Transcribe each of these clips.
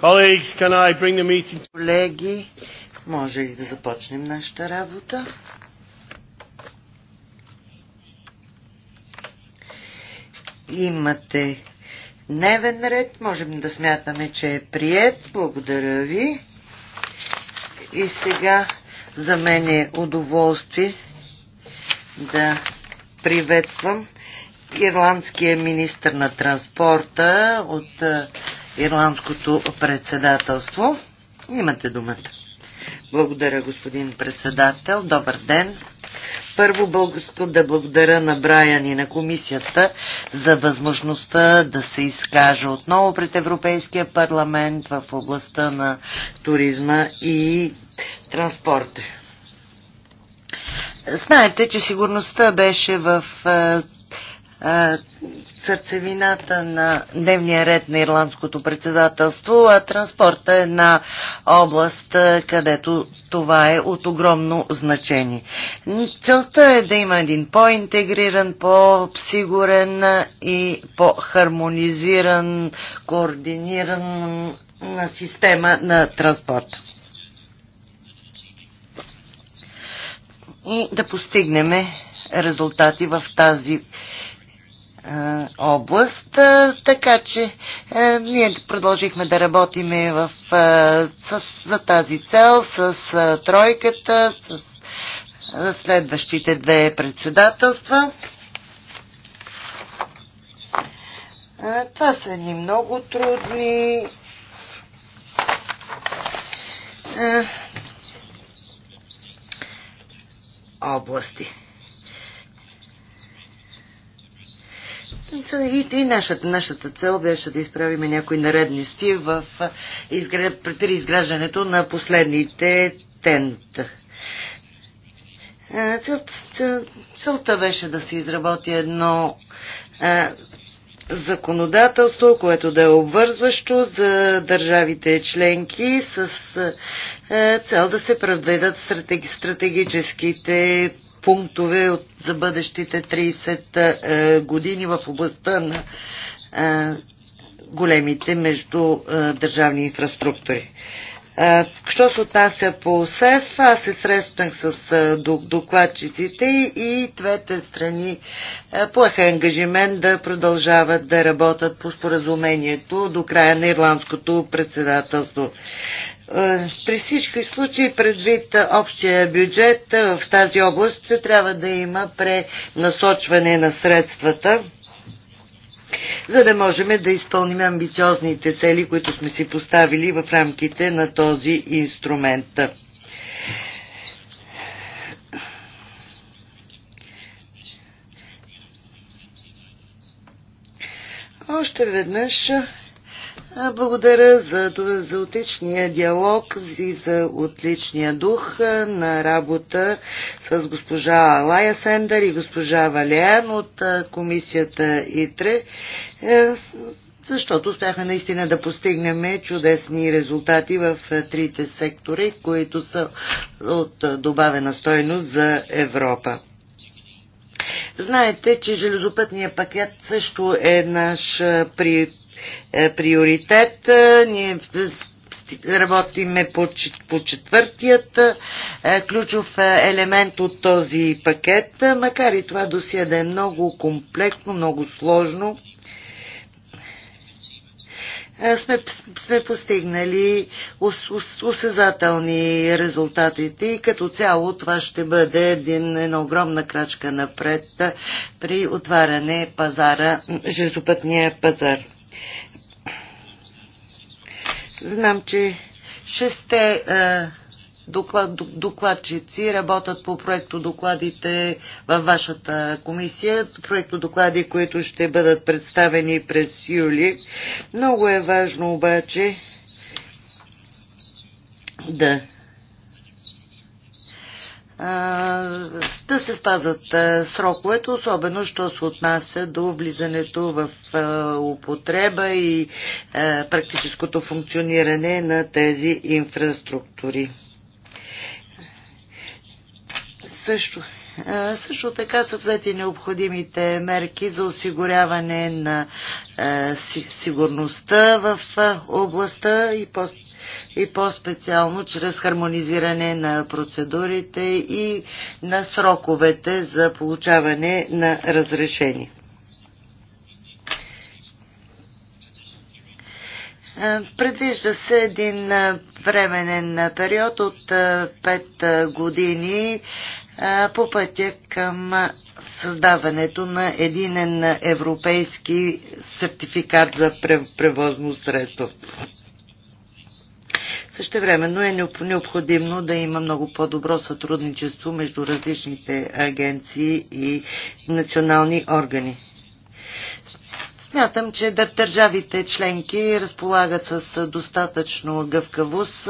Колеги, може ли да започнем нашата работа? Имате дневен ред, можем да смятаме, че е прият. Благодаря ви. И сега за мен е удоволствие да приветствам ирландския министр на транспорта от ирландското председателство. Имате думата. Благодаря, господин председател. Добър ден. Първо българско да благодаря на Брайан и на комисията за възможността да се изкажа отново пред Европейския парламент в областта на туризма и транспорта. Знаете, че сигурността беше в сърцевината на дневния ред на ирландското председателство, а транспорта е на област, където това е от огромно значение. Целта е да има един по-интегриран, по-сигурен и по-хармонизиран, координиран система на транспорта. И да постигнем резултати в тази област, така че ние продължихме да работиме в, с, за тази цел с тройката, с следващите две председателства. това са ни много трудни. области. И, и нашата, нашата цел беше да изправиме някои наредности в, изгр... изграждането на последните тент. Цел, цел, целта беше да се изработи едно а, законодателство, което да е обвързващо за държавите членки с а, цел да се предведат стратеги, стратегическите пунктове от, за бъдещите 30 е, години в областта на е, големите междудържавни е, инфраструктури. Що се отнася по СЕФ, аз се срещнах с докладчиците и двете страни поеха ангажимент да продължават да работят по споразумението до края на ирландското председателство. При всички случаи, предвид общия бюджет в тази област, трябва да има пренасочване на средствата за да можем да изпълним амбициозните цели, които сме си поставили в рамките на този инструмент. Още веднъж благодаря за, за отличния диалог и за отличния дух на работа с госпожа Лая Сендър и госпожа Валеян от комисията ИТРЕ, е, защото успяха наистина да постигнем чудесни резултати в трите сектори, които са от добавена стойност за Европа. Знаете, че железопътния пакет също е наш приоритет е, приоритет. Е, ние работиме по, по четвъртият е, ключов елемент от този пакет, макар и това досия да е много комплектно, много сложно. Сме, сме постигнали осезателни резултатите и като цяло това ще бъде един, една огромна крачка напред при отваряне пазара, железопътния пазар. Знам, че шесте е, доклад, докладчици работят по проекто докладите във вашата комисия, проекто доклади, които ще бъдат представени през юли. Много е важно обаче да да се спазат сроковете, особено що се отнася до влизането в употреба и практическото функциониране на тези инфраструктури. Също също така са взети необходимите мерки за осигуряване на сигурността в областта и по и по-специално чрез хармонизиране на процедурите и на сроковете за получаване на разрешение. Е, предвижда се един е, временен период от 5 е, години по пътя към създаването на единен европейски сертификат за превозно средство. Същевременно е необходимо да има много по-добро сътрудничество между различните агенции и национални органи. Смятам, че държавите членки разполагат с достатъчно гъвкавост,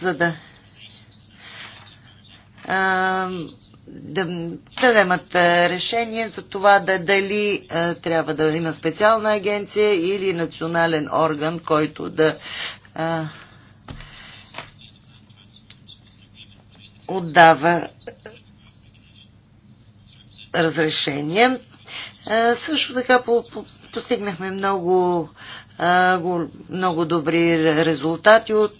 за да да, да вземат решение за това да, дали а, трябва да има специална агенция или национален орган, който да а, отдава разрешение. А, също така по, по, постигнахме много, а, много добри резултати от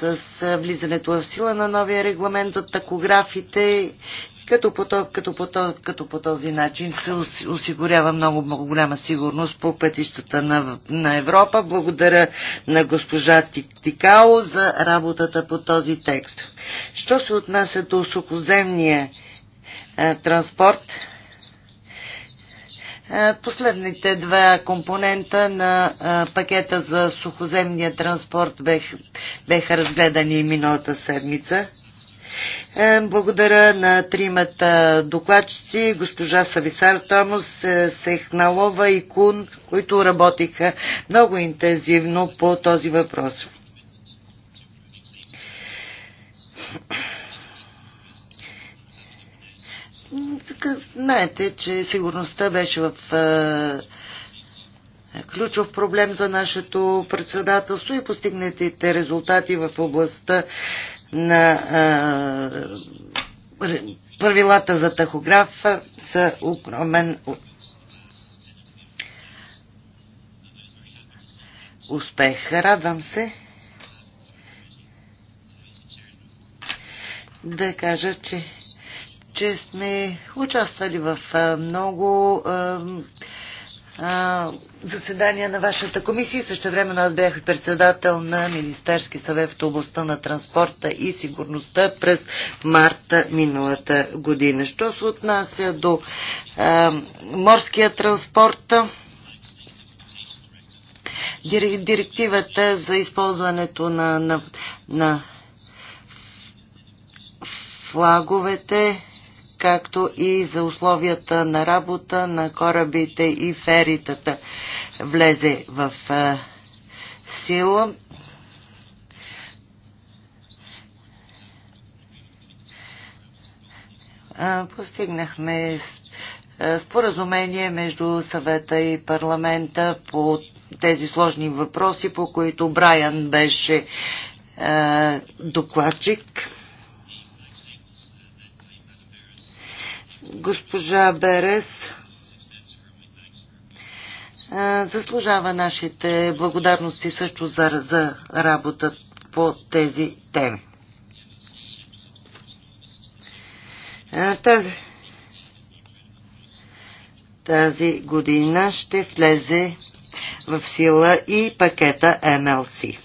с влизането в сила на новия регламент от такографите, като по, като, по, като по този начин се осигурява много, много голяма сигурност по пътищата на, на Европа. Благодаря на госпожа Тикао за работата по този текст. Що се отнася до сухоземния е, транспорт, е, последните два компонента на е, пакета за сухоземния транспорт беха разгледани миналата седмица. Е, благодаря на тримата докладчици, госпожа Сависар Томос, Сехналова и Кун, които работиха много интензивно по този въпрос знаете, че сигурността беше в ключов проблем за нашето председателство и постигнатите резултати в областта на а, правилата за тахограф са огромен успех. Радвам се да кажа, че че сме участвали в много заседания на вашата комисия. Също време аз бях и председател на Министерски съвет в областта на транспорта и сигурността през марта миналата година. Що се отнася до а, морския транспорт, директивата за използването на, на, на флаговете както и за условията на работа на корабите и феритата влезе в сила. Постигнахме споразумение между съвета и парламента по тези сложни въпроси, по които Брайан беше докладчик. госпожа Берес заслужава нашите благодарности също за, за работа по тези теми. Тази, тази година ще влезе в сила и пакета MLC.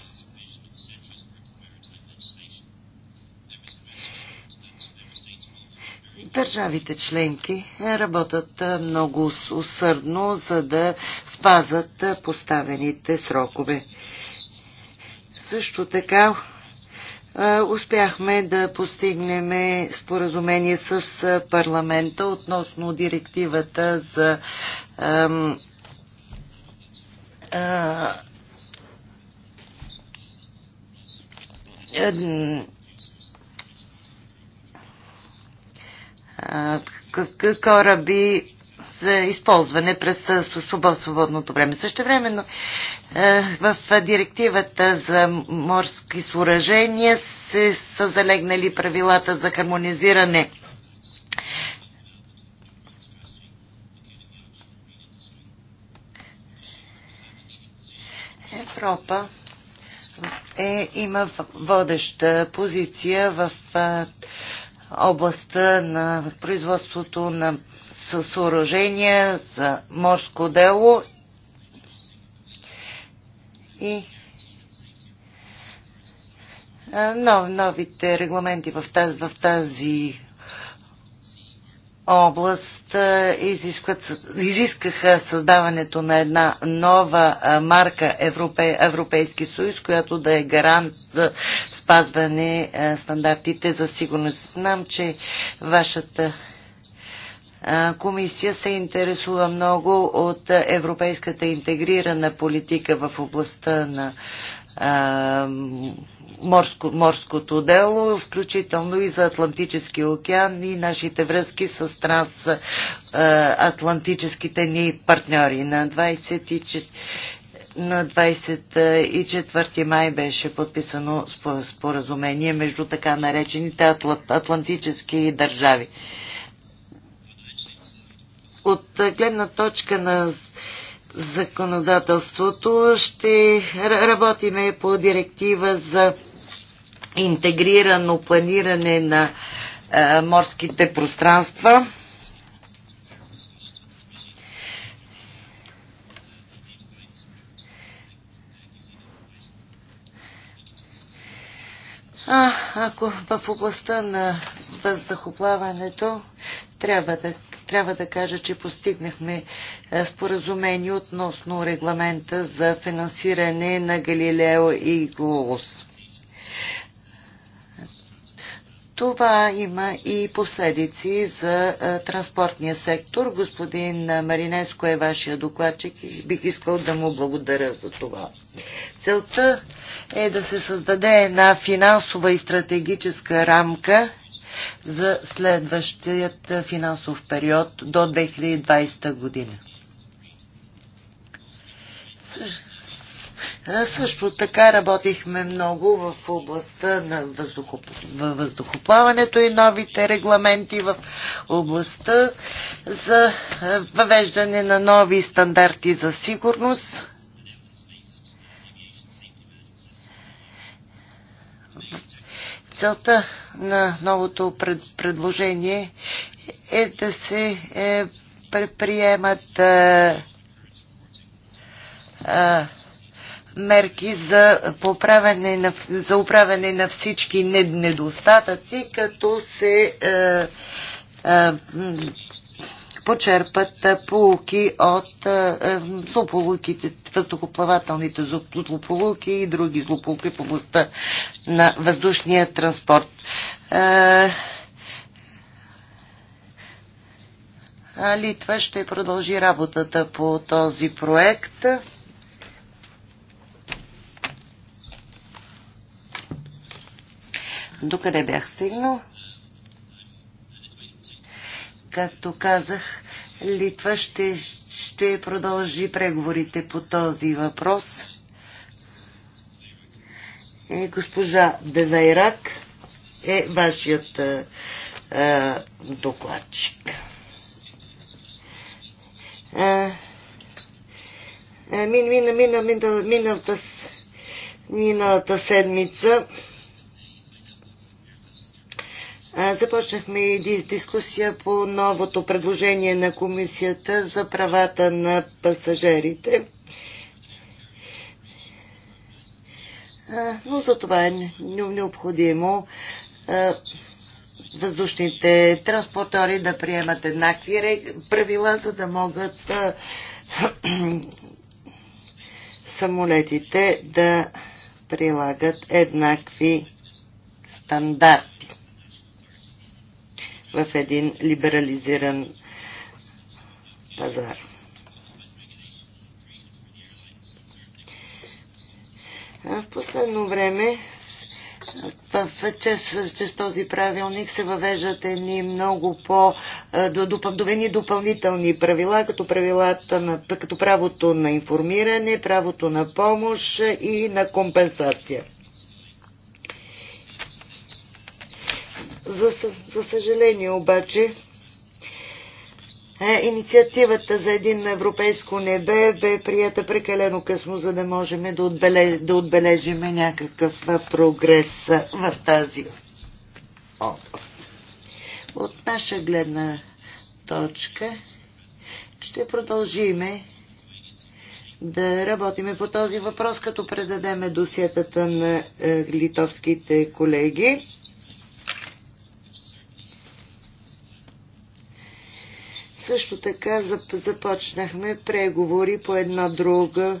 Държавите членки работят много усърдно, за да спазат поставените срокове. Също така успяхме да постигнем споразумение с парламента относно директивата за ам, а, кораби за използване през свободното време. Също времено е, в директивата за морски съоръжения се са залегнали правилата за хармонизиране Европа е, има водеща позиция в областта на производството на съоръжения за морско дело и нов, новите регламенти в тази, в тази област изискват, изискаха създаването на една нова марка Европей, Европейски съюз, която да е гарант за спазване стандартите за сигурност. Знам, че вашата комисия се интересува много от европейската интегрирана политика в областта на морско, морското дело, включително и за Атлантически океан и нашите връзки с трансатлантическите ни партньори. На 24 на 24 май беше подписано споразумение между така наречените атлантически държави. От гледна точка на законодателството. Ще работиме по директива за интегрирано планиране на морските пространства. А, ако в областта на въздухоплаването трябва да, трябва да кажа, че постигнахме е, споразумение относно регламента за финансиране на Галилео и Голос. Това има и последици за е, транспортния сектор. Господин Маринеско е вашия докладчик и бих искал да му благодаря за това. Целта е да се създаде една финансова и стратегическа рамка за следващият финансов период до 2020 година. Също така работихме много в областта на въздухоплаването и новите регламенти в областта за въвеждане на нови стандарти за сигурност Целта на новото пред, предложение е да се е, предприемат е, е, мерки за, поправене на, за управене на всички недостатъци, като се е, е, почерпат полуки от злополуките, въздухоплавателните злополуки и други злополуки в областта на въздушния транспорт. Литва ще продължи работата по този проект. Докъде бях стигнал? Както казах, Литва ще, ще продължи преговорите по този въпрос. И е, госпожа Девейрак е вашият е, е докладчик. Е, е, мина, мина, мина, мина, миналата седмица Започнахме и дискусия по новото предложение на комисията за правата на пасажирите. Но за това е необходимо въздушните транспортори да приемат еднакви правила, за да могат самолетите да прилагат еднакви стандарти в един либерализиран пазар. В последно време в, чрез, чрез този правилник се въвеждат едни много по допълнени допълнителни правила, като, правилата на, като правото на информиране, правото на помощ и на компенсация. За, за съжаление обаче, е, Инициативата за един европейско небе бе прията прекалено късно, за да можем да, отбележ, да отбележим някакъв прогрес в тази област. От наша гледна точка ще продължиме да работиме по този въпрос, като предадеме досиетата на е, литовските колеги. Също така започнахме преговори по една друга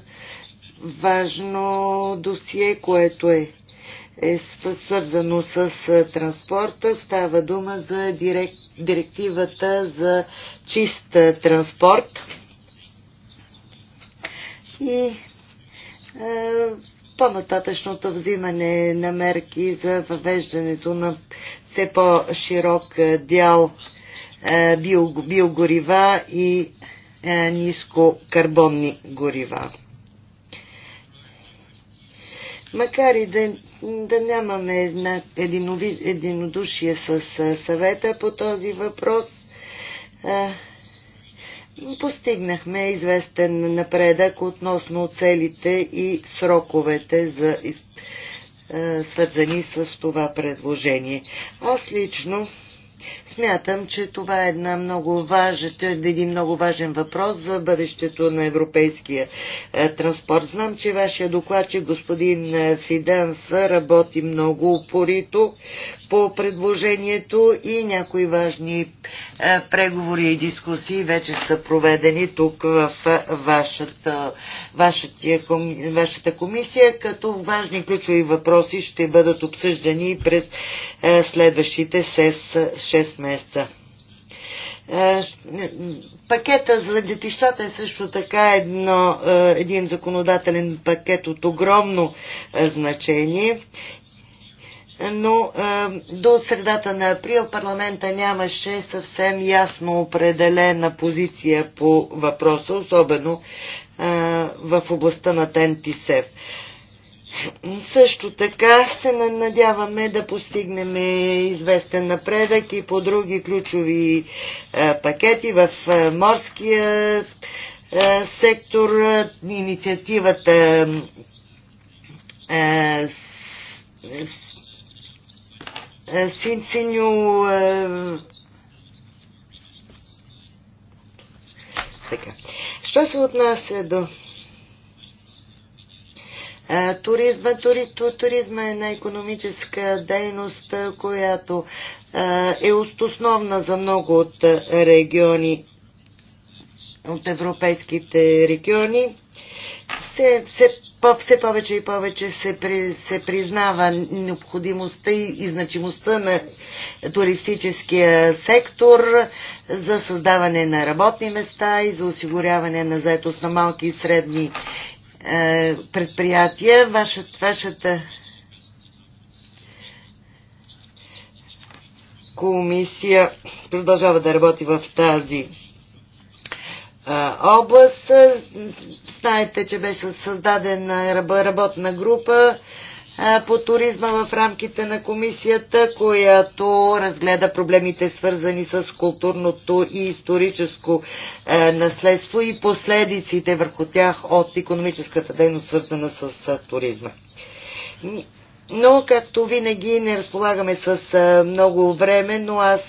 важно досие, което е, е свързано с е, транспорта. Става дума за директ, директивата за чист е, транспорт. И е, по-нататъчното взимане на мерки за въвеждането на все по-широк е, дял е, биогорива и е, нискокарбонни горива. Макар и да, да нямаме една, единови, единодушие с е, съвета по този въпрос, а, постигнахме известен напредък относно целите и сроковете за, а, свързани с това предложение. Аз лично Смятам, че това е една много важен, е един много важен въпрос за бъдещето на европейския е, транспорт. Знам, че вашия доклад, че господин е, Фиданс работи много упорито по предложението и някои важни е, преговори и дискусии вече са проведени тук в е, вашата, вашата комисия, като важни ключови въпроси ще бъдат обсъждани през е, следващите 6 месеца. Пакета за детищата е също така едно, един законодателен пакет от огромно значение но е, до средата на април парламента нямаше съвсем ясно определена позиция по въпроса, особено е, в областта на ТНТСЕФ. Също така се надяваме да постигнем известен напредък и по други ключови е, пакети в морския сектор, инициативата е, син, синьо... Е, така. Що се отнася до е, туризма. Тури, туризма е една економическа дейност, която е основна за много от региони, от европейските региони. Все, все все повече и повече се, при, се признава необходимостта и, и значимостта на туристическия сектор за създаване на работни места и за осигуряване на заетост на малки и средни е, предприятия. Вашата, вашата комисия продължава да работи в тази област. Знаете, че беше създадена работна група по туризма в рамките на комисията, която разгледа проблемите свързани с културното и историческо наследство и последиците върху тях от економическата дейност свързана с туризма. Но, както винаги, не разполагаме с много време, но аз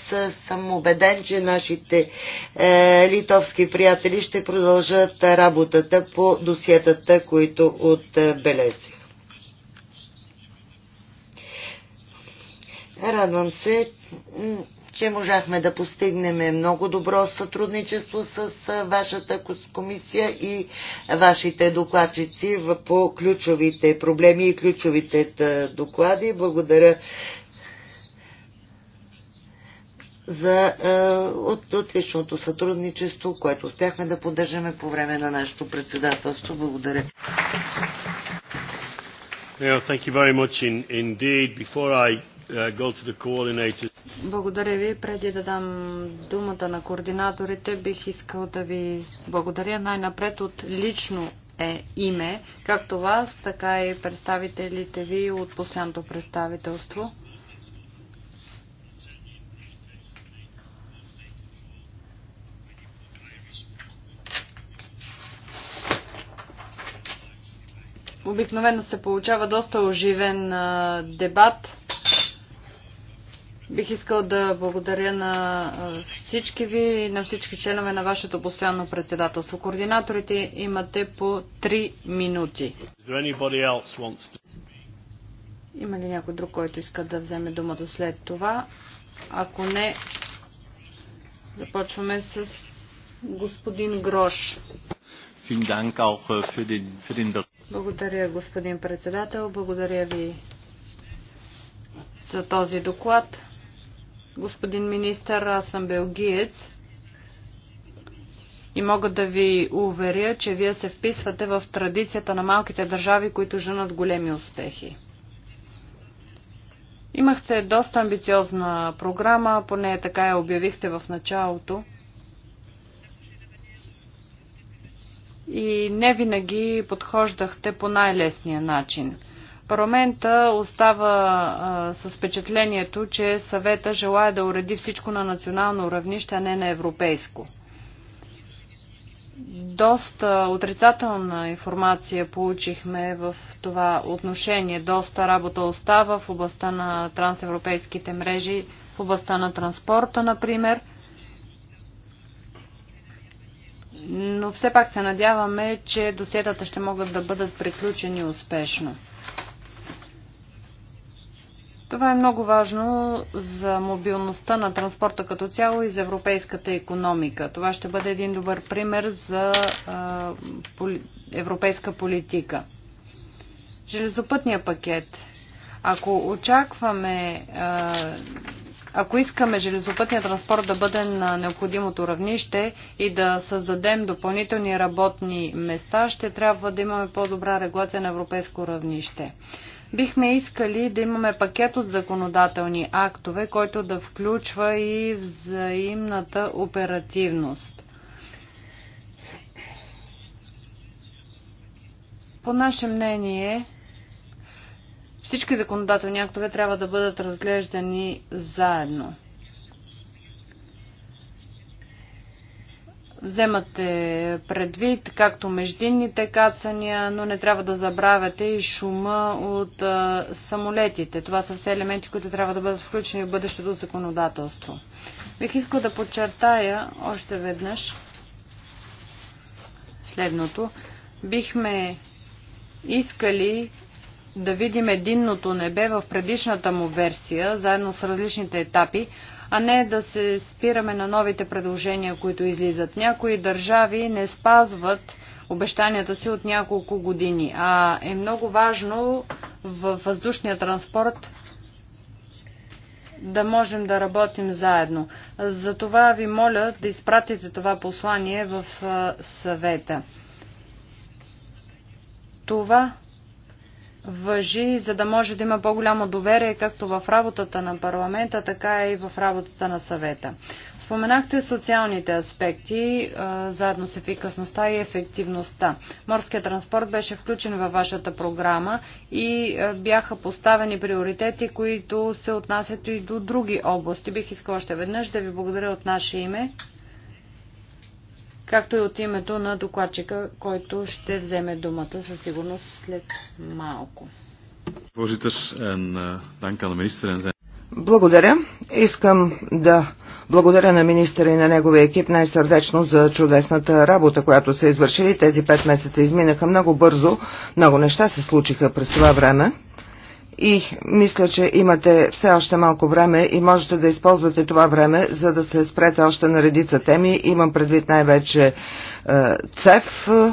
съм убеден, че нашите е, литовски приятели ще продължат работата по досиетата, които отбелезих. Радвам се, че можахме да постигнем много добро сътрудничество с вашата комисия и вашите докладчици по ключовите проблеми и ключовите доклади. Благодаря за е, от, отличното сътрудничество, което успяхме да поддържаме по време на нашето председателство. Благодаря. Yeah, thank you very much in, indeed. Before I Uh, благодаря ви. Преди да дам думата на координаторите, бих искал да ви благодаря най-напред от лично е име, както вас, така и представителите ви от последното представителство. Обикновено се получава доста оживен дебат Бих искал да благодаря на всички ви и на всички членове на вашето постоянно председателство. Координаторите имате по 3 минути. Има ли някой друг, който иска да вземе думата след това? Ако не, започваме с господин Грош. Äh, благодаря, господин председател. Благодаря ви за този доклад. Господин министър, аз съм белгиец и мога да ви уверя, че вие се вписвате в традицията на малките държави, които женат големи успехи. Имахте доста амбициозна програма, поне така я обявихте в началото. И не винаги подхождахте по най-лесния начин – Парламента остава а, с впечатлението, че съвета желая да уреди всичко на национално равнище, а не на европейско. Доста отрицателна информация получихме в това отношение. Доста работа остава в областта на трансевропейските мрежи, в областта на транспорта, например – но все пак се надяваме, че досетата ще могат да бъдат приключени успешно. Това е много важно за мобилността на транспорта като цяло и за европейската економика. Това ще бъде един добър пример за а, поли, европейска политика. Железопътния пакет. Ако очакваме. ако искаме железопътния транспорт да бъде на необходимото равнище и да създадем допълнителни работни места, ще трябва да имаме по-добра регулация на европейско равнище. Бихме искали да имаме пакет от законодателни актове, който да включва и взаимната оперативност. По наше мнение, всички законодателни актове трябва да бъдат разглеждани заедно. вземате предвид както междинните кацания, но не трябва да забравяте и шума от а, самолетите. Това са все елементи, които трябва да бъдат включени в бъдещето законодателство. Бих искал да подчертая още веднъж следното. Бихме искали да видим единното небе в предишната му версия, заедно с различните етапи, а не да се спираме на новите предложения, които излизат. Някои държави не спазват обещанията си от няколко години, а е много важно във въздушния транспорт да можем да работим заедно. Затова ви моля да изпратите това послание в съвета. Това въжи, за да може да има по-голямо доверие както в работата на парламента, така и в работата на съвета. Споменахте социалните аспекти, заедно с ефикасността и ефективността. Морският транспорт беше включен във вашата програма и бяха поставени приоритети, които се отнасят и до други области. Бих искал още веднъж да ви благодаря от наше име както и от името на докладчика, който ще вземе думата със сигурност след малко. Eh, благодаря. Искам да благодаря на министъра и на неговия екип най-сърдечно за чудесната работа, която са извършили. Тези пет месеца изминаха много бързо. Много неща се случиха през това време. И мисля, че имате все още малко време и можете да използвате това време, за да се спрете още на редица теми. Имам предвид най-вече е, ЦЕФ, е,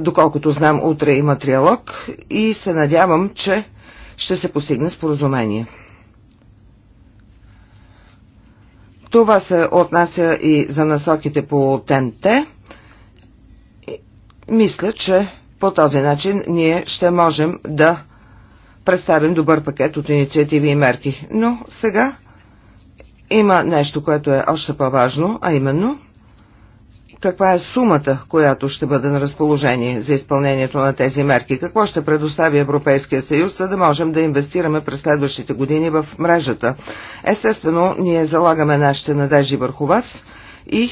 доколкото знам, утре има триалог и се надявам, че ще се постигне споразумение. Това се отнася и за насоките по ТНТ. Мисля, че по този начин ние ще можем да представим добър пакет от инициативи и мерки. Но сега има нещо, което е още по-важно, а именно каква е сумата, която ще бъде на разположение за изпълнението на тези мерки, какво ще предостави Европейския съюз, за да можем да инвестираме през следващите години в мрежата. Естествено, ние залагаме нашите надежи върху вас и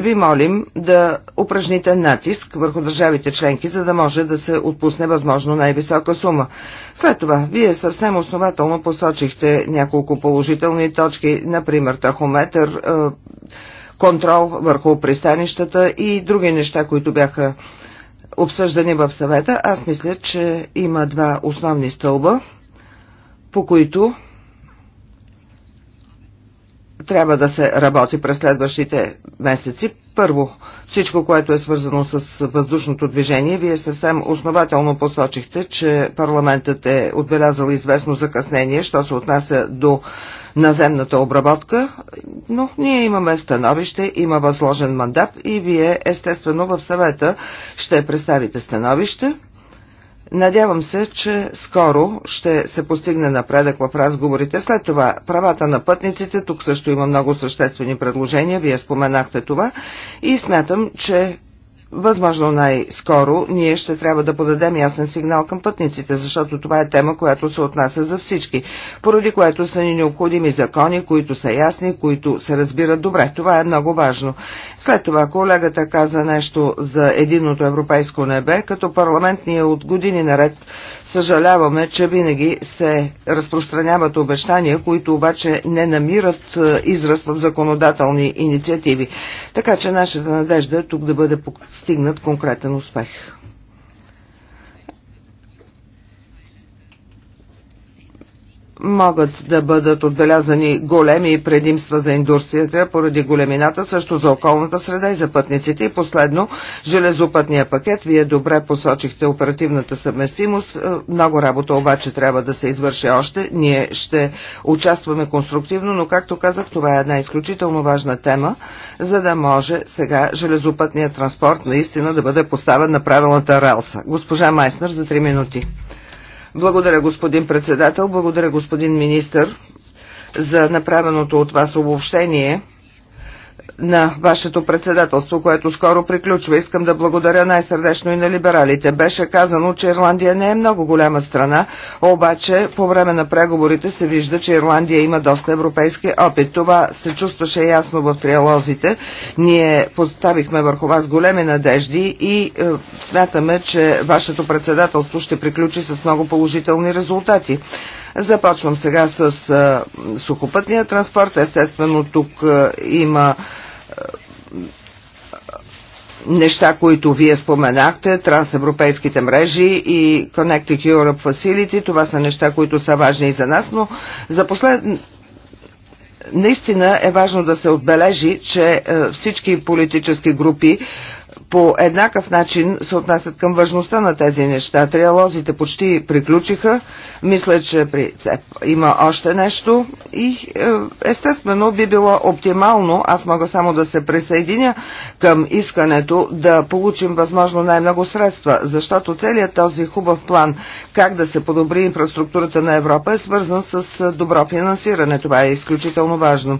ви молим да упражните натиск върху държавите членки, за да може да се отпусне възможно най-висока сума. След това, вие съвсем основателно посочихте няколко положителни точки, например тахометър, е, контрол върху пристанищата и други неща, които бяха обсъждани в съвета. Аз мисля, че има два основни стълба, по които трябва да се работи през следващите месеци. Първо, всичко, което е свързано с въздушното движение, вие съвсем основателно посочихте, че парламентът е отбелязал известно закъснение, що се отнася до наземната обработка, но ние имаме становище, има възложен мандат и вие естествено в съвета ще представите становище. Надявам се, че скоро ще се постигне напредък в разговорите. След това правата на пътниците, тук също има много съществени предложения, вие споменахте това и смятам, че възможно най-скоро ние ще трябва да подадем ясен сигнал към пътниците, защото това е тема, която се отнася за всички, поради което са ни необходими закони, които са ясни, които се разбират добре. Това е много важно. След това колегата каза нещо за единото европейско небе. Като парламент ние от години наред съжаляваме, че винаги се разпространяват обещания, които обаче не намират е, израз в законодателни инициативи. Така че нашата надежда е тук да бъде постигнат конкретен успех. могат да бъдат отбелязани големи предимства за индустрията поради големината, също за околната среда и за пътниците. И последно, железопътния пакет. Вие добре посочихте оперативната съвместимост. Е, много работа обаче трябва да се извърши още. Ние ще участваме конструктивно, но както казах, това е една изключително важна тема, за да може сега железопътният транспорт наистина да бъде поставен на правилната релса. Госпожа Майснер за 3 минути. Благодаря, господин председател. Благодаря, господин министър, за направеното от вас обобщение на вашето председателство, което скоро приключва. Искам да благодаря най-сърдечно и на либералите. Беше казано, че Ирландия не е много голяма страна, обаче по време на преговорите се вижда, че Ирландия има доста европейски опит. Това се чувстваше ясно в триалозите. Ние поставихме върху вас големи надежди и е, смятаме, че вашето председателство ще приключи с много положителни резултати. Започвам сега с е, сухопътния транспорт. Естествено, тук е, има неща, които вие споменахте, трансевропейските мрежи и Connected Europe Facility, това са неща, които са важни и за нас, но за послед... наистина е важно да се отбележи, че е, всички политически групи по еднакъв начин се отнасят към важността на тези неща. Триалозите почти приключиха. Мисля, че при ЦЕП има още нещо и е, естествено би било оптимално, аз мога само да се присъединя към искането да получим възможно най-много средства, защото целият този хубав план как да се подобри инфраструктурата на Европа е свързан с е, добро финансиране. Това е изключително важно.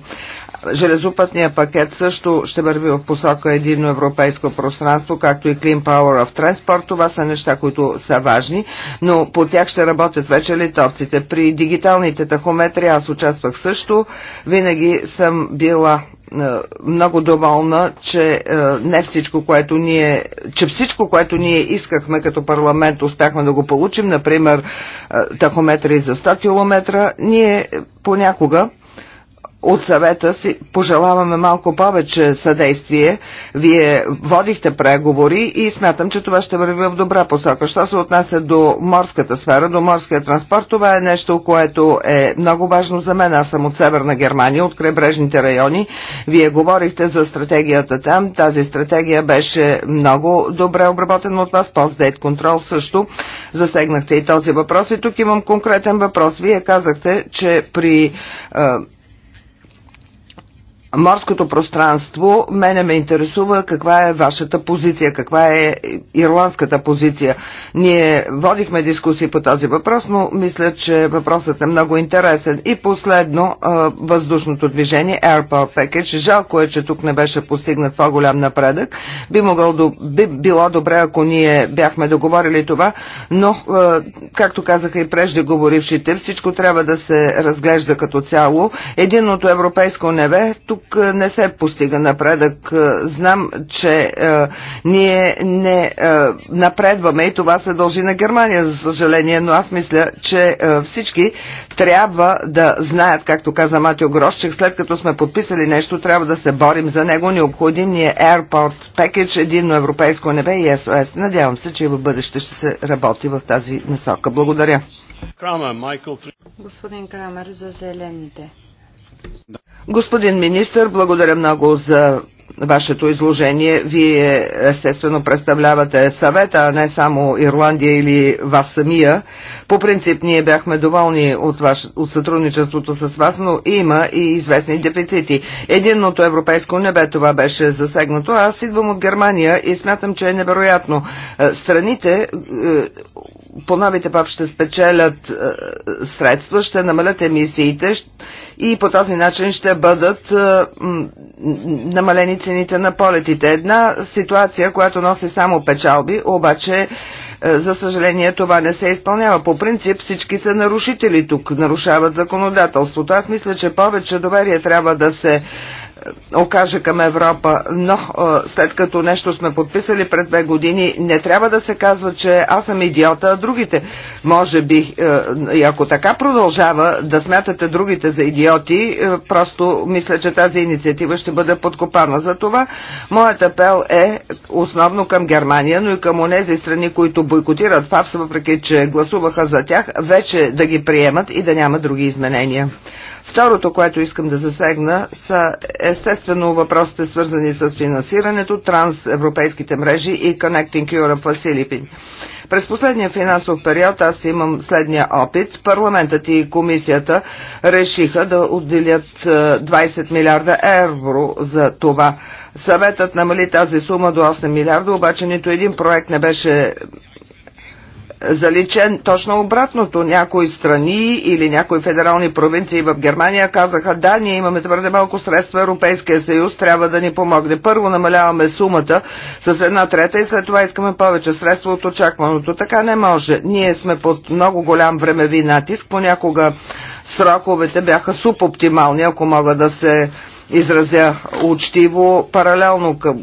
Железопътният пакет също ще върви в посока едино европейско пространство пространство, както и Clean Power of Transport. Това са неща, които са важни, но по тях ще работят вече литовците. При дигиталните тахометри аз участвах също. Винаги съм била е, много доволна, че е, не всичко, което ние, че всичко, което ние искахме като парламент, успяхме да го получим, например е, тахометри за 100 км, ние понякога от съвета си пожелаваме малко повече съдействие. Вие водихте преговори и смятам, че това ще върви в добра посока. Що се отнася до морската сфера, до морския транспорт, това е нещо, което е много важно за мен. Аз съм от Северна Германия, от крайбрежните райони. Вие говорихте за стратегията там. Тази стратегия беше много добре обработена от вас. Постдейт контрол също. Засегнахте и този въпрос. И тук имам конкретен въпрос. Вие казахте, че при морското пространство, мене ме интересува каква е вашата позиция, каква е ирландската позиция. Ние водихме дискусии по този въпрос, но мисля, че въпросът е много интересен. И последно, въздушното движение Airport Package. Жалко е, че тук не беше постигнат по-голям напредък. Би, могъл, би било добре, ако ние бяхме договорили това, но, както казаха и преждеговорившите, всичко трябва да се разглежда като цяло. Единното европейско неве, тук тук не се постига напредък. Знам, че е, ние не е, напредваме и това се дължи на Германия, за съжаление, но аз мисля, че е, всички трябва да знаят, както каза Матио Грошчик, след като сме подписали нещо, трябва да се борим за него. Необходим ни е Airport Package, единно европейско небе и СОС. Надявам се, че и в бъдеще ще се работи в тази насока. Благодаря. Крамер, Майкъл... Господин Крамер за зелените. Господин министр, благодаря много за вашето изложение. Вие естествено представлявате съвета, а не само Ирландия или вас самия. По принцип ние бяхме доволни от, ваш, от сътрудничеството с вас, но има и известни дефицити. Единното европейско небе това беше засегнато. Аз идвам от Германия и смятам, че е невероятно. Е, страните е, по новите пап ще спечелят е, средства, ще намалят емисиите и по този начин ще бъдат е, намалени цените на полетите. Една ситуация, която носи само печалби, обаче е, за съжаление това не се изпълнява. По принцип всички са нарушители тук, нарушават законодателството. Аз мисля, че повече доверие трябва да се окаже към Европа, но е, след като нещо сме подписали пред две години, не трябва да се казва, че аз съм идиота, а другите. Може би, е, и ако така продължава да смятате другите за идиоти, е, просто мисля, че тази инициатива ще бъде подкопана. За това моят апел е основно към Германия, но и към онези страни, които бойкотират ПАПС, въпреки че гласуваха за тях, вече да ги приемат и да няма други изменения. Второто, което искам да засегна, са естествено въпросите свързани с финансирането, трансевропейските мрежи и Connecting Europe Facility. През последния финансов период аз имам следния опит. Парламентът и комисията решиха да отделят 20 е, милиарда евро за това. Съветът намали тази сума до 8 милиарда, обаче нито един проект не беше заличен. Точно обратното, някои страни или някои федерални провинции в Германия казаха, да, ние имаме твърде малко средства, Европейския съюз трябва да ни помогне. Първо намаляваме сумата с една трета и след това искаме повече средства от очакваното. Така не може. Ние сме под много голям времеви натиск, понякога сроковете бяха субоптимални, ако мога да се изразя учтиво. Паралелно към,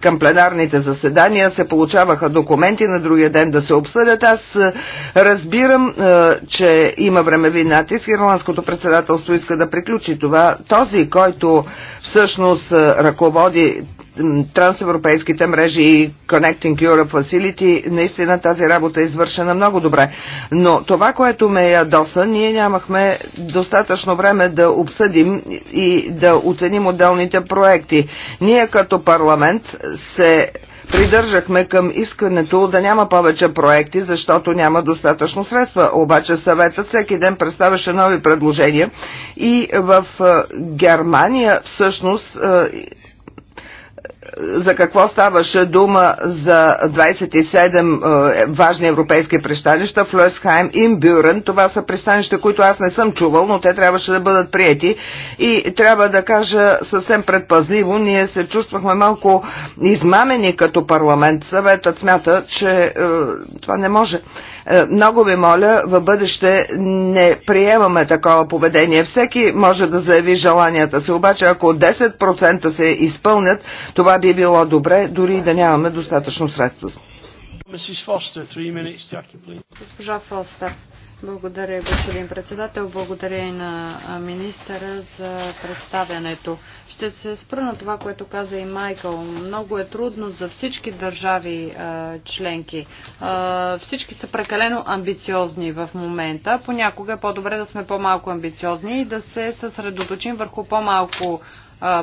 към пленарните заседания се получаваха документи на другия ден да се обсъдят. Аз е, разбирам, е, че има времеви натиск. Ирландското председателство иска да приключи това. Този, който всъщност е, ръководи трансевропейските мрежи и Connecting Europe Facility, наистина тази работа е извършена много добре. Но това, което ме ядоса, ние нямахме достатъчно време да обсъдим и да оценим отделните проекти. Ние като парламент се придържахме към искането да няма повече проекти, защото няма достатъчно средства. Обаче съветът всеки ден представяше нови предложения и в е, Германия всъщност е, за какво ставаше дума за 27 е, важни европейски пристанища, Флойсхайм и Бюрен. Това са пристанища, които аз не съм чувал, но те трябваше да бъдат приети. И трябва да кажа съвсем предпазливо, ние се чувствахме малко измамени като парламент. Съветът смята, че е, това не може. Е, много ви моля, в бъдеще не приемаме такова поведение. Всеки може да заяви желанията си, обаче ако 10% се изпълнят, това би било добре, дори и да нямаме достатъчно средства. Госпожа Фостер. Благодаря, господин председател. Благодаря и на министъра за представянето. Ще се спра на това, което каза и Майкъл. Много е трудно за всички държави членки. Всички са прекалено амбициозни в момента. Понякога е по-добре да сме по-малко амбициозни и да се съсредоточим върху по-малко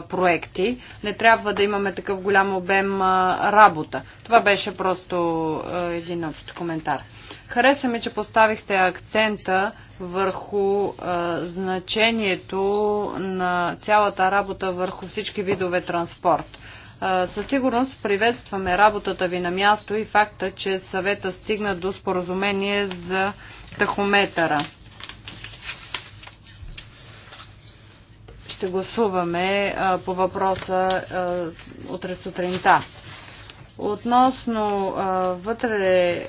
проекти. Не трябва да имаме такъв голям обем работа. Това беше просто един общ коментар. Хареса ми, че поставихте акцента върху а, значението на цялата работа върху всички видове транспорт. Със сигурност приветстваме работата ви на място и факта, че съвета стигна до споразумение за тахометъра. Ще гласуваме по въпроса утре сутринта. Относно вътре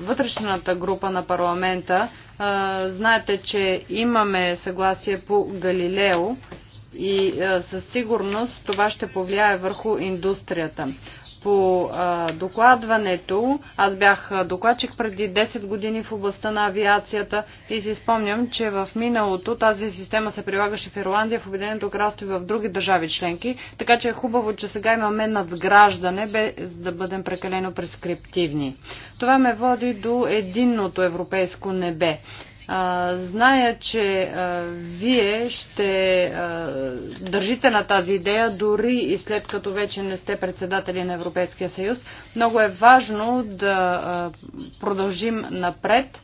вътрешната група на парламента. Знаете, че имаме съгласие по Галилео и със сигурност това ще повлияе върху индустрията по а, докладването. Аз бях докладчик преди 10 години в областта на авиацията и си спомням, че в миналото тази система се прилагаше в Ирландия, в Обединеното кралство и в други държави членки, така че е хубаво, че сега имаме надграждане, без да бъдем прекалено прескриптивни. Това ме води до единното европейско небе зная, че вие ще държите на тази идея дори и след като вече не сте председатели на Европейския съюз. Много е важно да продължим напред,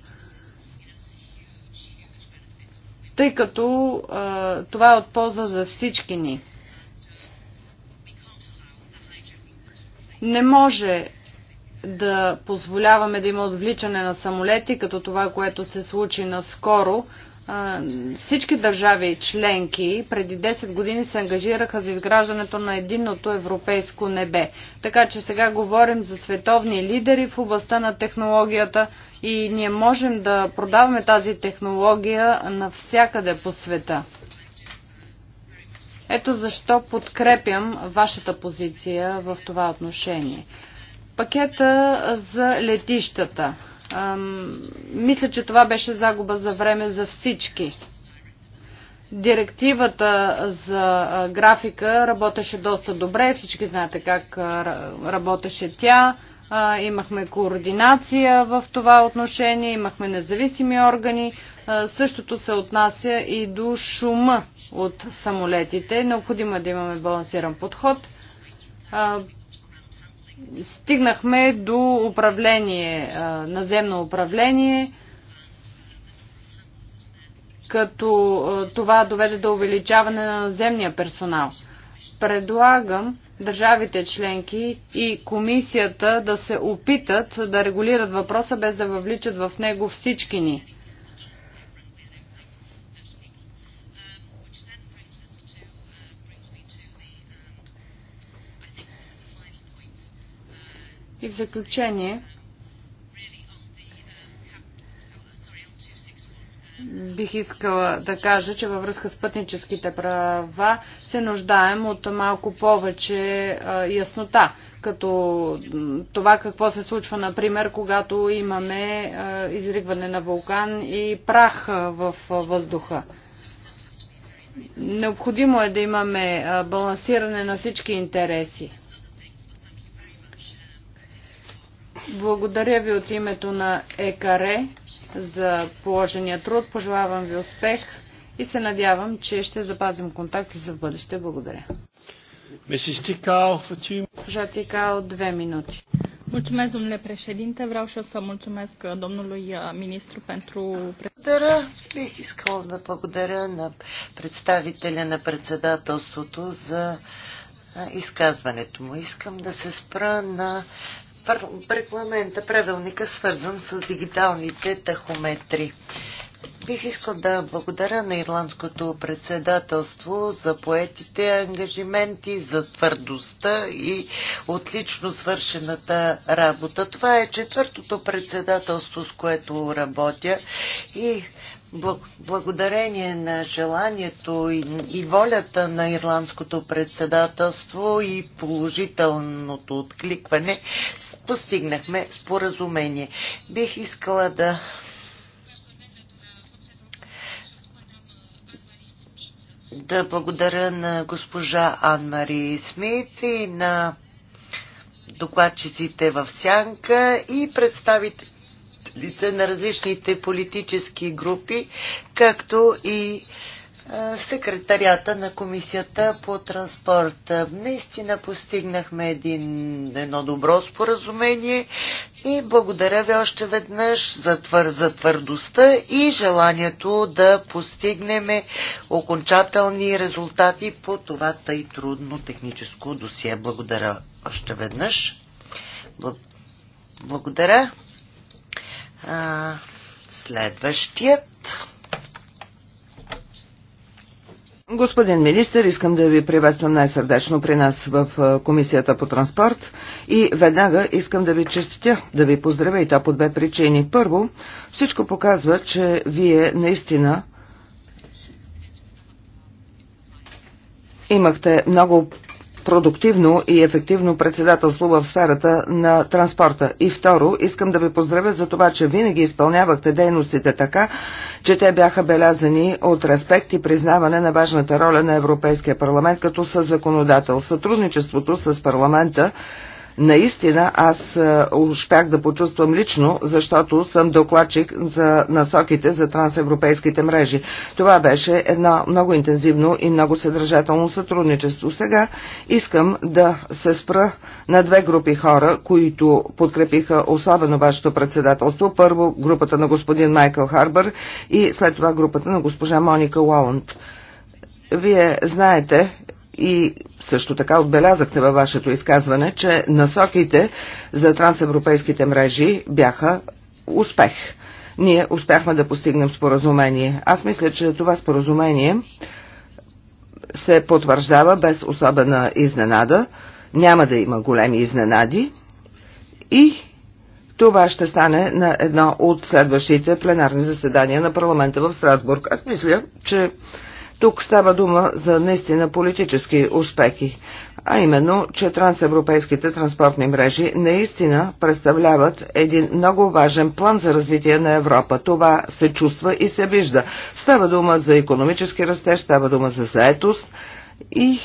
тъй като това е от полза за всички ни. Не може да позволяваме да има отвличане на самолети, като това, което се случи наскоро. Всички държави членки преди 10 години се ангажираха за изграждането на единното европейско небе. Така че сега говорим за световни лидери в областта на технологията и ние можем да продаваме тази технология навсякъде по света. Ето защо подкрепям вашата позиция в това отношение. Пакета за летищата. Мисля, че това беше загуба за време за всички. Директивата за графика работеше доста добре, всички знаете как работеше тя. Имахме координация в това отношение, имахме независими органи. Същото се отнася и до шума от самолетите. Необходимо е да имаме балансиран подход стигнахме до управление, наземно управление, като това доведе до увеличаване на наземния персонал. Предлагам държавите членки и комисията да се опитат да регулират въпроса без да въвличат в него всички ни. И в заключение, бих искала да кажа, че във връзка с пътническите права се нуждаем от малко повече яснота, като това какво се случва, например, когато имаме изригване на вулкан и прах в въздуха. Необходимо е да имаме балансиране на всички интереси. Благодаря ви от името на ЕКАРЕ за положения труд. Пожелавам ви успех и се надявам, че ще запазим контакти за бъдеще. Благодаря. Госпожа Тикао, две минути. Mulțumesc, domnule președinte. Vreau și eu să mulțumesc domnului ministru pentru... Благодаря. Бих искал да благодаря на представителя на председателството за изказването му. Искам да се спра на регламента, правилника, свързан с дигиталните тахометри. Бих искал да благодаря на Ирландското председателство за поетите ангажименти, за твърдостта и отлично свършената работа. Това е четвъртото председателство, с което работя и благодарение на желанието и волята на ирландското председателство и положителното откликване постигнахме споразумение. Бих искала да да благодаря на госпожа Ан-Мари Смит и на докладчиците в Сянка и представителите Лица на различните политически групи, както и секретарията на комисията по транспорт. Наистина постигнахме един, едно добро споразумение и благодаря ви още веднъж за, твър, за твърдостта и желанието да постигнем окончателни резултати по това тъй трудно техническо досие. Благодаря още веднъж. Благодаря. А, следващият. Господин министр, искам да ви приветствам най-сърдечно при нас в Комисията по транспорт и веднага искам да ви честитя, да ви поздравя и то по две причини. Първо, всичко показва, че вие наистина имахте много продуктивно и ефективно председателство в сферата на транспорта. И второ, искам да ви поздравя за това, че винаги изпълнявахте дейностите така, че те бяха белязани от респект и признаване на важната роля на Европейския парламент като със законодател. Сътрудничеството с парламента Наистина аз е, успях да почувствам лично, защото съм докладчик за насоките за трансевропейските мрежи. Това беше едно много интензивно и много съдържателно сътрудничество. Сега искам да се спра на две групи хора, които подкрепиха особено вашето председателство. Първо групата на господин Майкъл Харбър и след това групата на госпожа Моника Уоланд. Вие знаете, и също така отбелязахте във вашето изказване, че насоките за трансевропейските мрежи бяха успех. Ние успяхме да постигнем споразумение. Аз мисля, че това споразумение се потвърждава без особена изненада. Няма да има големи изненади. И това ще стане на едно от следващите пленарни заседания на парламента в Страсбург. Аз мисля, че тук става дума за наистина политически успехи, а именно, че трансевропейските транспортни мрежи наистина представляват един много важен план за развитие на Европа. Това се чувства и се вижда. Става дума за економически растеж, става дума за заетост и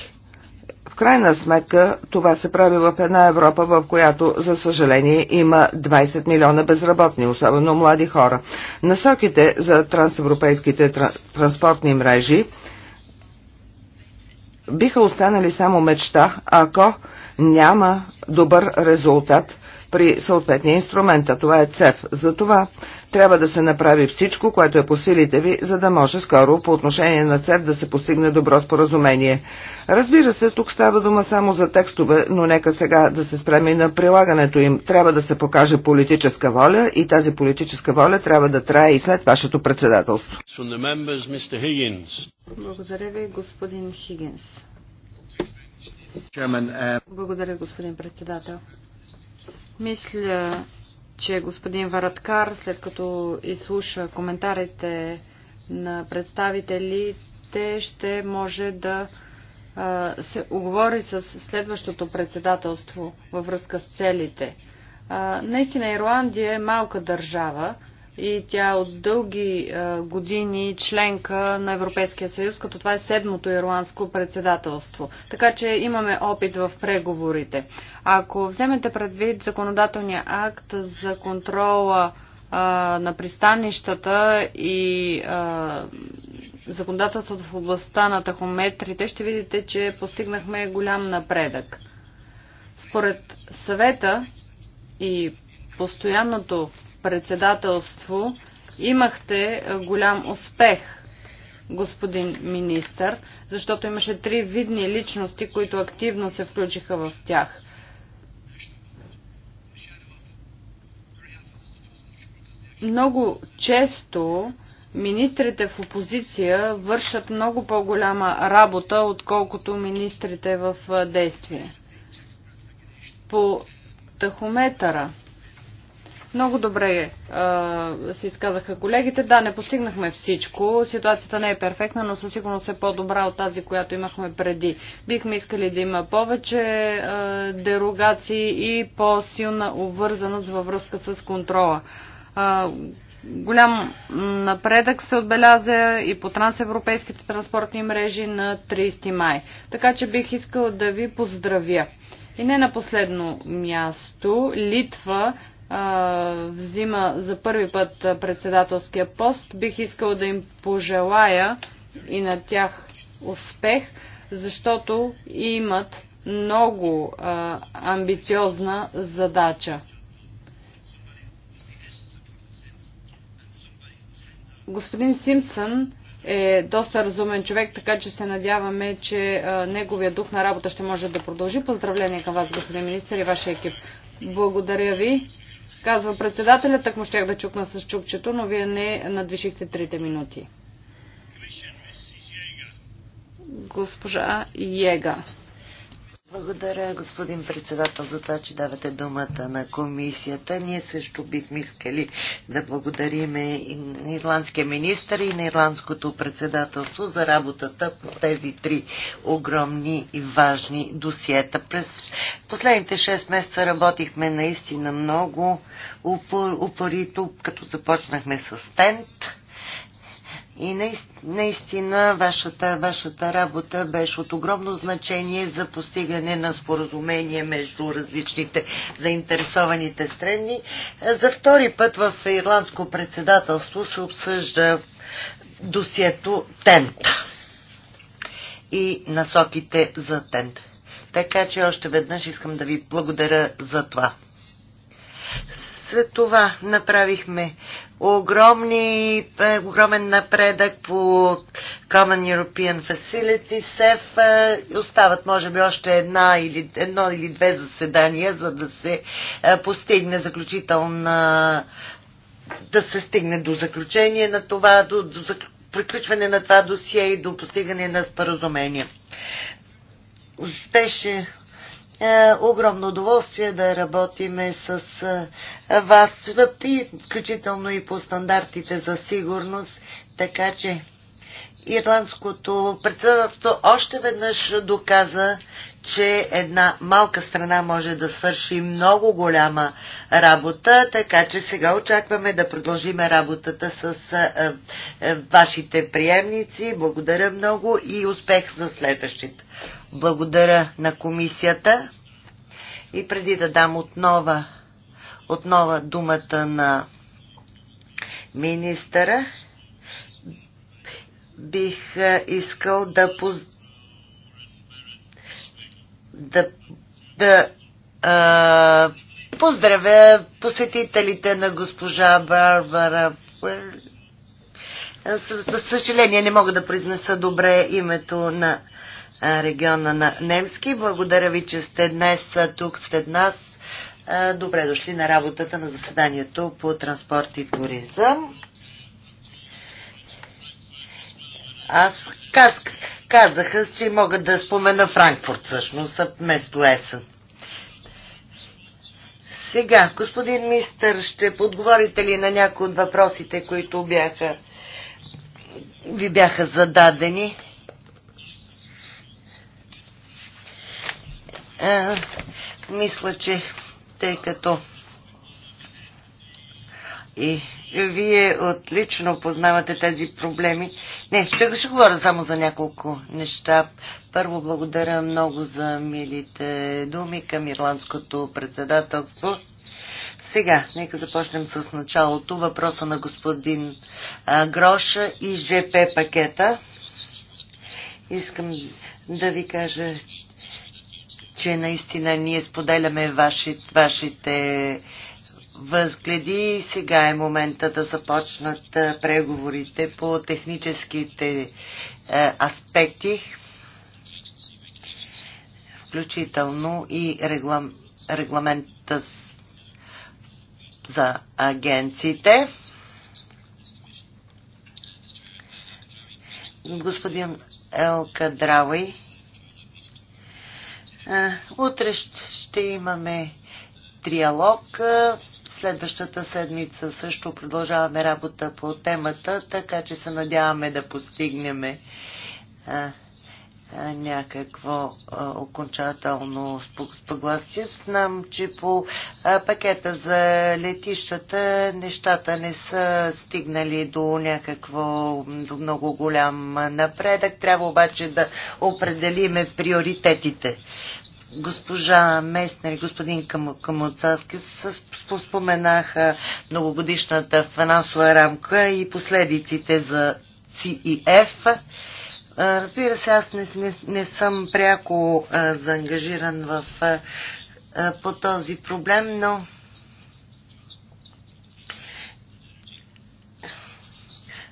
в крайна сметка това се прави в една Европа, в която, за съжаление, има 20 милиона безработни, особено млади хора. Насоките за трансевропейските транспортни мрежи биха останали само мечта, ако няма добър резултат – при съответния инструмент, а това е ЦЕФ. За това трябва да се направи всичко, което е по силите ви, за да може скоро по отношение на ЦЕФ да се постигне добро споразумение. Разбира се, тук става дума само за текстове, но нека сега да се и на прилагането им. Трябва да се покаже политическа воля и тази политическа воля трябва да трае и след вашето председателство. Благодаря ви, господин Хигинс. Uh, Благодаря, господин председател. Мисля, че господин Вараткар, след като изслуша коментарите на представителите, ще може да се оговори с следващото председателство във връзка с целите. Наистина Ирландия е малка държава и тя от дълги години е членка на Европейския съюз, като това е седмото ирландско председателство. Така че имаме опит в преговорите. Ако вземете предвид законодателния акт за контрола на пристанищата и законодателството в областта на тахометрите, ще видите, че постигнахме голям напредък. Според съвета и постоянното председателство имахте голям успех, господин министър, защото имаше три видни личности, които активно се включиха в тях. Много често министрите в опозиция вършат много по-голяма работа, отколкото министрите в действие. По тахометъра. Много добре се изказаха колегите. Да, не постигнахме всичко. Ситуацията не е перфектна, но със сигурност е по-добра от тази, която имахме преди. Бихме искали да има повече дерогации и по-силна увързаност във връзка с контрола. Голям напредък се отбеляза и по трансевропейските транспортни мрежи на 30 май. Така че бих искал да ви поздравя. И не на последно място, Литва а, взима за първи път председателския пост. Бих искал да им пожелая и на тях успех, защото имат много а, амбициозна задача. Господин Симпсън е доста разумен човек, така че се надяваме, че неговия дух на работа ще може да продължи. Поздравление към вас, господин министр и вашия екип. Благодаря ви. Казва председателя, так му щях да чукна с чукчето, но вие не надвишихте трите минути. Госпожа Йега. Благодаря, господин председател, за това, че давате думата на комисията. Ние също бихме искали да благодарим и на ирландския министр и на ирландското председателство за работата по тези три огромни и важни досиета. През последните 6 месеца работихме наистина много упорито, като започнахме с тент и наистина вашата, вашата работа беше от огромно значение за постигане на споразумение между различните заинтересованите страни. За втори път в Ирландско председателство се обсъжда досието ТЕНТ и насоките за ТЕНТ. Така че още веднъж искам да ви благодаря за това. След това направихме огромни, е, огромен напредък по Common European Facility, СЕФ. Е, остават, може би, още една или, едно или две заседания, за да се е, постигне заключителна да се стигне до заключение на това, до, до приключване на това досие и до постигане на споразумение. Успеше е, огромно удоволствие да работиме с е, вас, и включително и по стандартите за сигурност, така че Ирландското председателство още веднъж доказа, че една малка страна може да свърши много голяма работа, така че сега очакваме да продължиме работата с е, вашите приемници. Благодаря много и успех за следващите. Благодаря на комисията и преди да дам отнова, отнова думата на министъра, бих е, искал да, поз... да, да а, поздравя посетителите на госпожа Барбара. За съжаление не мога да произнеса добре името на региона на Немски. Благодаря ви, че сте днес тук сред нас. Добре дошли на работата на заседанието по транспорт и туризъм. Аз казах, казаха, че мога да спомена Франкфурт всъщност, вместо Есен. Сега, господин мистър, ще подговорите ли на някои от въпросите, които бяха, ви бяха зададени? А, е, мисля, че тъй като и вие отлично познавате тези проблеми. Не, ще, ще говоря само за няколко неща. Първо благодаря много за милите думи към ирландското председателство. Сега, нека започнем с началото. Въпроса на господин а, Гроша и ЖП пакета. Искам да ви кажа, че наистина ние споделяме ваши, вашите възгледи сега е момента да започнат преговорите по техническите аспекти, включително и реглам, регламента за агенциите. Господин Елка Драуи Утре ще имаме триалог. Следващата седмица също продължаваме работа по темата, така че се надяваме да постигнем някакво окончателно спогласие. Знам, че по пакета за летищата нещата не са стигнали до някакво до много голям напредък. Трябва обаче да определиме приоритетите. Госпожа Местна и господин Камоцавски споменаха многогодишната финансова рамка и последиците за CIF Разбира се, аз не, не, не съм пряко а, заангажиран в, а, по този проблем, но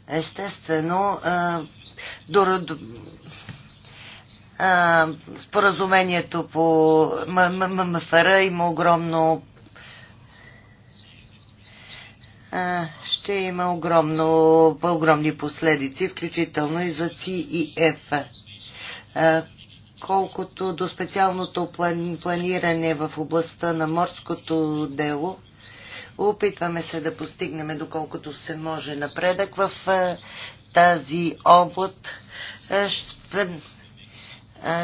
естествено а, до, до, а, споразумението по МФР има огромно ще има огромно, огромни последици, включително и за ЦИФ. Колкото до специалното плани, планиране в областта на морското дело, опитваме се да постигнем доколкото се може напредък в тази област.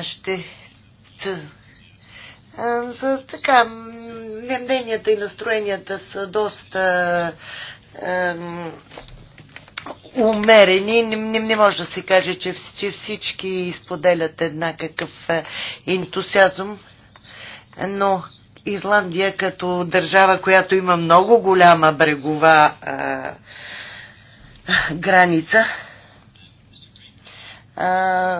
Ще за така мненията и настроенията са доста умерени. Не, не, не може да се каже, че, че всички изподелят еднакъв е, ентусиазъм, но Ирландия като държава, която има много голяма брегова е, граница, е,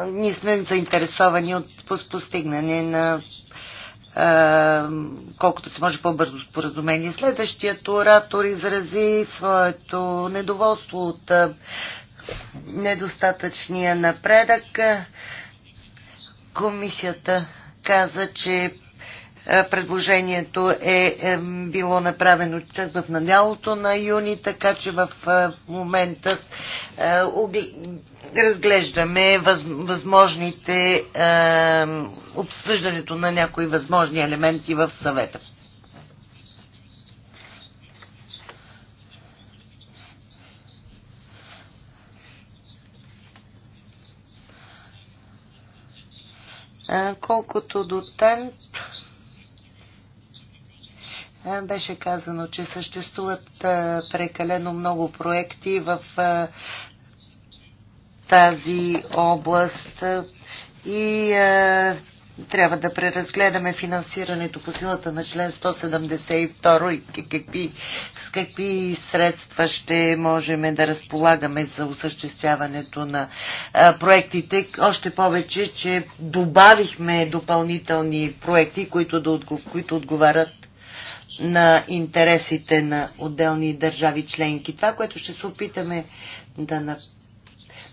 ние сме заинтересовани от постигнане на колкото се може по-бързо споразумение. Следващият оратор изрази своето недоволство от недостатъчния напредък. Комисията каза, че е, предложението е, е било направено чак в надялото на юни, така че в е, момента разглеждаме възможните обсъждането на някои възможни елементи в съвета. Колкото до тент, е, беше казано, че съществуват е, прекалено много проекти в е, тази област и трябва да преразгледаме финансирането по силата на член 172 и какви, с какви средства ще можем да разполагаме за осъществяването на а, проектите. Още повече, че добавихме допълнителни проекти, които, да, които отговарят на интересите на отделни държави членки. Това, което ще се опитаме да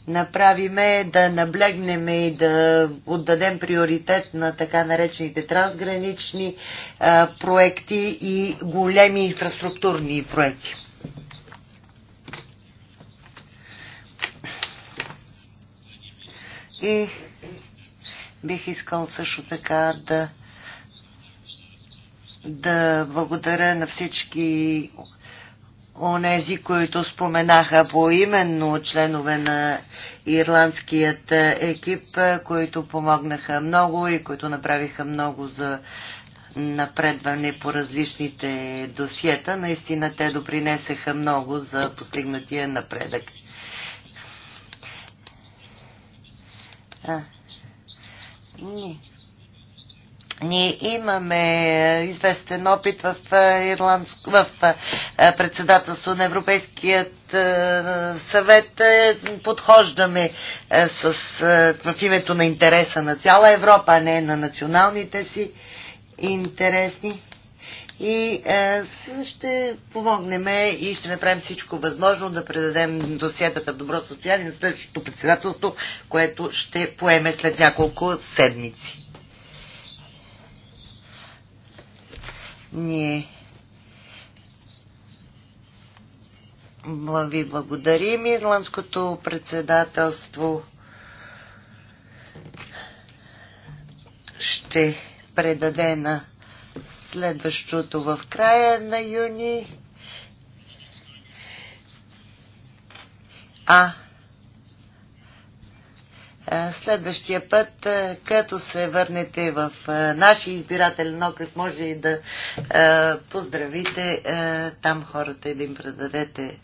направиме, е да наблегнем и да отдадем приоритет на така наречените трансгранични а, проекти и големи инфраструктурни проекти. И бих искал също така да да благодаря на всички онези, които споменаха по именно членове на ирландският екип, които помогнаха много и които направиха много за напредване по различните досиета. Наистина те допринесеха много за постигнатия напредък. А. Не. Ние имаме е, известен опит в, е, ирландско, в е, председателство на Европейският съвет. Подхождаме с, в името на интереса на цяла Европа, а не на националните си интересни. И ще помогнем и ще направим всичко възможно да предадем досиетата в добро състояние на следващото председателство, което ще поеме след няколко седмици. Ние ви благодарим. Ирландското председателство ще предаде на следващото в края на юни. А Следващия път, като се върнете в нашия избирателен окръг, може и да поздравите там хората и да им предадете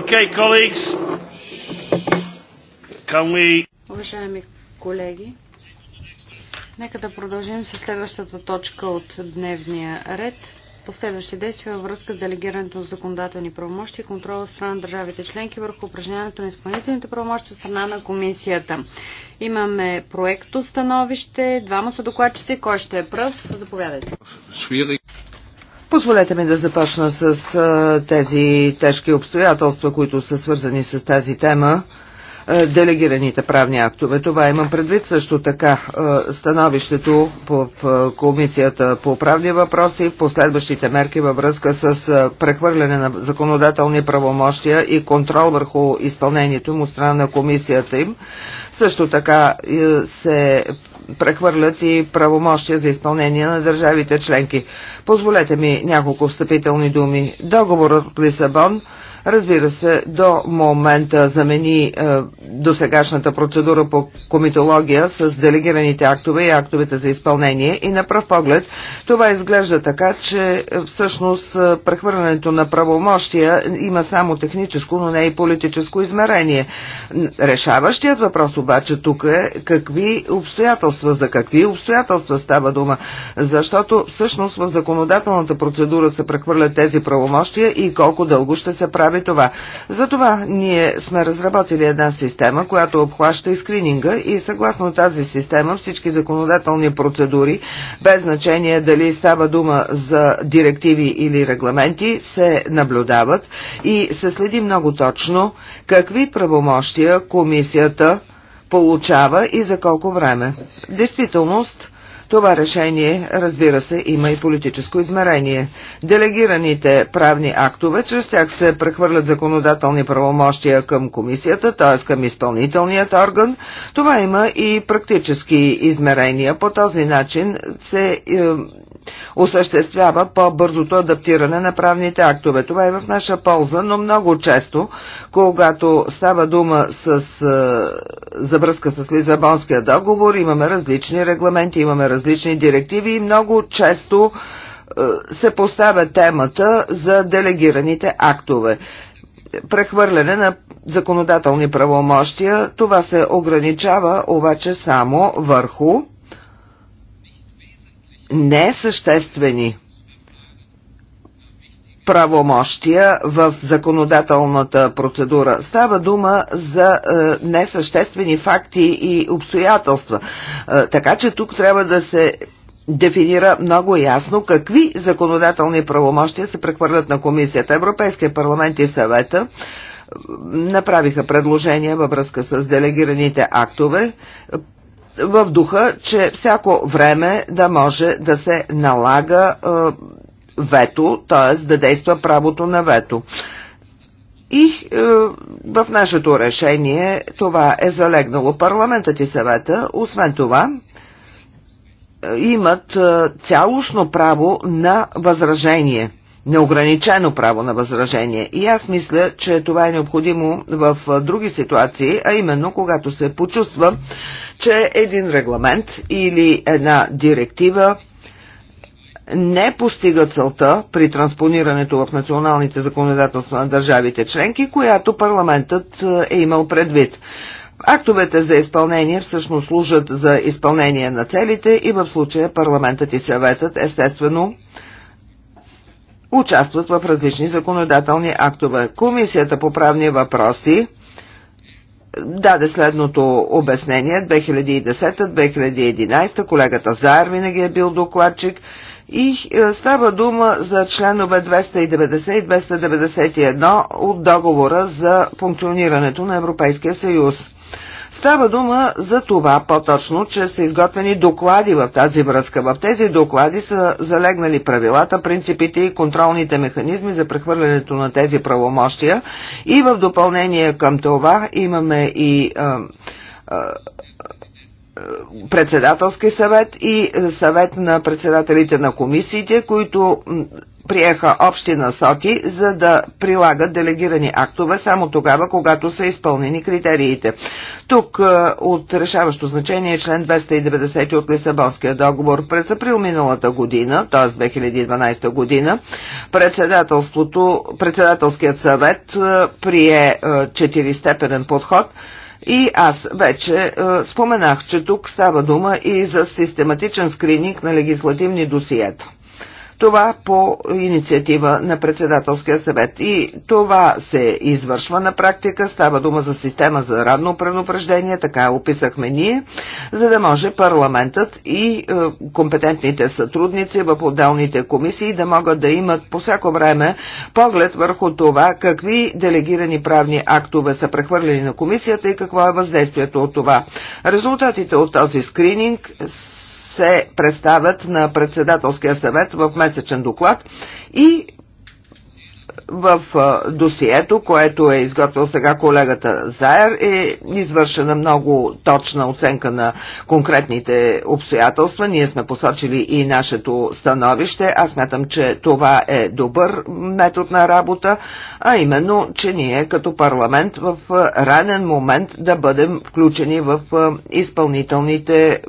Okay, colleagues. Can we... Уважаеми колеги, нека да продължим с следващата точка от дневния ред. Последващи действия във връзка с делегирането на законодателни правомощи и контрол от страна на държавите членки върху упражняването на изпълнителните правомощи от страна на комисията. Имаме проекто становище, двама са докладчици, кой ще е пръв? Заповядайте. Позволете ми да започна с тези тежки обстоятелства, които са свързани с тази тема делегираните правни актове. Това имам предвид също така становището в Комисията по правни въпроси, последващите мерки във връзка с прехвърляне на законодателни правомощия и контрол върху изпълнението им от страна на Комисията им. Също така се прехвърлят и правомощия за изпълнение на държавите членки. Позволете ми няколко встъпителни думи. Договорът от Лисабон – Разбира се, до момента замени е, досегашната процедура по комитология с делегираните актове и актовете за изпълнение и на пръв поглед това изглежда така, че е, всъщност е, прехвърлянето на правомощия има само техническо, но не и политическо измерение. Решаващият въпрос обаче тук е какви обстоятелства, за какви обстоятелства става дума, защото всъщност в законодателната процедура се прехвърлят тези правомощия и колко дълго ще се прави прави това. Затова ние сме разработили една система, която обхваща и скрининга и съгласно тази система всички законодателни процедури, без значение дали става дума за директиви или регламенти, се наблюдават и се следи много точно какви правомощия комисията получава и за колко време. В действителност, това решение, разбира се, има и политическо измерение. Делегираните правни актове, чрез тях се прехвърлят законодателни правомощия към комисията, т.е. към изпълнителният орган. Това има и практически измерения. По този начин се е, осъществява по-бързото адаптиране на правните актове. Това е в наша полза, но много често, когато става дума с, е, за връзка с Лизабонския договор, имаме различни регламенти, имаме различни директиви и много често е, се поставя темата за делегираните актове. Прехвърляне на законодателни правомощия, това се ограничава обаче само върху несъществени правомощия в законодателната процедура. Става дума за е, несъществени факти и обстоятелства. Е, така че тук трябва да се дефинира много ясно какви законодателни правомощия се прехвърлят на комисията. Европейския парламент и съвета е, направиха предложения във връзка с делегираните актове в духа, че всяко време да може да се налага е, вето, т.е. да действа правото на вето. И е, в нашето решение това е залегнало. Парламентът и съвета, освен това, е, имат е, цялостно право на възражение – неограничено право на възражение. И аз мисля, че това е необходимо в други ситуации, а именно когато се почувства, че един регламент или една директива не постига целта при транспонирането в националните законодателства на държавите членки, която парламентът е имал предвид. Актовете за изпълнение всъщност служат за изпълнение на целите и в случая парламентът и съветът естествено участват в различни законодателни актове. Комисията по правни въпроси даде следното обяснение 2010-2011. Колегата Заер винаги е бил докладчик и е, става дума за членове 290 и 291 от договора за функционирането на Европейския съюз. Става дума за това по-точно, че са изготвени доклади в тази връзка. В тези доклади са залегнали правилата, принципите и контролните механизми за прехвърлянето на тези правомощия. И в допълнение към това имаме и а, а, председателски съвет и съвет на председателите на комисиите, които приеха общи насоки, за да прилагат делегирани актове само тогава, когато са изпълнени критериите. Тук е, от решаващо значение е член 290 от Лисабонския договор. През април миналата година, т.е. 2012 година, председателството, председателският съвет е, прие е, четиристепенен подход – и аз вече е, споменах, че тук става дума и за систематичен скрининг на легислативни досиета. Това по инициатива на председателския съвет. И това се извършва на практика. Става дума за система за радно предупреждение, така описахме ние, за да може парламентът и е, компетентните сътрудници в отделните комисии да могат да имат по всяко време поглед върху това какви делегирани правни актове са прехвърлени на комисията и какво е въздействието от това. Резултатите от този скрининг се представят на председателския съвет в месечен доклад и в досието, което е изготвил сега колегата Заер, е извършена много точна оценка на конкретните обстоятелства. Ние сме посочили и нашето становище. Аз смятам, че това е добър метод на работа, а именно, че ние като парламент в ранен момент да бъдем включени в изпълнителните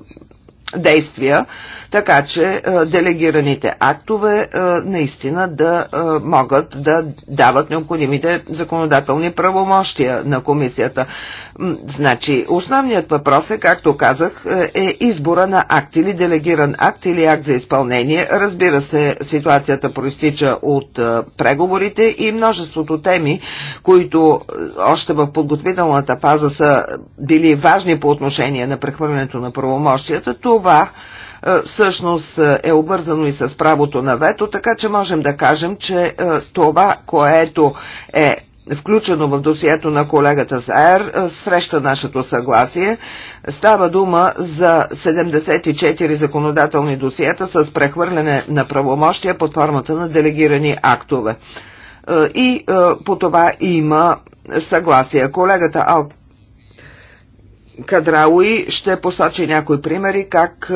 действия така че е, делегираните актове е, наистина да е, могат да дават необходимите законодателни правомощия на комисията. Значи, основният въпрос е, както казах, е избора на акт или делегиран акт или акт за изпълнение. Разбира се, ситуацията проистича от преговорите и множеството теми, които още в подготвителната фаза са били важни по отношение на прехвърлянето на правомощията. Това е, всъщност е, е обързано и с правото на вето, така че можем да кажем, че е, това, което е включено в досието на колегата Заер, среща нашето съгласие. Става дума за 74 законодателни досиета с прехвърляне на правомощия под формата на делегирани актове. И по това има съгласие. Колегата Алк. Кадрауи ще посочи някои примери как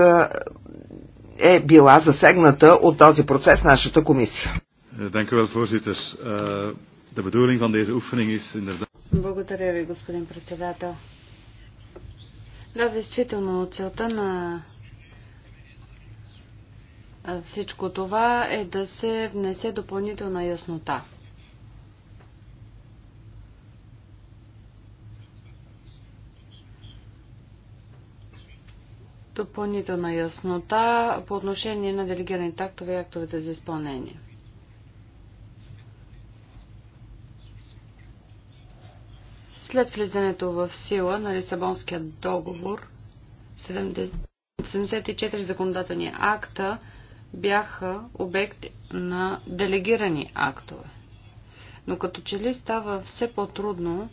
е, е била засегната от този процес нашата комисия. Благодаря ви, господин председател. Да, действително, целта на е, всичко това е да се внесе допълнителна яснота. допълнителна яснота по отношение на делегираните актове и актовете за изпълнение. След влизането в сила на Лисабонския договор, 74 законодателни акта бяха обект на делегирани актове. Но като че ли става все по-трудно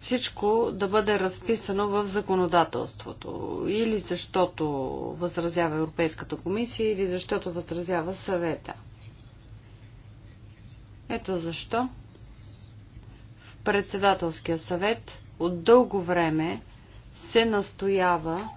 всичко да бъде разписано в законодателството. Или защото възразява Европейската комисия, или защото възразява съвета. Ето защо в председателския съвет от дълго време се настоява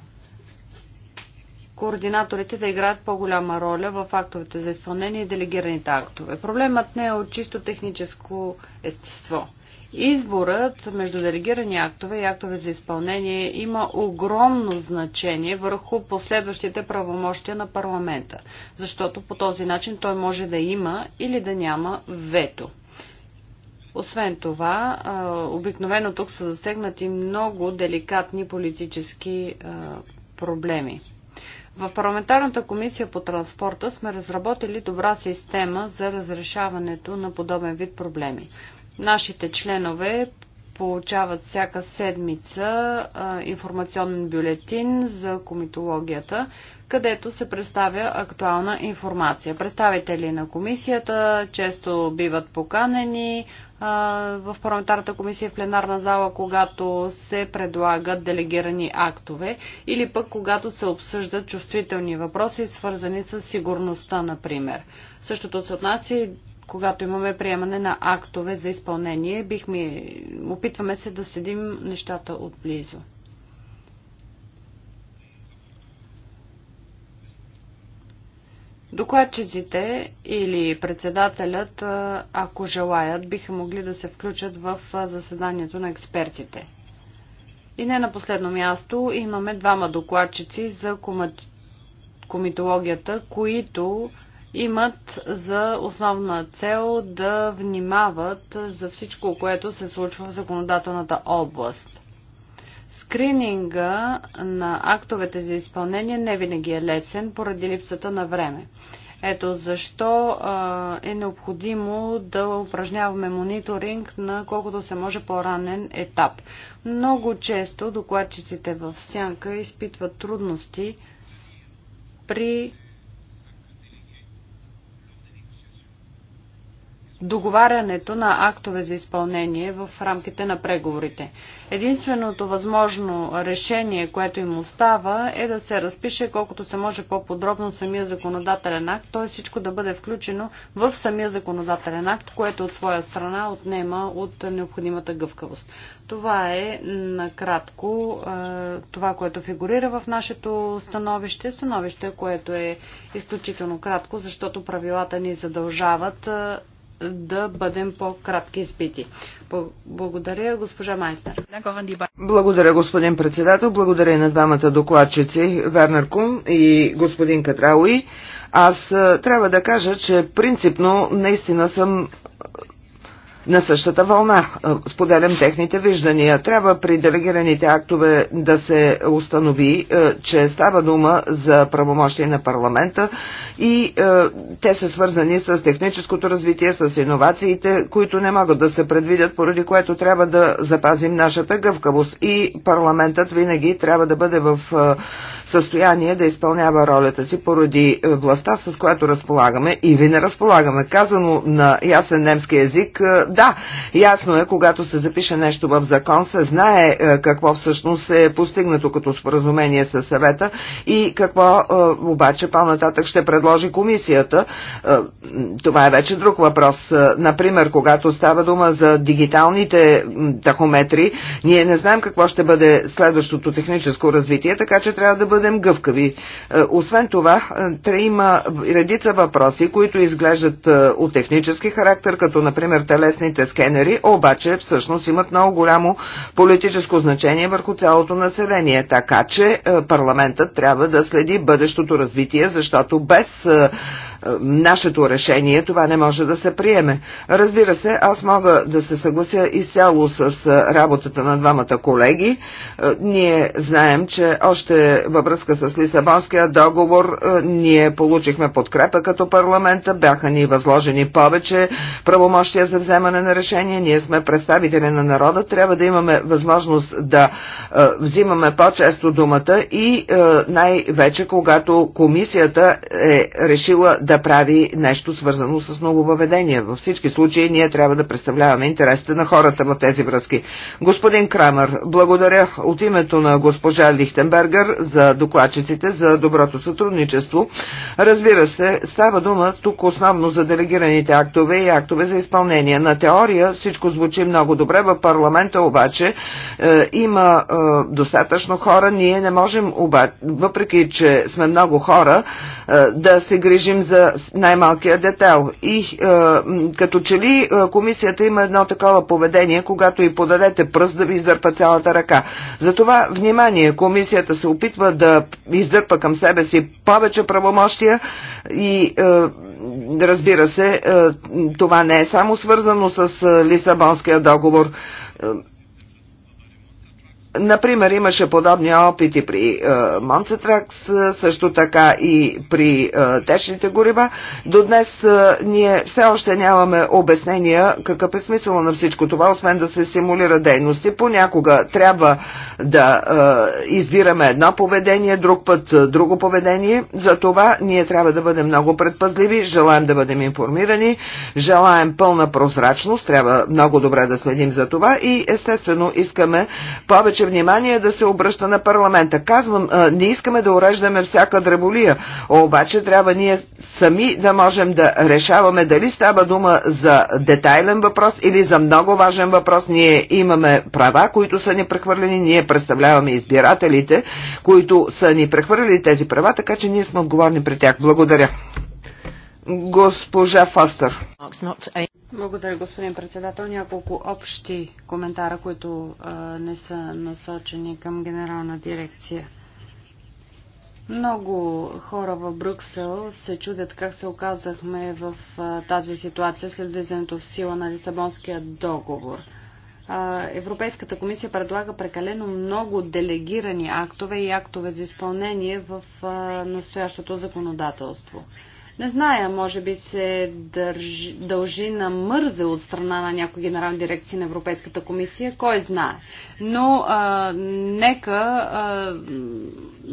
координаторите да играят по-голяма роля в актовете за изпълнение и делегираните актове. Проблемът не е от чисто техническо естество – Изборът между делегирани актове и актове за изпълнение има огромно значение върху последващите правомощия на парламента, защото по този начин той може да има или да няма вето. Освен това, обикновено тук са засегнати много деликатни политически проблеми. В парламентарната комисия по транспорта сме разработили добра система за разрешаването на подобен вид проблеми. Нашите членове получават всяка седмица а, информационен бюлетин за комитологията, където се представя актуална информация. Представители на комисията често биват поканени а, в парламентарната комисия в пленарна зала, когато се предлагат делегирани актове или пък когато се обсъждат чувствителни въпроси, свързани с сигурността, например. Същото се отнася и когато имаме приемане на актове за изпълнение, бихме, опитваме се да следим нещата отблизо. Докладчиците или председателят, ако желаят, биха могли да се включат в заседанието на експертите. И не на последно място имаме двама докладчици за комитологията, които имат за основна цел да внимават за всичко, което се случва в законодателната област. Скрининга на актовете за изпълнение не винаги е лесен поради липсата на време. Ето защо а, е необходимо да упражняваме мониторинг на колкото се може по-ранен етап. Много често докладчиците в сянка изпитват трудности при договарянето на актове за изпълнение в рамките на преговорите. Единственото възможно решение, което им остава, е да се разпише колкото се може по-подробно самия законодателен акт, т.е. всичко да бъде включено в самия законодателен акт, което от своя страна отнема от необходимата гъвкавост. Това е накратко това, което фигурира в нашето становище. Становище, което е изключително кратко, защото правилата ни задължават да бъдем по-кратки избити. Благодаря, госпожа Майстър. Благодаря, господин председател. Благодаря и на двамата докладчици, Вернер Кун и господин Катрауи. Аз е, трябва да кажа, че принципно наистина съм на същата вълна. Е, споделям техните виждания. Трябва при делегираните актове да се установи, е, че става дума за правомощие на парламента и е, те са свързани с техническото развитие, с иновациите, които не могат да се предвидят, поради което трябва да запазим нашата гъвкавост. И парламентът винаги трябва да бъде в състояние да изпълнява ролята си поради властта, с която разполагаме или не разполагаме. Казано на ясен немски език, да, ясно е, когато се запише нещо в закон, се знае е, какво всъщност е постигнато като споразумение с съвета и какво е, обаче по-нататък ще предложи комисията. Е, това е вече друг въпрос. Например, когато става дума за дигиталните тахометри, ние не знаем какво ще бъде следващото техническо развитие, така че трябва да бъдем гъвкави. Освен това, трябва има редица въпроси, които изглеждат от технически характер, като например телесни съвместните скенери, обаче всъщност имат много голямо политическо значение върху цялото население. Така че е, парламентът трябва да следи бъдещото развитие, защото без е, нашето решение, това не може да се приеме. Разбира се, аз мога да се съглася изцяло с работата на двамата колеги. Ние знаем, че още във връзка с Лисабонския договор ние получихме подкрепа като парламента, бяха ни възложени повече правомощия за вземане на решение. Ние сме представители на народа, трябва да имаме възможност да взимаме по-често думата и най-вече когато комисията е решила да да прави нещо свързано с нововъведения. Във всички случаи ние трябва да представляваме интересите на хората в тези връзки. Господин Крамер, благодаря от името на госпожа Лихтенбергер за докладчиците за доброто сътрудничество. Разбира се, става дума тук основно за делегираните актове и актове за изпълнение. На теория всичко звучи много добре, в парламента обаче е, има е, достатъчно хора, ние не можем обаче, въпреки че сме много хора, е, да се грижим за най-малкия детайл. И е, като че ли е, комисията има едно такова поведение, когато и подадете пръст да ви издърпа цялата ръка. Затова, внимание, комисията се опитва да издърпа към себе си повече правомощия и е, разбира се, това не е само свързано с Лисабонския договор Например, имаше подобни опити при е, Монцетракс, е, също така и при е, течните горива. До днес е, ние все още нямаме обяснения какъв е смисъл на всичко това, освен да се симулира дейности. Понякога трябва да е, избираме едно поведение, друг път е, друго поведение. За това ние трябва да бъдем много предпазливи, желаем да бъдем информирани, желаем пълна прозрачност, трябва много добре да следим за това и естествено искаме повече повече внимание да се обръща на парламента. Казвам, не искаме да уреждаме всяка дреболия, обаче трябва ние сами да можем да решаваме дали става дума за детайлен въпрос или за много важен въпрос. Ние имаме права, които са ни прехвърлени, ние представляваме избирателите, които са ни прехвърлили тези права, така че ние сме отговорни при тях. Благодаря. Госпожа Фастър. Благодаря, господин председател. Няколко общи коментара, които а, не са насочени към генерална дирекция. Много хора в Брюксел се чудят как се оказахме в а, тази ситуация след влизането в сила на Лисабонския договор. А, Европейската комисия предлага прекалено много делегирани актове и актове за изпълнение в а, настоящото законодателство. Не зная, може би се държи, дължи на мързе от страна на някои генерални дирекции на Европейската комисия, кой знае. Но а, нека а,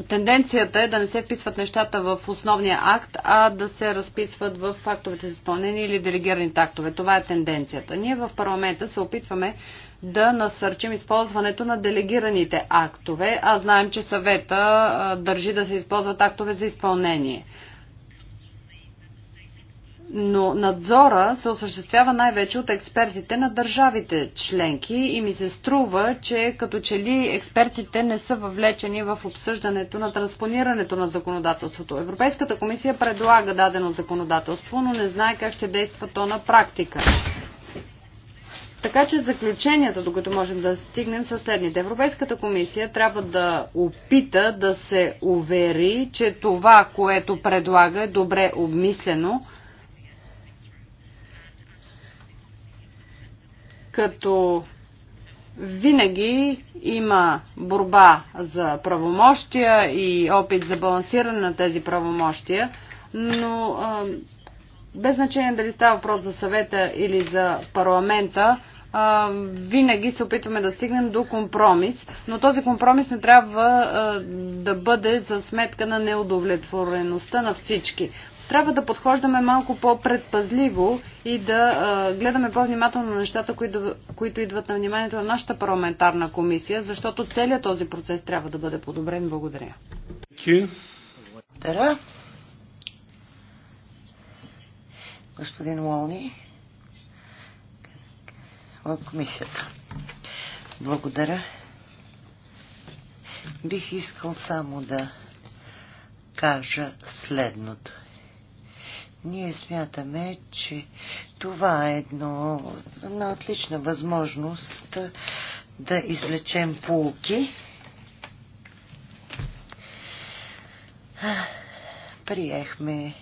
тенденцията е да не се вписват нещата в основния акт, а да се разписват в актовете за изпълнение или делегираните актове. Това е тенденцията. Ние в парламента се опитваме да насърчим използването на делегираните актове, а знаем, че съвета а, държи да се използват актове за изпълнение но надзора се осъществява най-вече от експертите на държавите членки и ми се струва, че като че ли експертите не са въвлечени в обсъждането на транспонирането на законодателството. Европейската комисия предлага дадено законодателство, но не знае как ще действа то на практика. Така че заключенията, до които можем да стигнем, са следните. Европейската комисия трябва да опита да се увери, че това, което предлага е добре обмислено, като винаги има борба за правомощия и опит за балансиране на тези правомощия, но а, без значение дали става въпрос за съвета или за парламента, а, винаги се опитваме да стигнем до компромис, но този компромис не трябва а, да бъде за сметка на неудовлетвореността на всички. Трябва да подхождаме малко по-предпазливо и да а, гледаме по-внимателно нещата, които, които идват на вниманието на нашата парламентарна комисия, защото целият този процес трябва да бъде подобрен. Благодаря. Благодаря. Господин Лони, от комисията. Благодаря. Бих искал само да кажа следното. Ние смятаме, че това е едно, една отлична възможност да извлечем полки. Приехме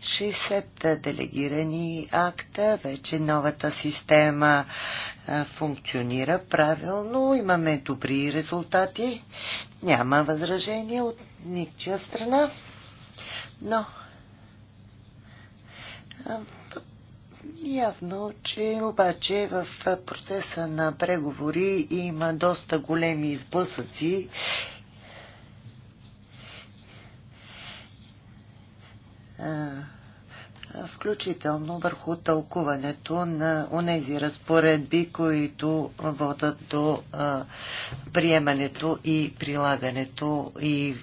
60 делегирани акта, вече новата система функционира правилно, имаме добри резултати, няма възражения от ничия страна, но Явно, че обаче в процеса на преговори има доста големи изблъсъци включително върху тълкуването на онези разпоредби, които водат до приемането и прилагането и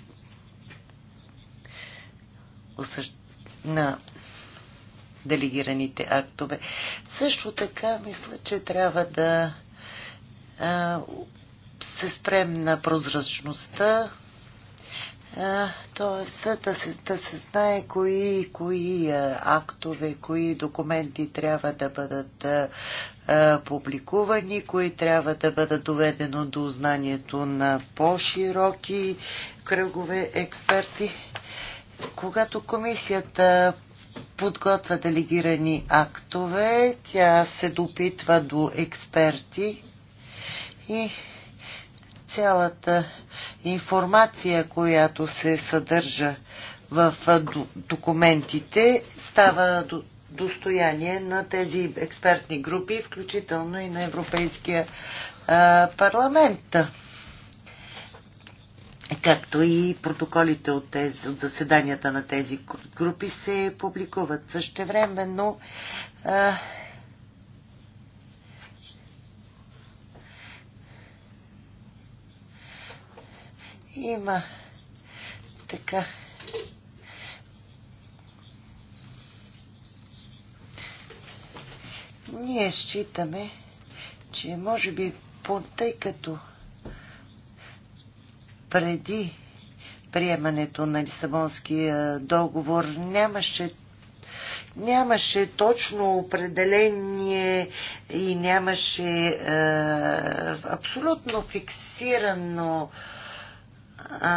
на делегираните актове. Също така мисля, че трябва да се спрем на прозрачността, т.е. Да се, да се знае кои, кои актове, кои документи трябва да бъдат публикувани, кои трябва да бъдат доведено до знанието на по-широки кръгове експерти. Когато комисията подготвя делегирани актове, тя се допитва до експерти и цялата информация, която се съдържа в документите, става достояние на тези експертни групи, включително и на Европейския парламент както и протоколите от, тези, от заседанията на тези групи се публикуват същевременно. А, има така ние считаме, че може би тъй като преди приемането на Лисабонския договор нямаше нямаше точно определение и нямаше е, абсолютно фиксирано е,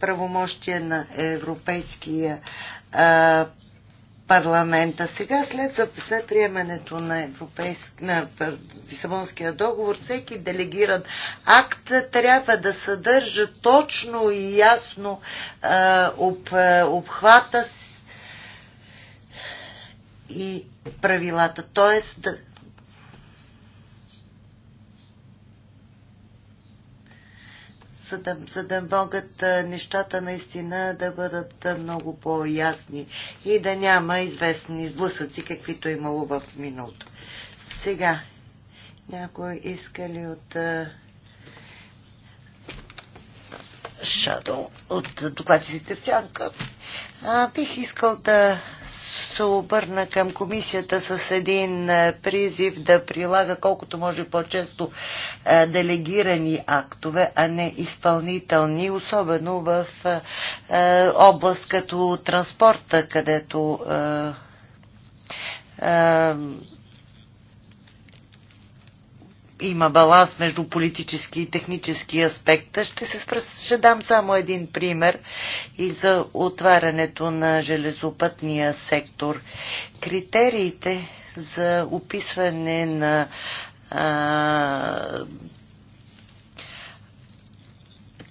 правомощие на Европейския е, парламента. Сега, след, след приемането на, европейск, на Лисабонския договор, всеки делегиран акт трябва да съдържа точно и ясно а, об, обхвата и правилата. Тоест, да, за да, за да могат нещата наистина да бъдат много по-ясни и да няма известни сблъсъци, каквито е имало в миналото. Сега, някой иска ли от Шадо, от докладчиците в сянка? А, бих искал да се обърна към комисията с един е, призив да прилага колкото може по-често е, делегирани актове, а не изпълнителни, особено в е, област като транспорта, където има баланс между политически и технически аспекта. Ще, се спра, ще дам само един пример и за отварянето на железопътния сектор. Критериите за описване на а,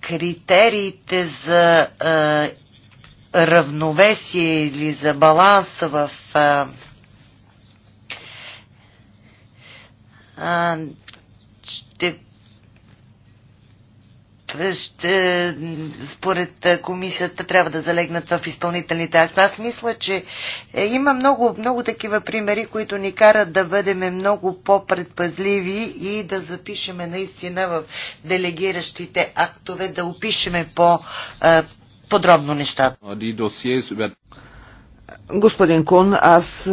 критериите за а, равновесие или за баланс в а, ще ще, според комисията трябва да залегнат в изпълнителните акта. Аз мисля, че е, има много, много такива примери, които ни карат да бъдем много по-предпазливи и да запишеме наистина в делегиращите актове, да опишеме по подробно нещата. Господин Кун, аз е,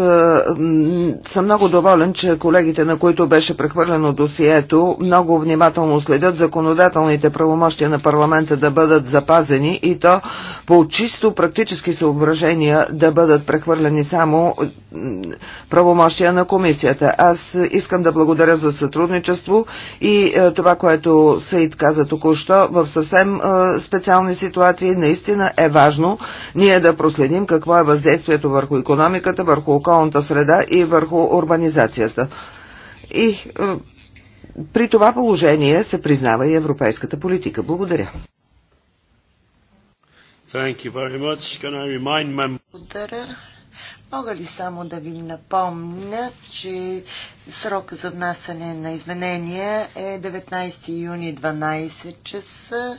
съм много доволен, че колегите, на които беше прехвърлено досието, много внимателно следят законодателните правомощия на парламента да бъдат запазени и то по чисто практически съображения да бъдат прехвърлени само правомощия на комисията. Аз искам да благодаря за сътрудничество и е, това, което Саид каза току-що, в съвсем е, специални ситуации наистина е важно ние да проследим какво е въздействието въздействието върху економиката, върху околната среда и върху урбанизацията. И е, при това положение се признава и европейската политика. Благодаря. Благодаря. Мога ли само да ви напомня, че срок за внасяне на изменения е 19 юни 12 часа.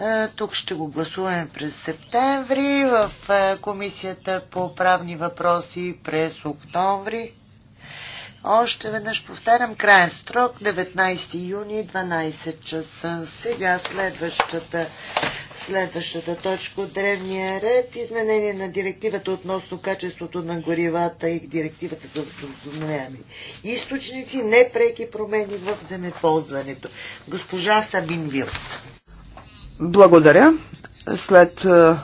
Е, тук ще го гласуваме през септември, в е, Комисията по правни въпроси през октомври. Още веднъж повтарям, крайен строк 19 юни 12 часа. Сега следващата, следващата точка от древния ред. Изменение на директивата относно качеството на горивата и директивата за възобновяеми източници, непреки промени в земеползването. Госпожа Сабин Вилс. Благодаря. След е,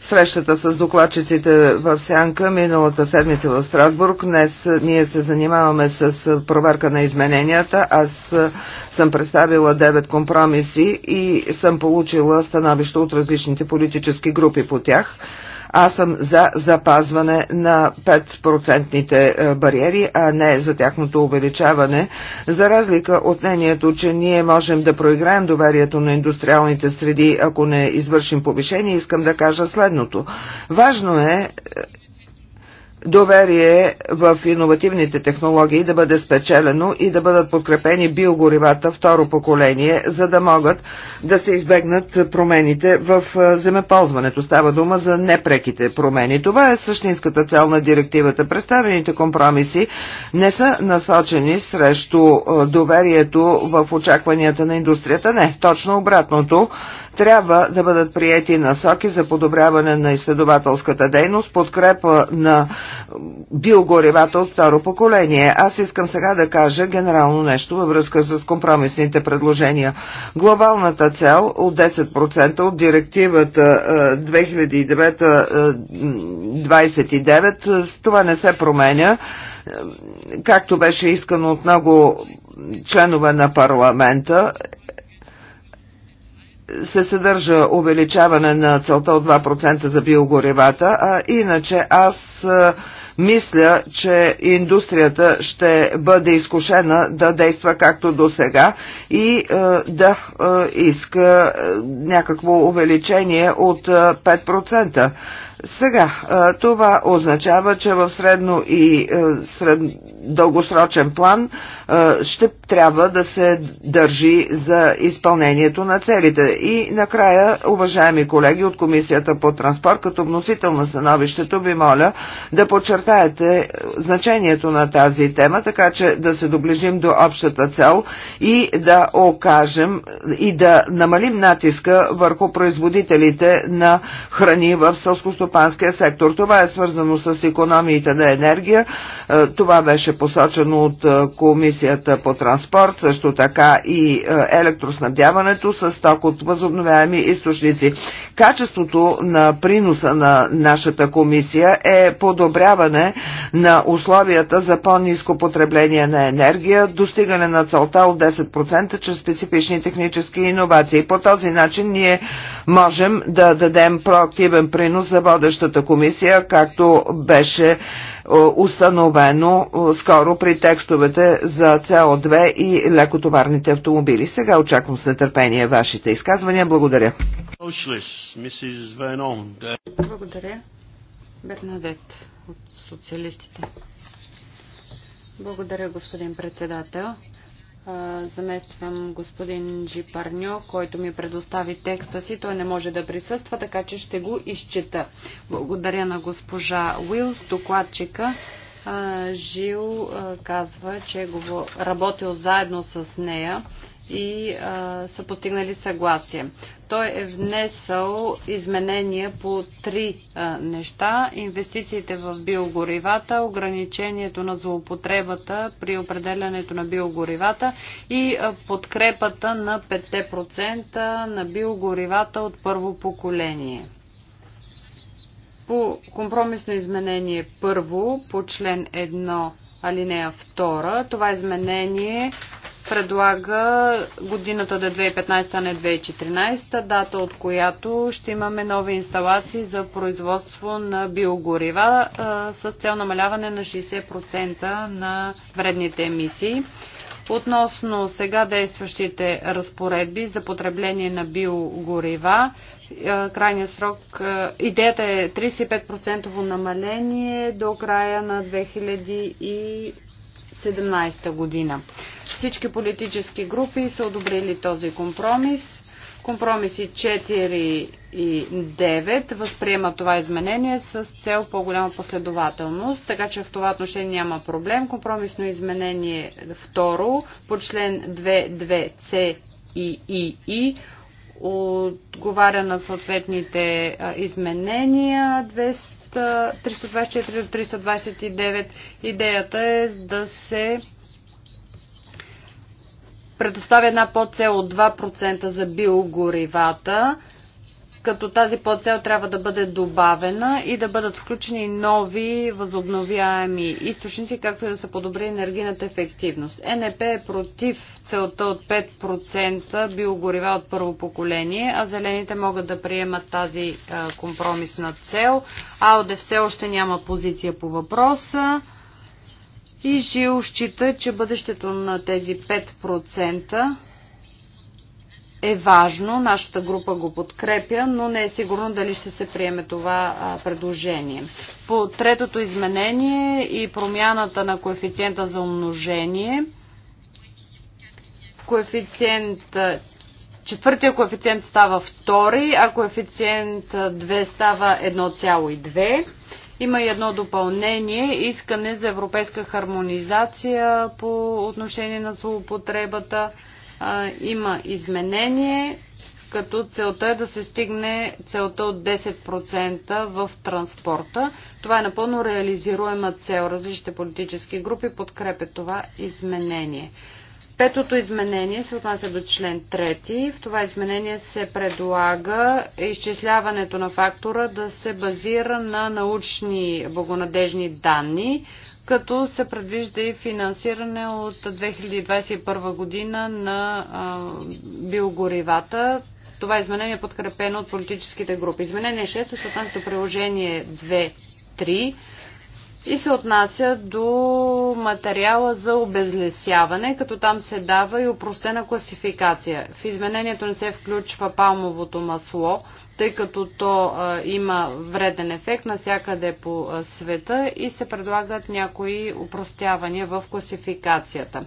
срещата с докладчиците в Сянка миналата седмица в Страсбург. Днес ние се занимаваме с е, проверка на измененията. Аз е, съм представила 9 компромиси и съм получила становище от различните политически групи по тях. Аз съм за запазване на 5 е, бариери, а не за тяхното увеличаване, за разлика от мнението, че ние можем да проиграем доверието на индустриалните среди, ако не извършим повишение, искам да кажа следното. Важно е, е доверие в иновативните технологии да бъде спечелено и да бъдат подкрепени биогоривата второ поколение, за да могат да се избегнат промените в земеползването. Става дума за непреките промени. Това е същинската цел на директивата. Представените компромиси не са насочени срещу доверието в очакванията на индустрията. Не, точно обратното трябва да бъдат приети насоки за подобряване на изследователската дейност, подкрепа на биогоревата от второ поколение. Аз искам сега да кажа генерално нещо във връзка с компромисните предложения. Глобалната цел от 10% от директивата 2009-29, това не се променя, както беше искано от много членове на парламента, се съдържа увеличаване на целта от 2% за биогоревата, а иначе аз мисля, че индустрията ще бъде изкушена да действа както до сега и да иска някакво увеличение от 5%. Сега, това означава, че в средно и средно дългосрочен план е, ще трябва да се държи за изпълнението на целите. И накрая, уважаеми колеги от Комисията по транспорт, като вносител на становището ви моля да подчертаете е, значението на тази тема, така че да се доближим до общата цел и да окажем и да намалим натиска върху производителите на храни в сълско-стопанския сектор. Това е свързано с економиите на енергия. Е, това беше посочено от Комисията по транспорт, също така и електроснабдяването с ток от възобновяеми източници. Качеството на приноса на нашата комисия е подобряване на условията за по-низко потребление на енергия, достигане на целта от 10% чрез специфични технически иновации. По този начин ние можем да дадем проактивен принос за водещата комисия, както беше е, установено е, скоро при текстовете за CO2 и лекотоварните автомобили. Сега очаквам с нетърпение вашите изказвания. Благодаря. Благодаря. Бернадет от социалистите. Благодаря, господин председател замествам господин Джипарньо, който ми предостави текста си. Той не може да присъства, така че ще го изчета. Благодаря на госпожа Уилс, докладчика. Жил казва, че е работил заедно с нея и а, са постигнали съгласие. Той е внесъл изменения по три а, неща. Инвестициите в биогоривата, ограничението на злоупотребата при определянето на биогоривата и а, подкрепата на 5% на биогоривата от първо поколение по компромисно изменение първо по член 1 алинея 2. Това изменение предлага годината да е 2015, а не 2014, дата от която ще имаме нови инсталации за производство на биогорива с цел намаляване на 60% на вредните емисии. Относно сега действащите разпоредби за потребление на биогорива, крайният срок, идеята е 35% намаление до края на 2000 2017 година. Всички политически групи са одобрили този компромис. Компромиси 4 и 9 възприемат това изменение с цел по-голяма последователност, така че в това отношение няма проблем. Компромисно изменение 2 по член 2.2c и и и отговаря на съответните изменения 324 до 329 идеята е да се предоставя една по-цел от 2% за биогоривата като тази подцел трябва да бъде добавена и да бъдат включени нови възобновяеми източници, както и да се подобри енергийната ефективност. НП е против целта от 5% биогорива от първо поколение, а зелените могат да приемат тази компромисна цел. АОД все още няма позиция по въпроса. И Жил счита, че бъдещето на тези 5% е важно, нашата група го подкрепя, но не е сигурно дали ще се приеме това предложение. По третото изменение и промяната на коефициента за умножение, коефициент четвъртия коефициент става втори, а коефициент 2 става 1,2. Има и едно допълнение искане за европейска хармонизация по отношение на злоупотребата а, има изменение, като целта е да се стигне целта от 10% в транспорта. Това е напълно реализируема цел. Различните политически групи подкрепят това изменение. Петото изменение се отнася до член 3. В това изменение се предлага изчисляването на фактора да се базира на научни благонадежни данни, като се предвижда и финансиране от 2021 година на биогоривата. Това е изменение е подкрепено от политическите групи. Изменение 6 от отнася до приложение 2.3 и се отнася до материала за обезлесяване, като там се дава и упростена класификация. В изменението не се включва палмовото масло – тъй като то а, има вреден ефект навсякъде по а, света и се предлагат някои упростявания в класификацията.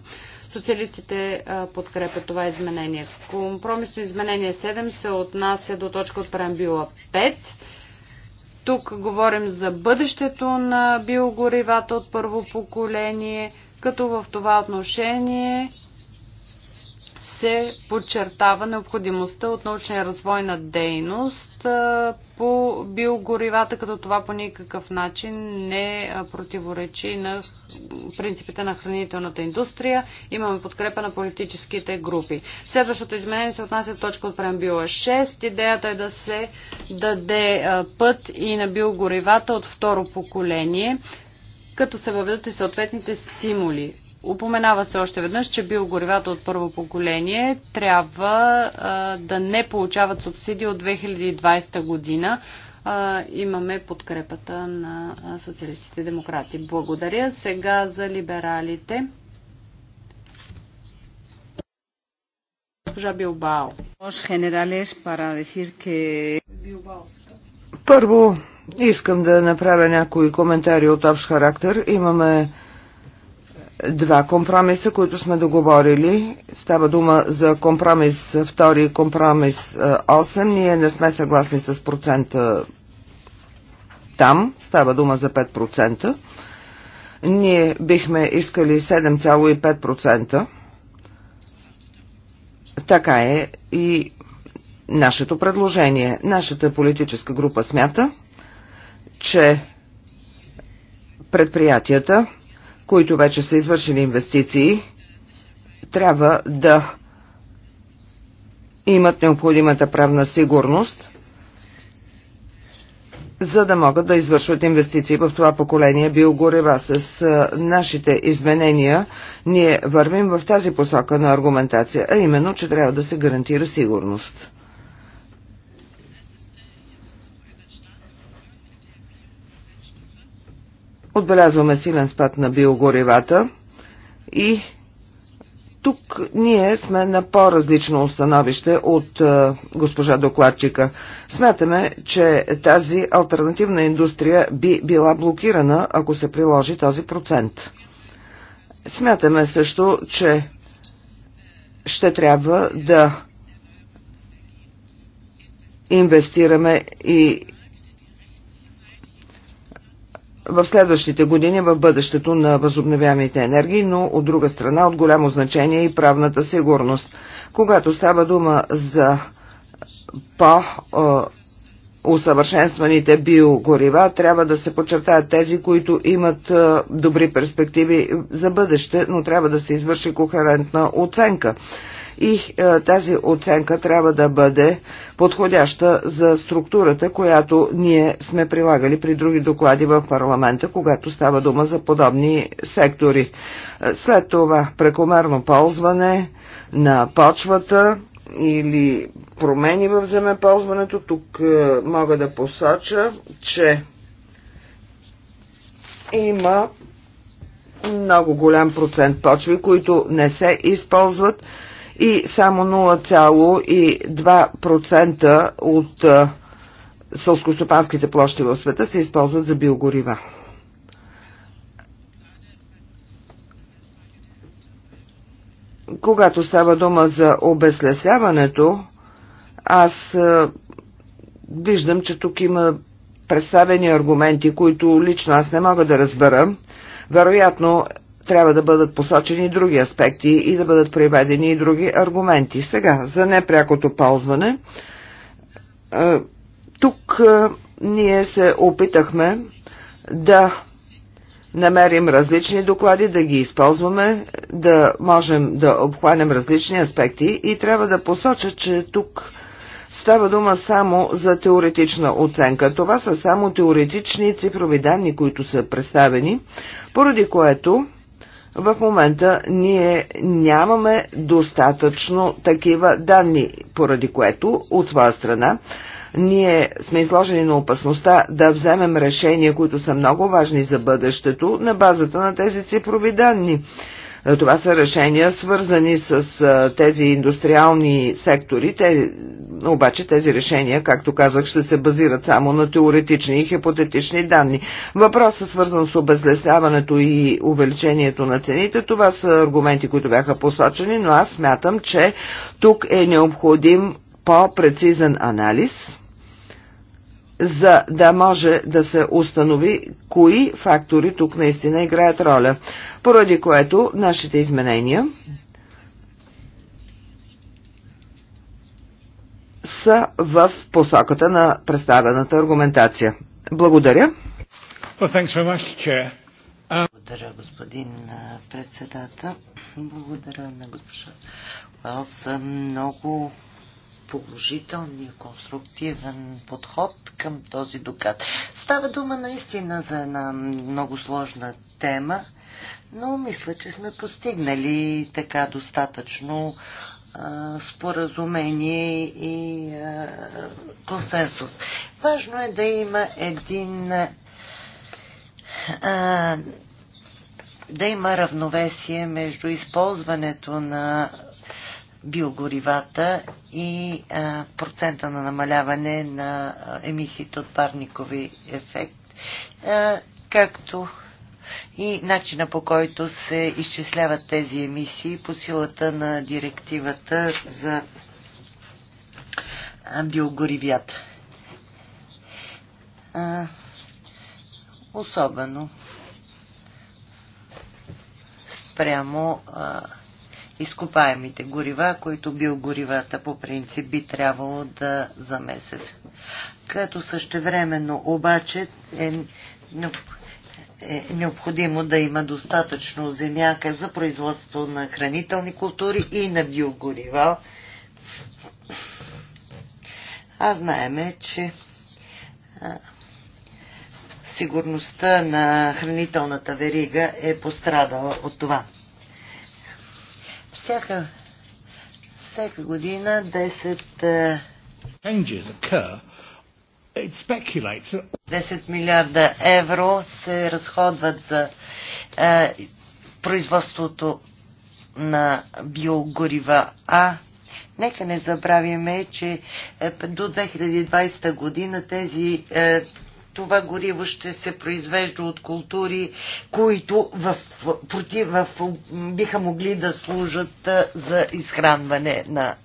Социалистите а, подкрепят това изменение. Компромисно изменение 7 се отнася до точка от преамбила 5. Тук говорим за бъдещето на биогоривата от първо поколение, като в това отношение се подчертава необходимостта от научна и развойна дейност по биогоривата, като това по никакъв начин не противоречи на принципите на хранителната индустрия. Имаме подкрепа на политическите групи. Следващото изменение се отнася точка от преамбила 6. Идеята е да се даде път и на биогоривата от второ поколение, като се въведат и съответните стимули Упоменава се още веднъж, че биогоривата от първо поколение трябва а, да не получават субсидии от 2020 година. А, имаме подкрепата на социалистите демократи. Благодаря. Сега за либералите. Госпожа Билбао. Първо искам да направя някои коментари от общ характер. Имаме два компромиса, които сме договорили. Става дума за компромис 2 и компромис 8. Е, Ние не сме съгласни с процента там. Става дума за 5%. Ние бихме искали 7,5%. Така е и нашето предложение. Нашата политическа група смята, че предприятията които вече са извършили инвестиции, трябва да имат необходимата правна сигурност, за да могат да извършват инвестиции в това поколение биогорева. С нашите изменения ние вървим в тази посока на аргументация, а именно, че трябва да се гарантира сигурност. Отбелязваме силен спад на биогоривата и тук ние сме на по-различно установище от е, госпожа докладчика. Смятаме, че тази альтернативна индустрия би била блокирана, ако се приложи този процент. Смятаме също, че ще трябва да инвестираме и в следващите години в бъдещето на възобновяемите енергии, но от друга страна от голямо значение е и правната сигурност. Когато става дума за по- усъвършенстваните биогорива, трябва да се подчертаят тези, които имат е, добри перспективи за бъдеще, но трябва да се извърши кохерентна оценка и е, тази оценка трябва да бъде подходяща за структурата, която ние сме прилагали при други доклади в парламента, когато става дума за подобни сектори. Е, след това прекомерно ползване на почвата или промени в земеползването, тук е, мога да посоча, че има много голям процент почви, които не се използват и само 0,2% от сълскостопанските площи в света се използват за биогорива. Когато става дума за обезлесяването, аз виждам, че тук има представени аргументи, които лично аз не мога да разбера. Вероятно трябва да бъдат посочени други аспекти и да бъдат приведени и други аргументи. Сега, за непрякото ползване. Тук ние се опитахме да намерим различни доклади, да ги използваме, да можем да обхванем различни аспекти и трябва да посоча, че тук става дума само за теоретична оценка. Това са само теоретични цифрови данни, които са представени, поради което в момента ние нямаме достатъчно такива данни, поради което от своя страна ние сме изложени на опасността да вземем решения, които са много важни за бъдещето, на базата на тези цифрови данни. Това са решения свързани с тези индустриални сектори. Те, обаче тези решения, както казах, ще се базират само на теоретични и хипотетични данни. Въпросът свързан с обезлесяването и увеличението на цените, това са аргументи, които бяха посочени, но аз смятам, че тук е необходим по-прецизен анализ за да може да се установи кои фактори тук наистина играят роля поради което нашите изменения са в посоката на представената аргументация. Благодаря. Um, Благодаря, господин председател. Благодаря на госпожа Уелс. за много положителни и конструктивен подход към този доклад. Става дума наистина за една много сложна тема но мисля, че сме постигнали така достатъчно а, споразумение и а, консенсус. Важно е да има един а, да има равновесие между използването на биогоривата и а, процента на намаляване на емисиите от парникови ефект. А, както и начина по който се изчисляват тези емисии по силата на директивата за биогоривията. особено спрямо а, изкопаемите горива, които биогоривата по принцип би трябвало да замесят. Като същевременно обаче е необходимо е необходимо да има достатъчно земяка за производство на хранителни култури и на биогорива. А знаеме, че сигурността на хранителната верига е пострадала от това. Всяка, всяка година 10 changes 10 милиарда евро се разходват за е, производството на биогорива. А нека не забравяме, че е, до 2020 година тези е, това гориво ще се произвежда от култури, които в, против, в, биха могли да служат за изхранване на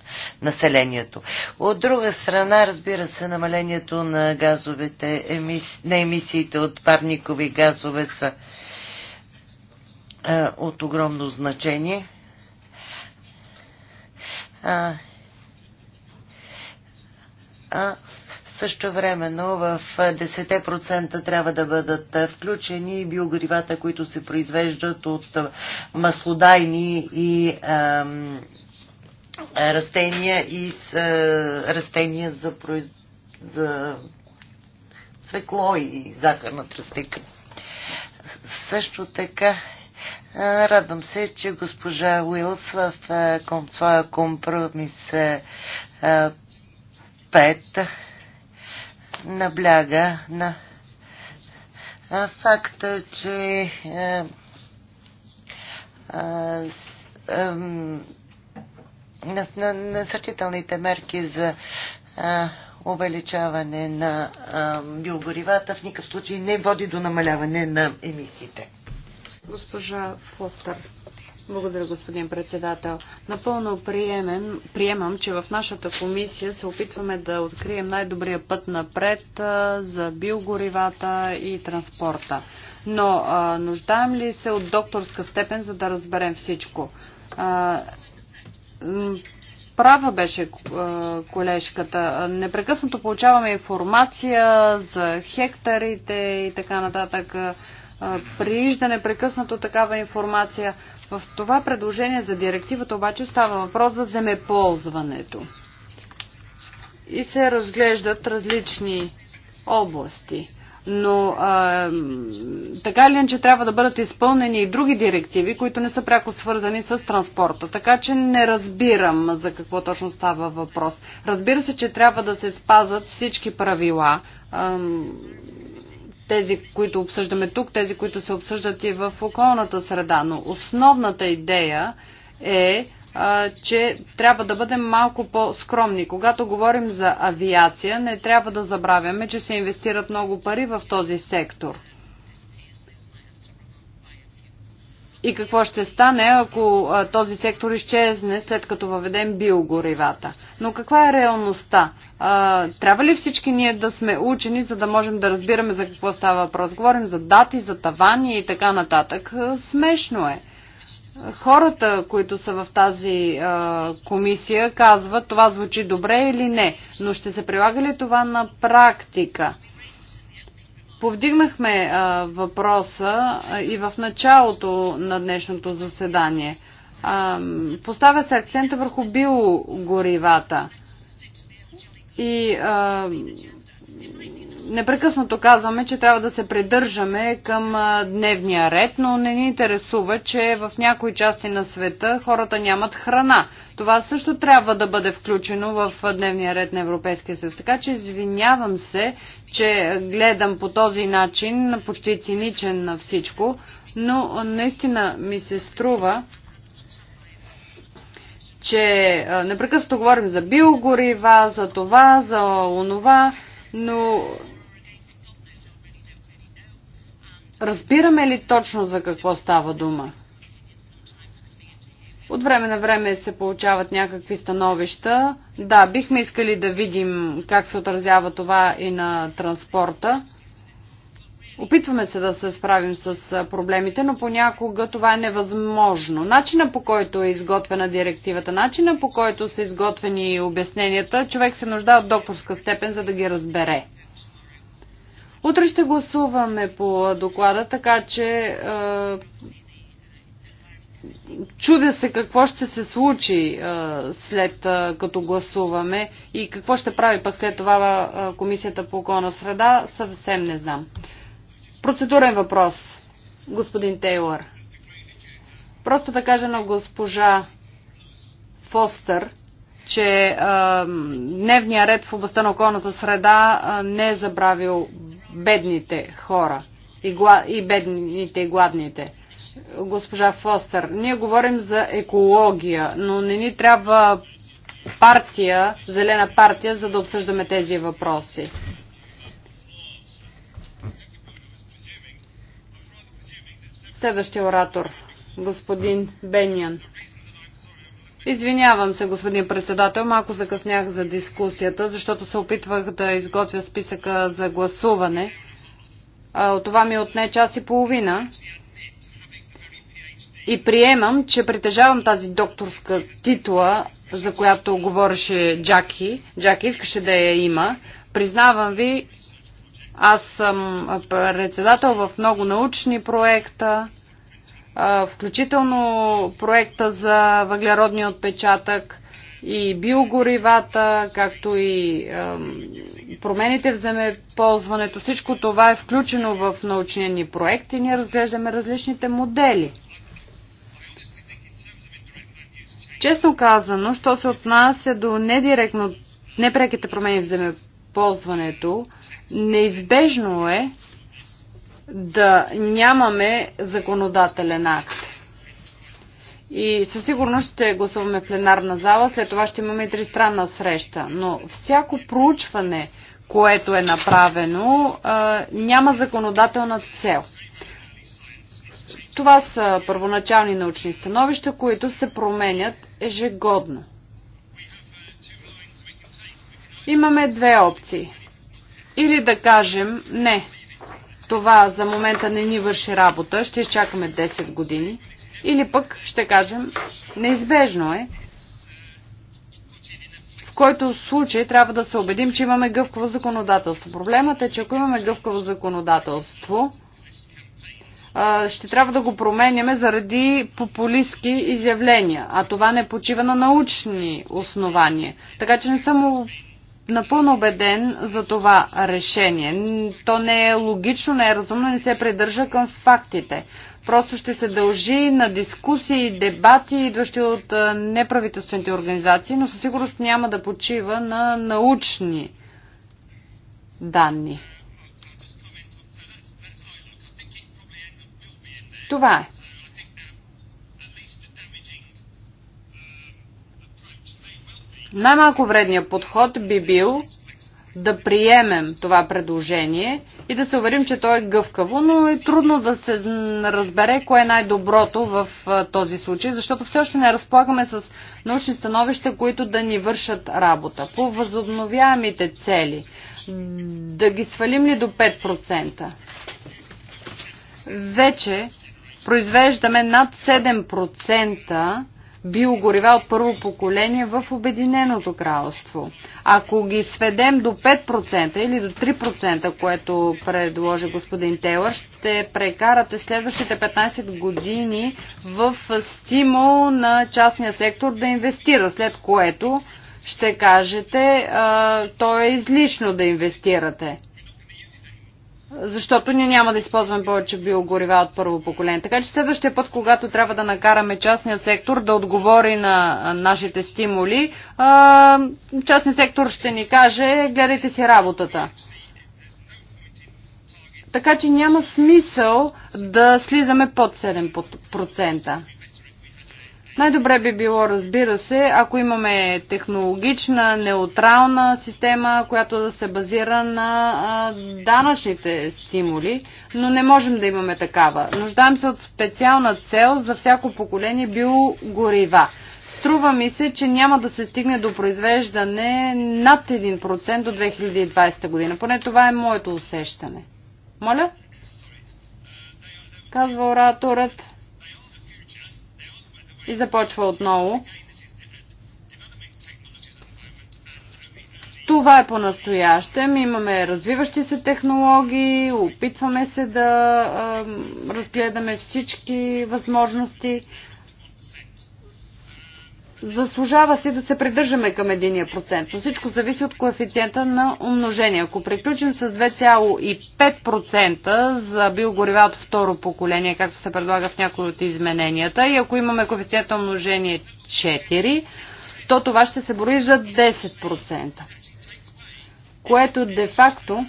населението. От друга страна, разбира се, намалението на газовете, емиси, на емисиите от парникови газове са а, от огромно значение. А, а също времено в 10% трябва да бъдат включени биогоривата, които се произвеждат от маслодайни и ам, растения и с, а, растения за, за цвекло и захарна тръстика. Също така Радвам се, че госпожа Уилс в своя компромис 5 набляга на факта, че е, е, е, на, на, насърчителните мерки за увеличаване на биогоривата в никакъв случай не води до намаляване на емисиите. Госпожа Фостер, благодаря, господин председател. Напълно приемем, приемам, че в нашата комисия се опитваме да открием най-добрия път напред за биогоривата и транспорта. Но а, нуждаем ли се от докторска степен, за да разберем всичко? А, права беше колежката. Непрекъснато получаваме информация за хектарите и така нататък. Приижда непрекъснато такава информация. В това предложение за директивата обаче става въпрос за земеползването. И се разглеждат различни области. Но а, така или че трябва да бъдат изпълнени и други директиви, които не са пряко свързани с транспорта. Така че не разбирам за какво точно става въпрос. Разбира се, че трябва да се спазат всички правила. А, тези, които обсъждаме тук, тези, които се обсъждат и в околната среда. Но основната идея е, а, че трябва да бъдем малко по-скромни. Когато говорим за авиация, не трябва да забравяме, че се инвестират много пари в този сектор – и какво ще стане, ако този сектор изчезне след като въведем биогоривата. Но каква е реалността? Трябва ли всички ние да сме учени, за да можем да разбираме за какво става въпрос? Говорим за дати, за тавани и така нататък. Смешно е хората, които са в тази а, комисия, казват това звучи добре или не, но ще се прилага ли това на практика? Повдигнахме а, въпроса а, и в началото на днешното заседание. А, поставя се акцента върху биогоривата. И а, непрекъснато казваме, че трябва да се придържаме към дневния ред, но не ни интересува, че в някои части на света хората нямат храна. Това също трябва да бъде включено в дневния ред на Европейския съюз. Така че извинявам се, че гледам по този начин, почти циничен на всичко, но наистина ми се струва, че непрекъснато говорим за биогорива, за това, за онова, но Разбираме ли точно за какво става дума? От време на време се получават някакви становища. Да, бихме искали да видим как се отразява това и на транспорта. Опитваме се да се справим с проблемите, но понякога това е невъзможно. Начина по който е изготвена директивата, начина по който са изготвени обясненията, човек се нуждае от докторска степен, за да ги разбере. Утре ще гласуваме по доклада, така че чудя се какво ще се случи след като гласуваме и какво ще прави пък след това Комисията по околна среда, съвсем не знам. Процедурен въпрос, господин Тейлър. Просто да кажа на госпожа Фостър, че а, дневния ред в областта на околната среда не е забравил бедните хора и, гла... и бедните и гладните. Госпожа Фостер, ние говорим за екология, но не ни трябва партия, зелена партия, за да обсъждаме тези въпроси. Следващия оратор, господин Бениан. Извинявам се, господин председател, малко закъснях за дискусията, защото се опитвах да изготвя списъка за гласуване. От това ми отне час и половина. И приемам, че притежавам тази докторска титла, за която говореше Джаки. Джаки искаше да я има. Признавам ви, аз съм председател в много научни проекта включително проекта за въглеродния отпечатък и биогоривата, както и промените в земеползването. Всичко това е включено в научния ни проект и ние разглеждаме различните модели. Честно казано, що се отнася до недиректно непреките промени в земеползването, неизбежно е да нямаме законодателен акт. И със сигурност ще гласуваме пленарна зала, след това ще имаме и тристранна среща. Но всяко проучване, което е направено, няма законодателна цел. Това са първоначални научни становища, които се променят ежегодно. Имаме две опции. Или да кажем не, това за момента не ни върши работа, ще изчакаме 10 години. Или пък ще кажем, неизбежно е, в който случай трябва да се убедим, че имаме гъвкаво законодателство. Проблемът е, че ако имаме гъвкаво законодателство, ще трябва да го променяме заради популистски изявления, а това не почива на научни основания. Така че не съм напълно убеден за това решение. То не е логично, не е разумно, не се придържа към фактите. Просто ще се дължи на дискусии, дебати, идващи от неправителствените организации, но със сигурност няма да почива на научни данни. Това е. Най-малко вредният подход би бил да приемем това предложение и да се уверим, че то е гъвкаво, но е трудно да се разбере кое е най-доброто в този случай, защото все още не разполагаме с научни становища, които да ни вършат работа. По възобновяемите цели, да ги свалим ли до 5%? Вече произвеждаме над 7% биогорива от първо поколение в Обединеното кралство. Ако ги сведем до 5% или до 3%, което предложи господин Тейлър, ще прекарате следващите 15 години в стимул на частния сектор да инвестира, след което ще кажете, а, то е излишно да инвестирате защото ние няма да използваме повече биогорива от първо поколение. Така че следващия път, когато трябва да накараме частния сектор да отговори на нашите стимули, частният сектор ще ни каже, гледайте си работата. Така че няма смисъл да слизаме под 7%. Най-добре би било, разбира се, ако имаме технологична, неутрална система, която да се базира на данъчните стимули, но не можем да имаме такава. Нуждаем се от специална цел за всяко поколение биогорива. Струва ми се, че няма да се стигне до произвеждане над 1% до 2020 година. Поне това е моето усещане. Моля? Казва ораторът и започва отново. Това е по-настоящем. Имаме развиващи се технологии, опитваме се да а, разгледаме всички възможности. Заслужава се да се придържаме към единия процент, но всичко зависи от коефициента на умножение. Ако приключим с 2,5% за биогорива от второ поколение, както се предлага в някои от измененията, и ако имаме коефициент на умножение 4, то това ще се брои за 10%, което де-факто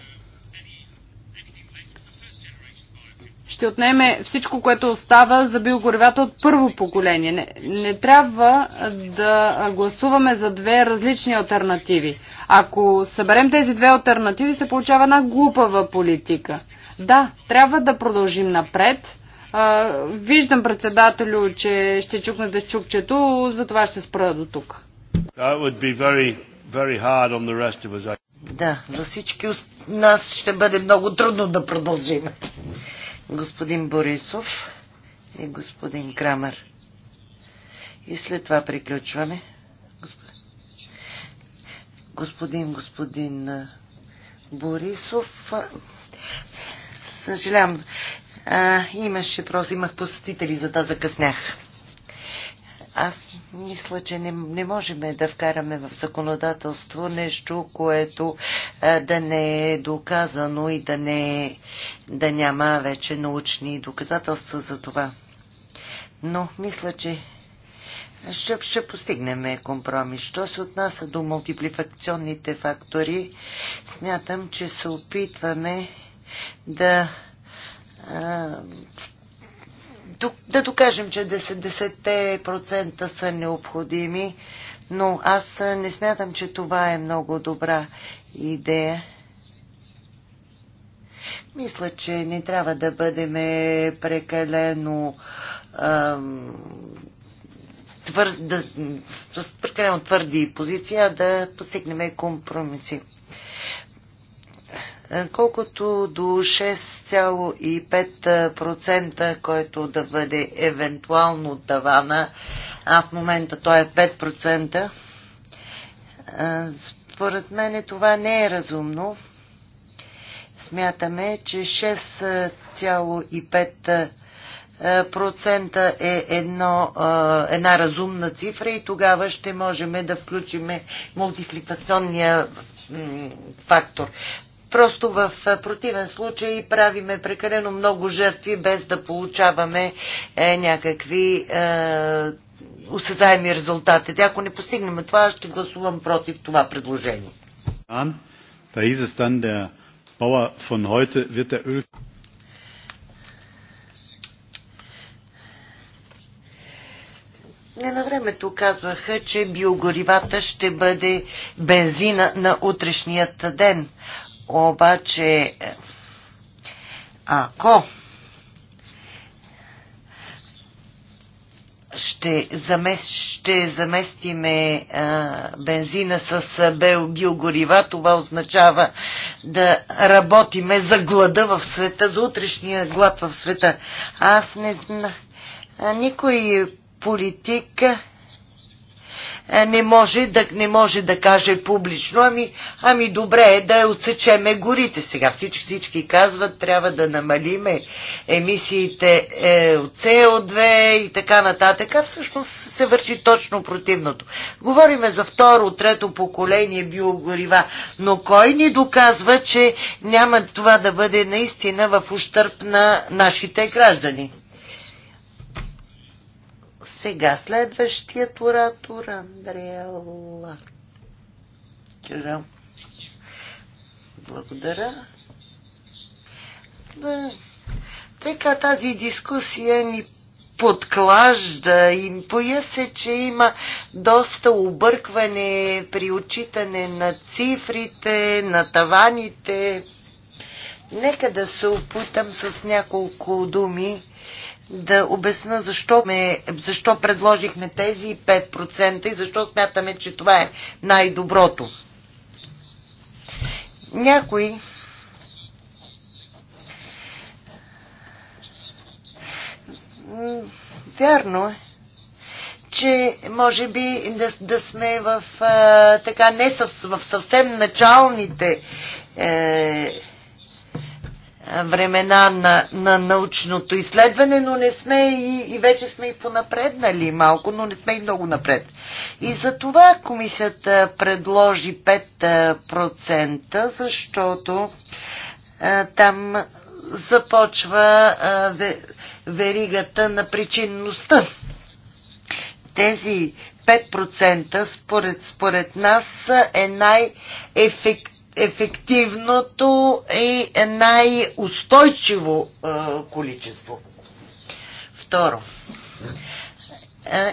ще отнеме всичко, което остава за биогоревата от първо поколение. Не, не трябва да гласуваме за две различни альтернативи. Ако съберем тези две альтернативи, се получава една глупава политика. Да, трябва да продължим напред. А, виждам председателю, че ще чукнете с чукчето, затова ще спра до тук. да, за всички нас ще бъде много трудно да продължим господин Борисов и господин Крамер. И след това приключваме. Господин, господин Борисов, съжалявам, а, имаше просто, имах посетители, за да закъснях. Аз мисля, че не, не можем да вкараме в законодателство нещо, което а, да не е доказано и да, не, да няма вече научни доказателства за това. Но мисля, че ще, ще постигнем компромис. Що се отнася до мултипликационните фактори, смятам, че се опитваме да а, да докажем, че 10% са необходими, но аз не смятам, че това е много добра идея. Мисля, че не трябва да бъдем прекалено твърд, да, прекалено твърди позиция, а да постигнем компромиси. Е, колкото до 6,5%, който да бъде евентуално тавана, а в момента той е 5%, е, според мен това не е разумно. Смятаме, че 6,5% процента е едно, е, една разумна цифра и тогава ще можем да включим мултипликационния фактор. Просто в противен случай правиме прекалено много жертви, без да получаваме е, някакви е, осезаеми резултати. Ако не постигнем това, ще гласувам против това предложение. Не на времето казваха, че биогоривата ще бъде бензина на утрешният ден. Обаче, ако ще, замес, ще заместиме а, бензина с биогорива, това означава да работиме за глада в света, за утрешния глад в света. Аз не знам. Никой политик е, не може да, не може да каже публично, ами, ами добре е да отсечеме горите. Сега всички, всички казват, трябва да намалиме емисиите е, от со 2 и така нататък. А всъщност се върши точно противното. Говориме за второ, трето поколение биогорива, но кой ни доказва, че няма това да бъде наистина в ущърп на нашите граждани? Сега следващият оратор Андреала. Благодаря. Да. Така тази дискусия ни подклажда и боя се, че има доста объркване при отчитане на цифрите, на таваните. Нека да се опутам с няколко думи да обясна защо, ме, защо предложихме тези 5% и защо смятаме, че това е най-доброто. Някои Вярно е, че може би да, да сме в а, така не съв, в съвсем началните е, времена на, на научното изследване, но не сме и, и вече сме и понапреднали малко, но не сме и много напред. И за това комисията предложи 5%, защото а, там започва а, ве, веригата на причинността. Тези 5% според, според нас е най-ефективно най-ефективното и най-устойчиво количество. Второ,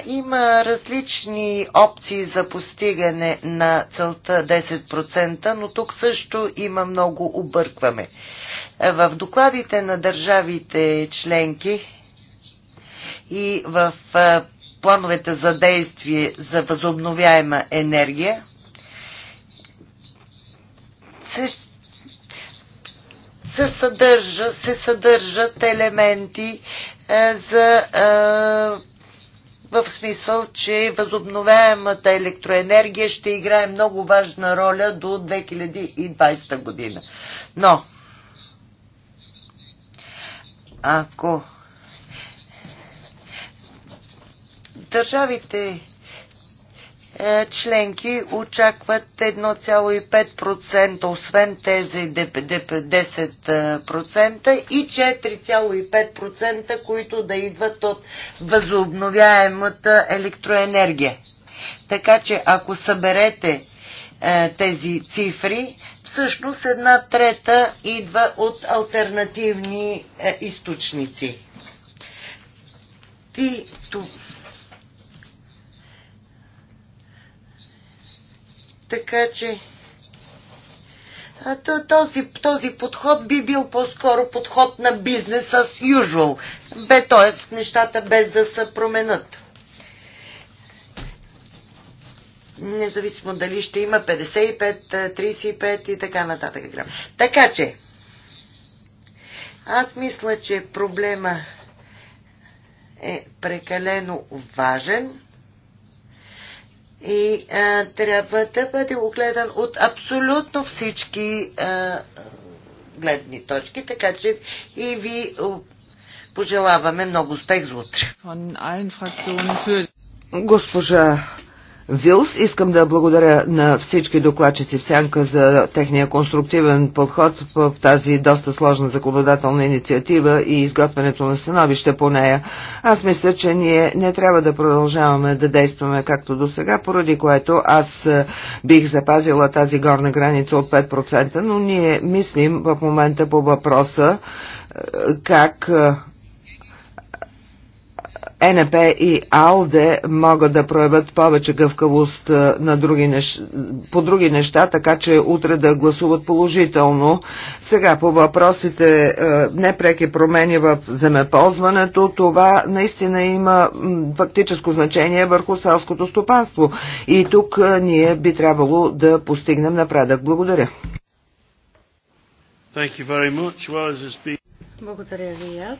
има различни опции за постигане на целта 10%, но тук също има много объркваме. В докладите на държавите членки и в плановете за действие за възобновяема енергия се, се, съдържа, се съдържат елементи е, за е, в смисъл, че възобновяемата електроенергия ще играе много важна роля до 2020 година. Но, ако държавите е, членки очакват 1,5%, освен тези 10% и 4,5%, които да идват от възобновяемата електроенергия. Така че ако съберете е, тези цифри, всъщност една трета идва от альтернативни е, източници. И Така че този, този подход би бил по-скоро подход на бизнес as usual, бе, т.е. нещата без да се променят. Независимо дали ще има 55, 35 и така нататък. Така че, аз мисля, че проблема е прекалено важен и а, трябва да бъде огледан от абсолютно всички а, гледни точки, така че и ви пожелаваме много успех за утре. Госпожа Вилс. Искам да благодаря на всички докладчици в Сянка за техния конструктивен подход в тази доста сложна законодателна инициатива и изготвянето на становище по нея. Аз мисля, че ние не трябва да продължаваме да действаме както до сега, поради което аз е, бих запазила тази горна граница от 5%, но ние мислим в момента по въпроса е, как е, НП и АЛД могат да проявят повече гъвкавост на други неща, по други неща, така че утре да гласуват положително. Сега по въпросите непреки промени в земеползването, това наистина има фактическо значение върху селското стопанство. И тук ние би трябвало да постигнем напредък. Благодаря. Благодаря ви аз.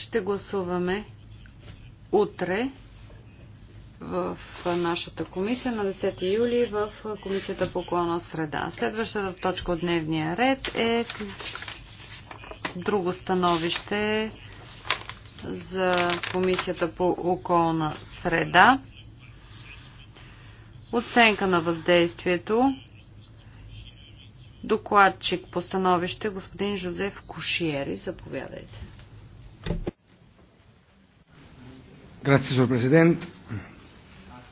Ще гласуваме утре в нашата комисия на 10 юли в Комисията по околна среда. Следващата точка от дневния ред е друго становище за Комисията по околна среда. Оценка на въздействието. Докладчик по становище господин Жозеф Кошиери. Заповядайте. Grazie, signor Presidente.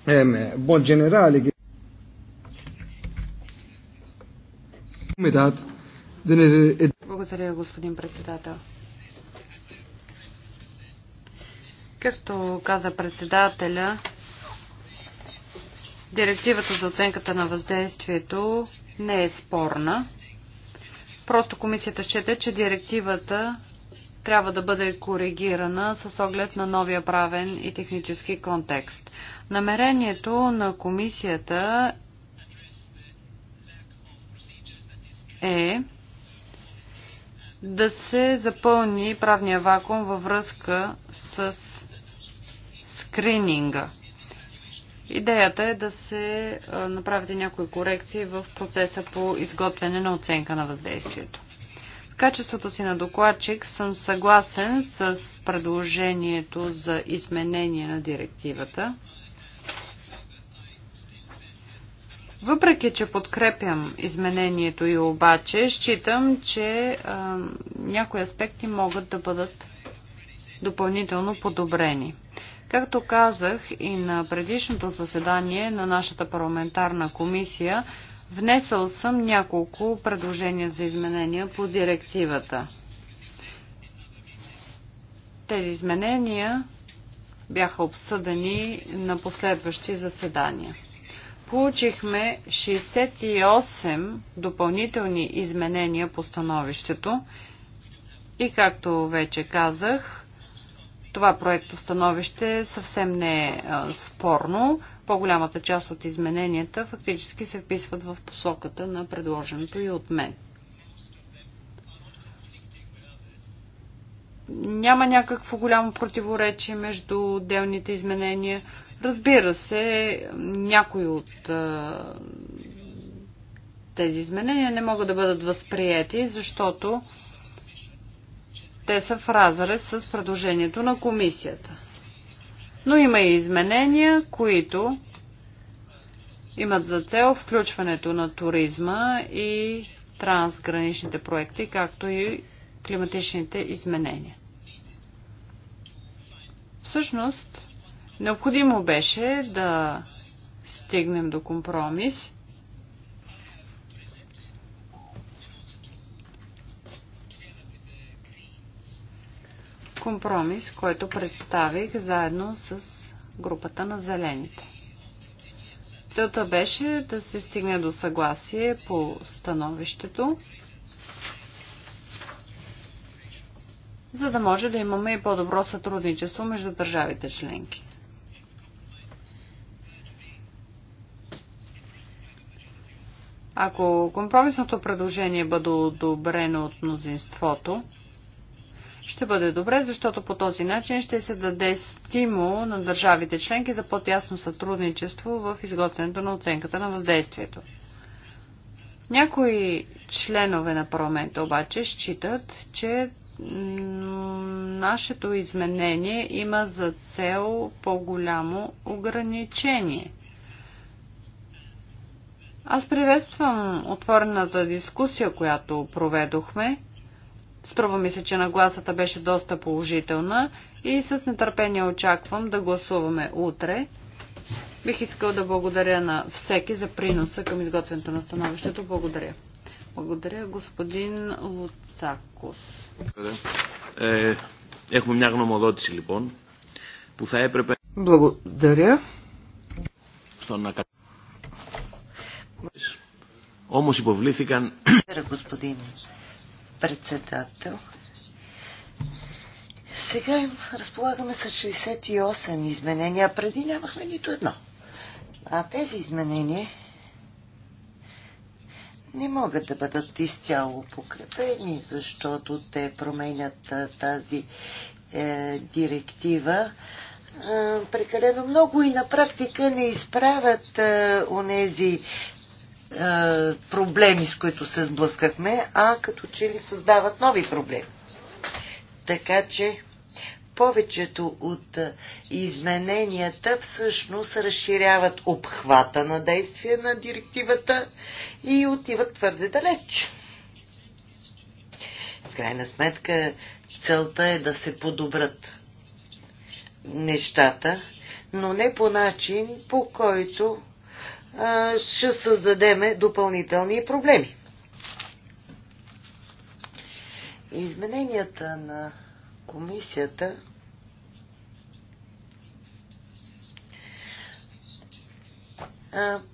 Eh, buon generale. Che... Благодаря, господин председател. Както каза председателя, директивата за оценката на въздействието не е спорна. Просто комисията счете, че директивата трябва да бъде коригирана с оглед на новия правен и технически контекст. Намерението на комисията е да се запълни правния вакуум във връзка с скрининга. Идеята е да се направите някои корекции в процеса по изготвяне на оценка на въздействието качеството си на докладчик съм съгласен с предложението за изменение на директивата. Въпреки, че подкрепям изменението и обаче, считам, че а, някои аспекти могат да бъдат допълнително подобрени. Както казах и на предишното заседание на нашата парламентарна комисия, Внесъл съм няколко предложения за изменения по директивата. Тези изменения бяха обсъдени на последващи заседания. Получихме 68 допълнителни изменения по становището и както вече казах, това проекто становище съвсем не е спорно. По-голямата част от измененията фактически се вписват в посоката на предложеното и от мен. Няма някакво голямо противоречие между отделните изменения. Разбира се, някои от тези изменения не могат да бъдат възприяти, защото те са в разрез с предложението на комисията. Но има и изменения, които имат за цел включването на туризма и трансграничните проекти, както и климатичните изменения. Всъщност, необходимо беше да стигнем до компромис – компромис, който представих заедно с групата на зелените. Целта беше да се стигне до съгласие по становището, за да може да имаме и по-добро сътрудничество между държавите членки. Ако компромисното предложение бъде одобрено от мнозинството, ще бъде добре, защото по този начин ще се даде стимул на държавите членки за по-тясно сътрудничество в изготвянето на оценката на въздействието. Някои членове на парламента обаче считат, че нашето изменение има за цел по-голямо ограничение. Аз приветствам отворената дискусия, която проведохме Струва ми се, че нагласата беше доста положителна и с нетърпение очаквам да гласуваме утре. Бих искал да благодаря на всеки за приноса към изготвянето на становището. Благодаря. Благодаря, господин Луцакос. Ехме μια γνωμοδότηση липон, που θα έπρεπε Благодаря. στον να Όμως υποβλήθηκαν Господин председател. Сега им разполагаме с 68 изменения, а преди нямахме нито едно. А тези изменения не могат да бъдат изцяло покрепени, защото те променят тази е, директива прекалено много и на практика не изправят онези е, проблеми, с които се сблъскахме, а като че ли създават нови проблеми. Така че повечето от измененията всъщност разширяват обхвата на действие на директивата и отиват твърде далеч. В крайна сметка целта е да се подобрат нещата, но не по начин, по който ще създадеме допълнителни проблеми. Измененията на комисията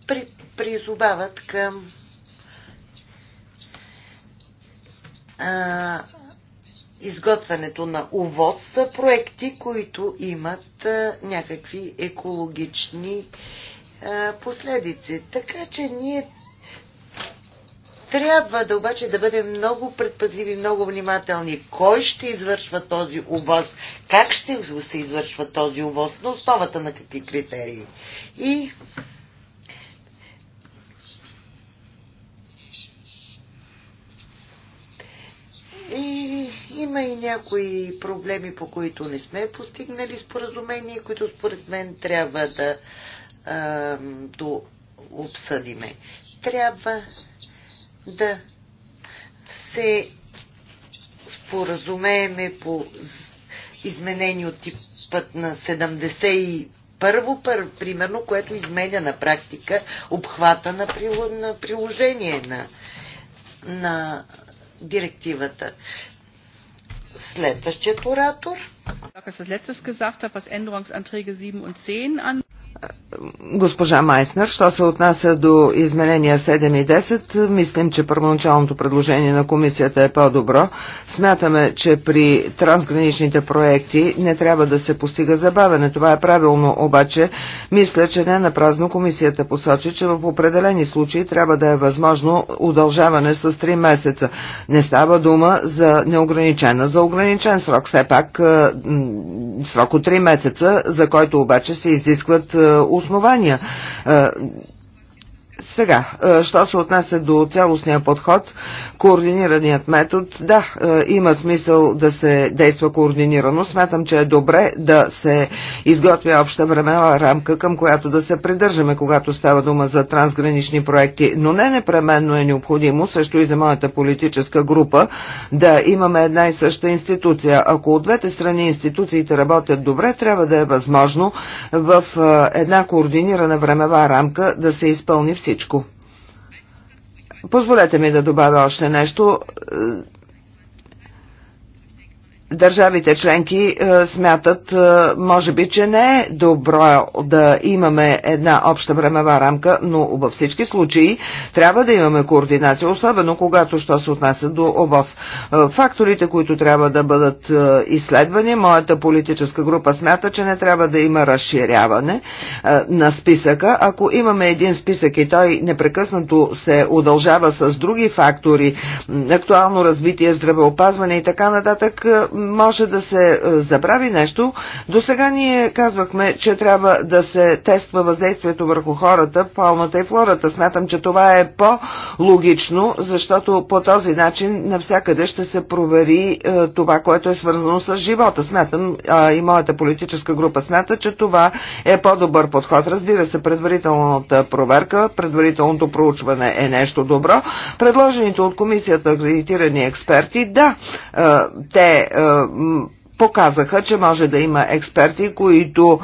при, призубават към а, изготвянето на увоз са проекти, които имат а, някакви екологични а, последици. Така че ние трябва да обаче да бъдем много предпазливи, много внимателни. Кой ще извършва този увоз? Как ще се извършва този увоз? На основата на какви критерии? И И има и някои проблеми, по които не сме постигнали споразумение, които според мен трябва да а, до обсъдиме. Трябва да се споразумееме по изменение от типът на 70 и първо, пър, примерно, което изменя на практика обхвата на, прил, на приложение на, на директивата. Следващият оратор. Аз letztes gesagt habe, was Änderungsanträge 7 und 10 an. Госпожа Майснер, що се отнася до изменения 7 и 10, мислим, че първоначалното предложение на комисията е по-добро. Смятаме, че при трансграничните проекти не трябва да се постига забавене. Това е правилно, обаче мисля, че не на празно комисията посочи, че в определени случаи трябва да е възможно удължаване с 3 месеца. Не става дума за неограничена, за ограничен срок. Все пак срок от 3 месеца, за който обаче се изискват е, основания. Е, сега, е, що се отнася до цялостния подход, координираният метод, да, е, има смисъл да се действа координирано. Смятам, че е добре да се изготвя обща времева рамка, към която да се придържаме, когато става дума за трансгранични проекти. Но не непременно е необходимо, също и за моята политическа група, да имаме една и съща институция. Ако от двете страни институциите работят добре, трябва да е възможно в е, една координирана времева рамка да се изпълни всичко. Позволете ми да добавя още нещо. Е, държавите членки е, смятат, е, може би, че не е добро да имаме една обща времева рамка, но във всички случаи трябва да имаме координация, особено когато що се отнася до ОВОз. Е, факторите, които трябва да бъдат изследвани, моята политическа група смята, че не трябва да има разширяване на списъка. Ако имаме един списък и той непрекъснато се удължава с други фактори, актуално развитие, здравеопазване и така нататък, може да се е, забрави нещо. До сега ние казвахме, че трябва да се тества въздействието върху хората, палната и флората. Смятам, че това е по-логично, защото по този начин навсякъде ще се провери е, това, което е свързано с живота. Смятам и моята политическа група смята, че това е по-добър подход. Разбира се, предварителната проверка, предварителното проучване е нещо добро. Предложените от комисията акредитирани експерти, да, е, те показаха, че може да има експерти, които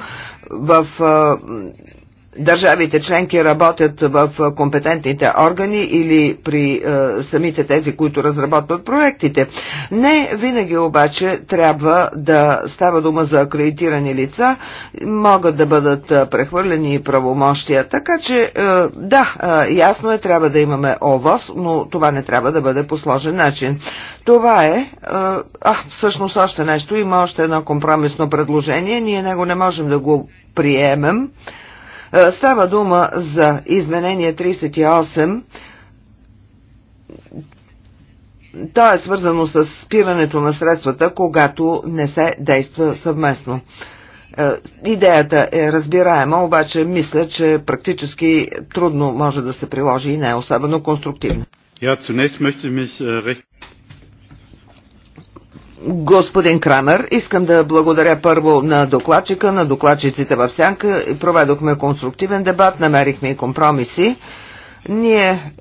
в държавите членки работят в компетентните органи или при е, самите тези, които разработват проектите. Не винаги обаче трябва да става дума за акредитирани лица, могат да бъдат прехвърлени правомощия, така че е, да, е, ясно е, трябва да имаме ОВОС, но това не трябва да бъде по сложен начин. Това е, е а, всъщност още нещо, има още едно компромисно предложение, ние него не можем да го приемем, е, става дума за изменение 38. То е свързано с спирането на средствата, когато не се действа съвместно. Е, идеята е разбираема, обаче мисля, че практически трудно може да се приложи и не е особено конструктивна. Ja, zunächst möchte mich äh, recht Господин Крамер, искам да благодаря първо на докладчика, на докладчиците в Сянка. Проведохме конструктивен дебат, намерихме и компромиси. Ние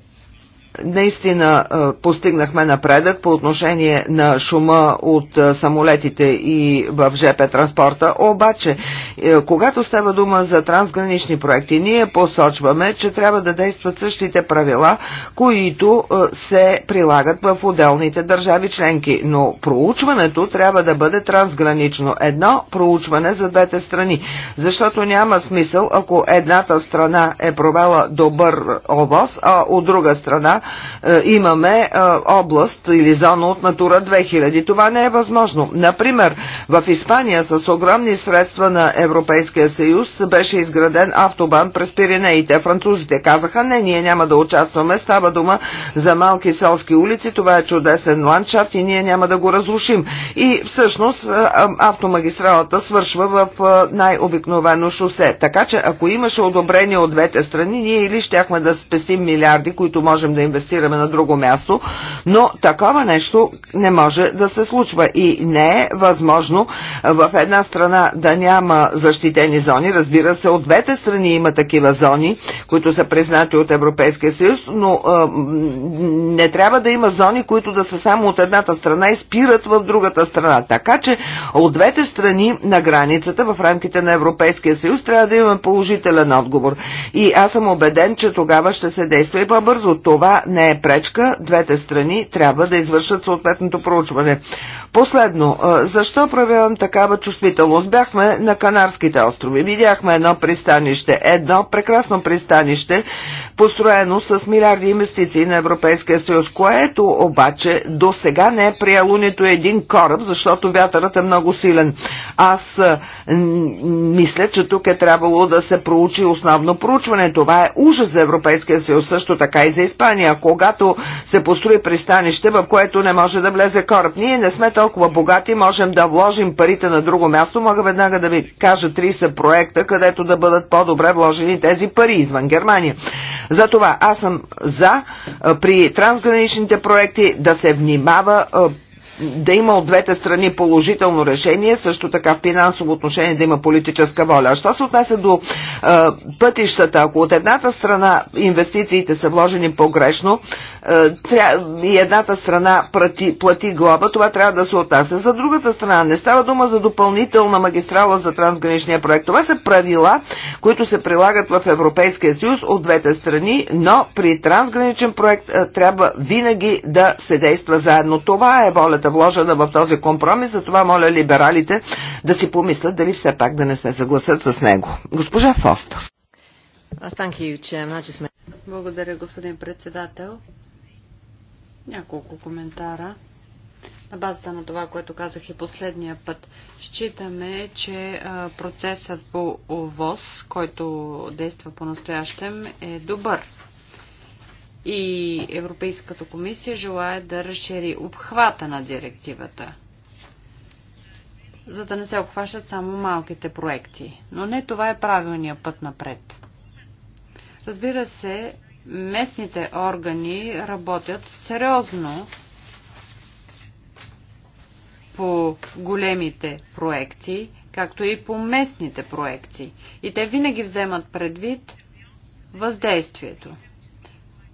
наистина постигнахме напредък по отношение на шума от самолетите и в ЖП транспорта, обаче е, когато става дума за трансгранични проекти, ние посочваме, че трябва да действат същите правила, които се прилагат в отделните държави членки, но проучването трябва да бъде трансгранично. Едно проучване за двете страни, защото няма смисъл, ако едната страна е провела добър овоз, а от друга страна е, имаме е, област или зона от Натура 2000. Това не е възможно. Например, в Испания с огромни средства на Европейския съюз беше изграден автобан през Пиренеите. Французите казаха, не, ние няма да участваме. Става дума за малки селски улици. Това е чудесен ландшафт и ние няма да го разрушим. И всъщност е, автомагистралата свършва в най-обикновено шосе. Така че ако имаше одобрение от двете страни, ние или щяхме да спесим милиарди, които можем да инвестираме инвестираме на друго място, но такова нещо не може да се случва и не е възможно в една страна да няма защитени зони. Разбира се, от двете страни има такива зони, които са признати от Европейския съюз, но а, не трябва да има зони, които да са само от едната страна и спират в другата страна. Така че от двете страни на границата в рамките на Европейския съюз трябва да имаме положителен отговор. И аз съм убеден, че тогава ще се действа и по-бързо. Това не е пречка. Двете страни трябва да извършат съответното проучване. Последно, защо правявам такава чувствителност? Бяхме на Канарските острови. Видяхме едно пристанище. Едно прекрасно пристанище, построено с милиарди инвестиции на Европейския съюз, което обаче до сега не е приело нито един кораб, защото вятърът е много силен. Аз мисля, че тук е трябвало да се проучи основно проучване. Това е ужас за Европейския съюз, също така и за Испания. Германия, когато се построи пристанище, в което не може да влезе кораб. Ние не сме толкова богати, можем да вложим парите на друго място. Мога веднага да ви кажа 30 проекта, където да бъдат по-добре вложени тези пари извън Германия. Затова аз съм за при трансграничните проекти да се внимава да има от двете страни положително решение, също така в финансово отношение да има политическа воля. А що се отнася до а, пътищата, ако от едната страна инвестициите са вложени погрешно а, тря... и едната страна плати, плати глоба, това трябва да се отнася. За другата страна не става дума за допълнителна магистрала за трансграничния проект. Това са правила, които се прилагат в Европейския съюз от двете страни, но при трансграничен проект а, трябва винаги да се действа заедно. Това е волята вложена в този компромис, затова моля либералите да си помислят дали все пак да не се съгласят с него. Госпожа Фостър. Uh, Благодаря, господин председател. Няколко коментара. На базата на това, което казах и последния път, считаме, че процесът по ОВОз, който действа по-настоящем, е добър и Европейската комисия желая да разшири обхвата на директивата, за да не се обхващат само малките проекти. Но не това е правилният път напред. Разбира се, местните органи работят сериозно по големите проекти, както и по местните проекти. И те винаги вземат предвид въздействието.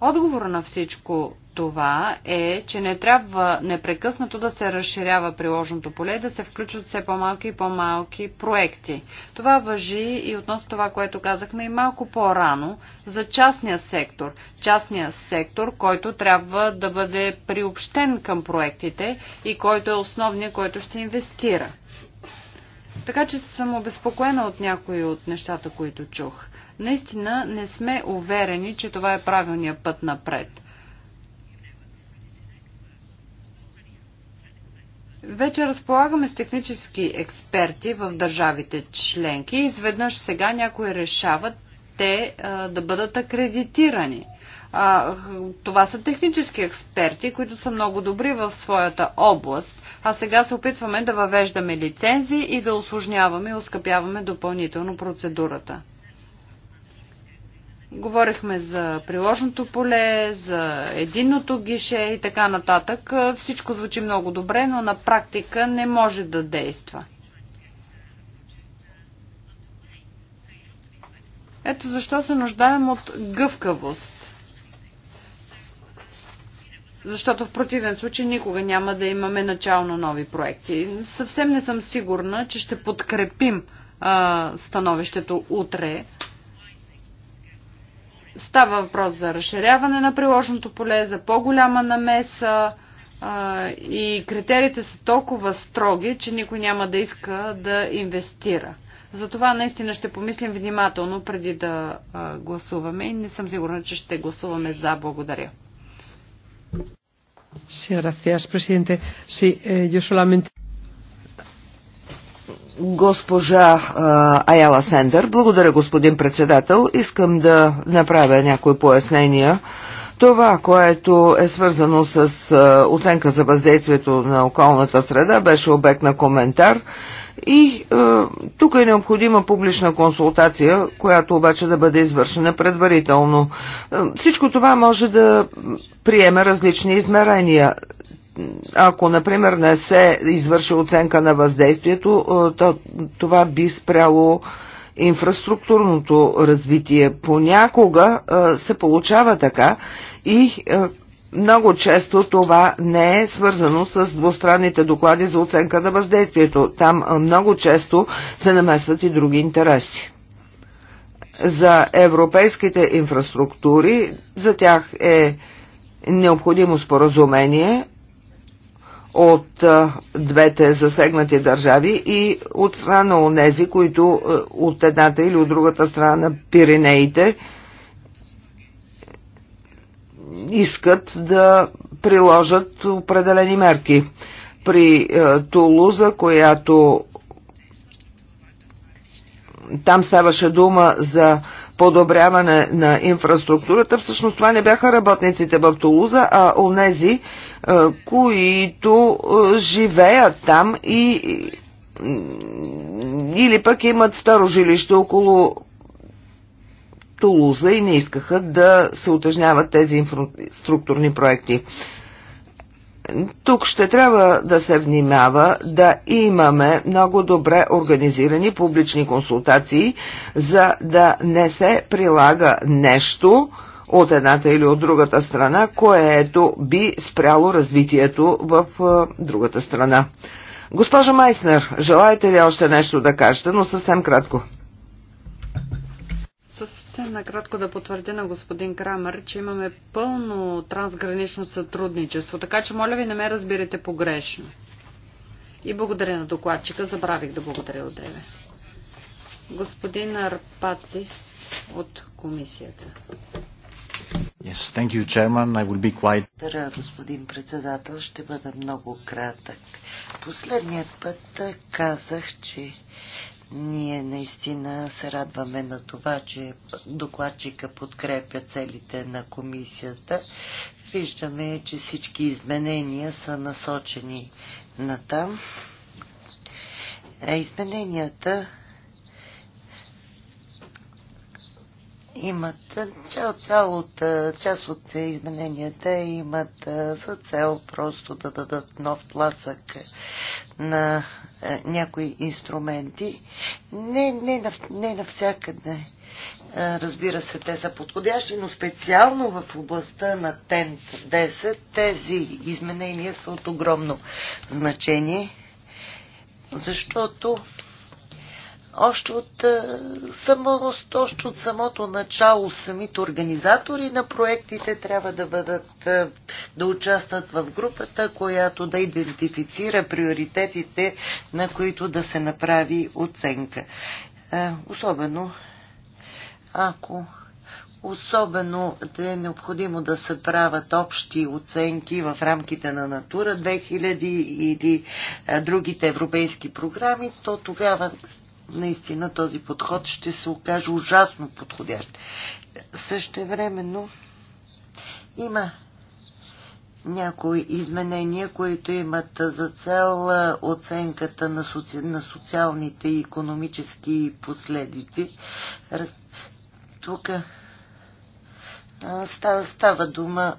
Отговор на всичко това е, че не трябва непрекъснато да се разширява приложното поле и да се включват все по-малки и по-малки проекти. Това въжи и относно това, което казахме и малко по-рано за частния сектор. Частния сектор, който трябва да бъде приобщен към проектите и който е основният, който ще инвестира. Така че съм обезпокоена от някои от нещата, които чух. Наистина не сме уверени, че това е правилният път напред. Вече разполагаме с технически експерти в държавите членки. Изведнъж сега някои решават те а, да бъдат акредитирани. А, това са технически експерти, които са много добри в своята област, а сега се опитваме да въвеждаме лицензии и да осложняваме и оскъпяваме допълнително процедурата. Говорихме за приложното поле, за единното гише и така нататък. Всичко звучи много добре, но на практика не може да действа. Ето защо се нуждаем от гъвкавост. Защото в противен случай никога няма да имаме начално нови проекти. Съвсем не съм сигурна, че ще подкрепим а, становището утре Става въпрос за разширяване на приложното поле, за по-голяма намеса а, и критериите са толкова строги, че никой няма да иска да инвестира. Затова наистина ще помислим внимателно преди да а, гласуваме и не съм сигурна, че ще гласуваме за. Благодаря. Sí, gracias, presidente. Sí, eh, yo solamente. Госпожа Аяла Сендър, благодаря господин председател. Искам да направя някои пояснения. Това, което е свързано с оценка за въздействието на околната среда, беше обект на коментар. И е, тук е необходима публична консултация, която обаче да бъде извършена предварително. Е, всичко това може да приеме различни измерения ако, например, не се извърши оценка на въздействието, е, то, това би спряло инфраструктурното развитие. Понякога е, се получава така и е, много често това не е свързано с двустранните доклади за оценка на въздействието. Там много често се намесват и други интереси. За европейските инфраструктури, за тях е необходимо споразумение, от двете засегнати държави и от страна на онези, които от едната или от другата страна на Пиренеите искат да приложат определени мерки. При Тулуза, която там ставаше дума за подобряване на инфраструктурата, всъщност това не бяха работниците в Тулуза, а онези, е, които е, живеят там и или пък имат второ жилище около Тулуза и не искаха да се утежняват тези инфраструктурни проекти тук ще трябва да се внимава да имаме много добре организирани публични консултации, за да не се прилага нещо от едната или от другата страна, което би спряло развитието в другата страна. Госпожо Майснер, желаете ли още нещо да кажете, но съвсем кратко? Съвсем накратко да потвърдя на господин Крамер, че имаме пълно трансгранично сътрудничество, така че моля ви не ме разбирате погрешно. И благодаря на докладчика, забравих да благодаря от тебе. Господин Арпацис от комисията. Yes, thank you, Chairman. I will be quite... Благодаря, господин председател. Ще бъда много кратък. Последният път казах, че ние наистина се радваме на това, че докладчика подкрепя целите на комисията. Виждаме, че всички изменения са насочени на там. измененията имат цял, цял от, част от измененията имат за цел просто да дадат нов тласък на е, някои инструменти. Не, не, нав, не навсякъде. Е, разбира се, те са подходящи, но специално в областта на ТЕНТ-10 тези изменения са от огромно значение, защото още от, само, още от самото начало самите организатори на проектите трябва да бъдат, да участват в групата, която да идентифицира приоритетите, на които да се направи оценка. Особено ако Особено е необходимо да се правят общи оценки в рамките на Натура 2000 или другите европейски програми, то тогава наистина този подход ще се окаже ужасно подходящ. времено има някои изменения, които имат за цел оценката на, соци... на социалните и економически последици. Раз... Тук става, става дума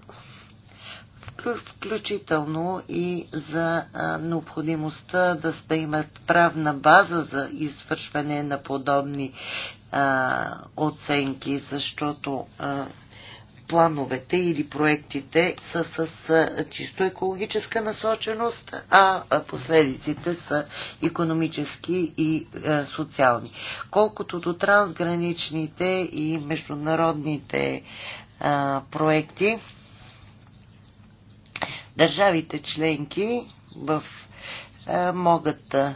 включително и за необходимостта да, да имат правна база за извършване на подобни а, оценки, защото а, плановете или проектите са с а, чисто екологическа насоченост, а последиците са економически и а, социални. Колкото до трансграничните и международните а, проекти, Държавите членки в, а, е, могат да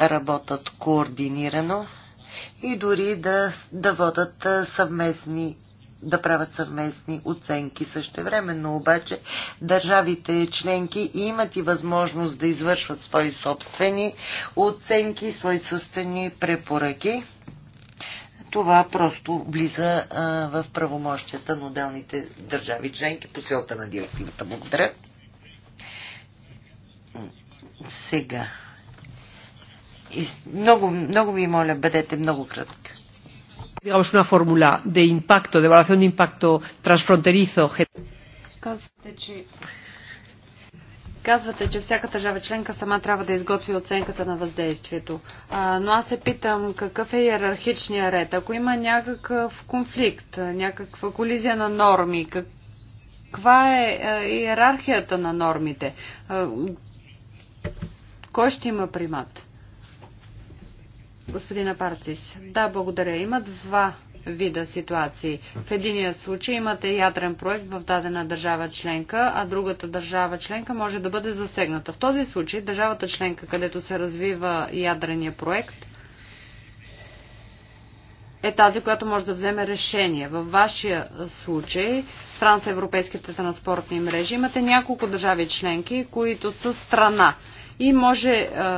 работят координирано и дори да, да водат е, съвместни да правят съвместни оценки. Същевременно обаче държавите членки имат и възможност да извършват свои собствени оценки, свои собствени препоръки това просто влиза а, в правомощията на отделните държави членки по силата на директивата. Благодаря. Сега. И много, много ви моля, бъдете много кратки. Digamos una fórmula de impacto, de evaluación de impacto transfronterizo. Казвате, че всяка държава членка сама трябва да изготви оценката на въздействието. А, но аз се питам какъв е иерархичният ред. Ако има някакъв конфликт, някаква колизия на норми, каква е, е иерархията на нормите? А, кой ще има примат? Господин Апарцис. Да, благодаря. Има два вида ситуации. В единия случай имате ядрен проект в дадена държава членка, а другата държава членка може да бъде засегната. В този случай държавата членка, където се развива ядрения проект, е тази, която може да вземе решение. Във вашия случай с трансевропейските транспортни мрежи имате няколко държави членки, които са страна и може а,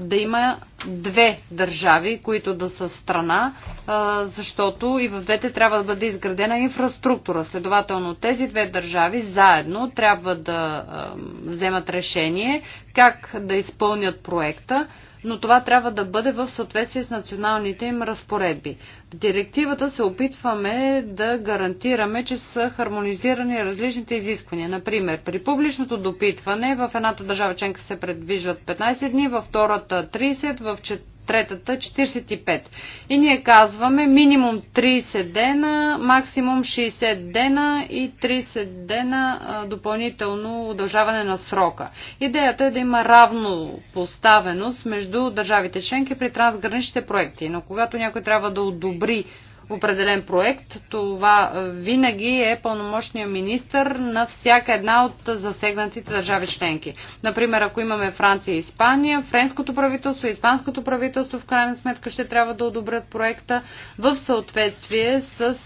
да има две държави, които да са страна, а, защото и в двете трябва да бъде изградена инфраструктура. Следователно, тези две държави заедно трябва да а, вземат решение как да изпълнят проекта, но това трябва да бъде в съответствие с националните им разпоредби. В директивата се опитваме да гарантираме, че са хармонизирани различните изисквания. Например, при публичното допитване в едната държава членка се предвиждат 15 дни, във втората 30, в четвъртата третата 45. И ние казваме минимум 30 дена, максимум 60 дена и 30 дена допълнително удължаване на срока. Идеята е да има равно поставеност между държавите членки при трансграничните проекти. Но когато някой трябва да одобри определен проект. Това винаги е пълномощния министр на всяка една от засегнатите държави членки. Например, ако имаме Франция и Испания, френското правителство и испанското правителство в крайна сметка ще трябва да одобрят проекта в съответствие с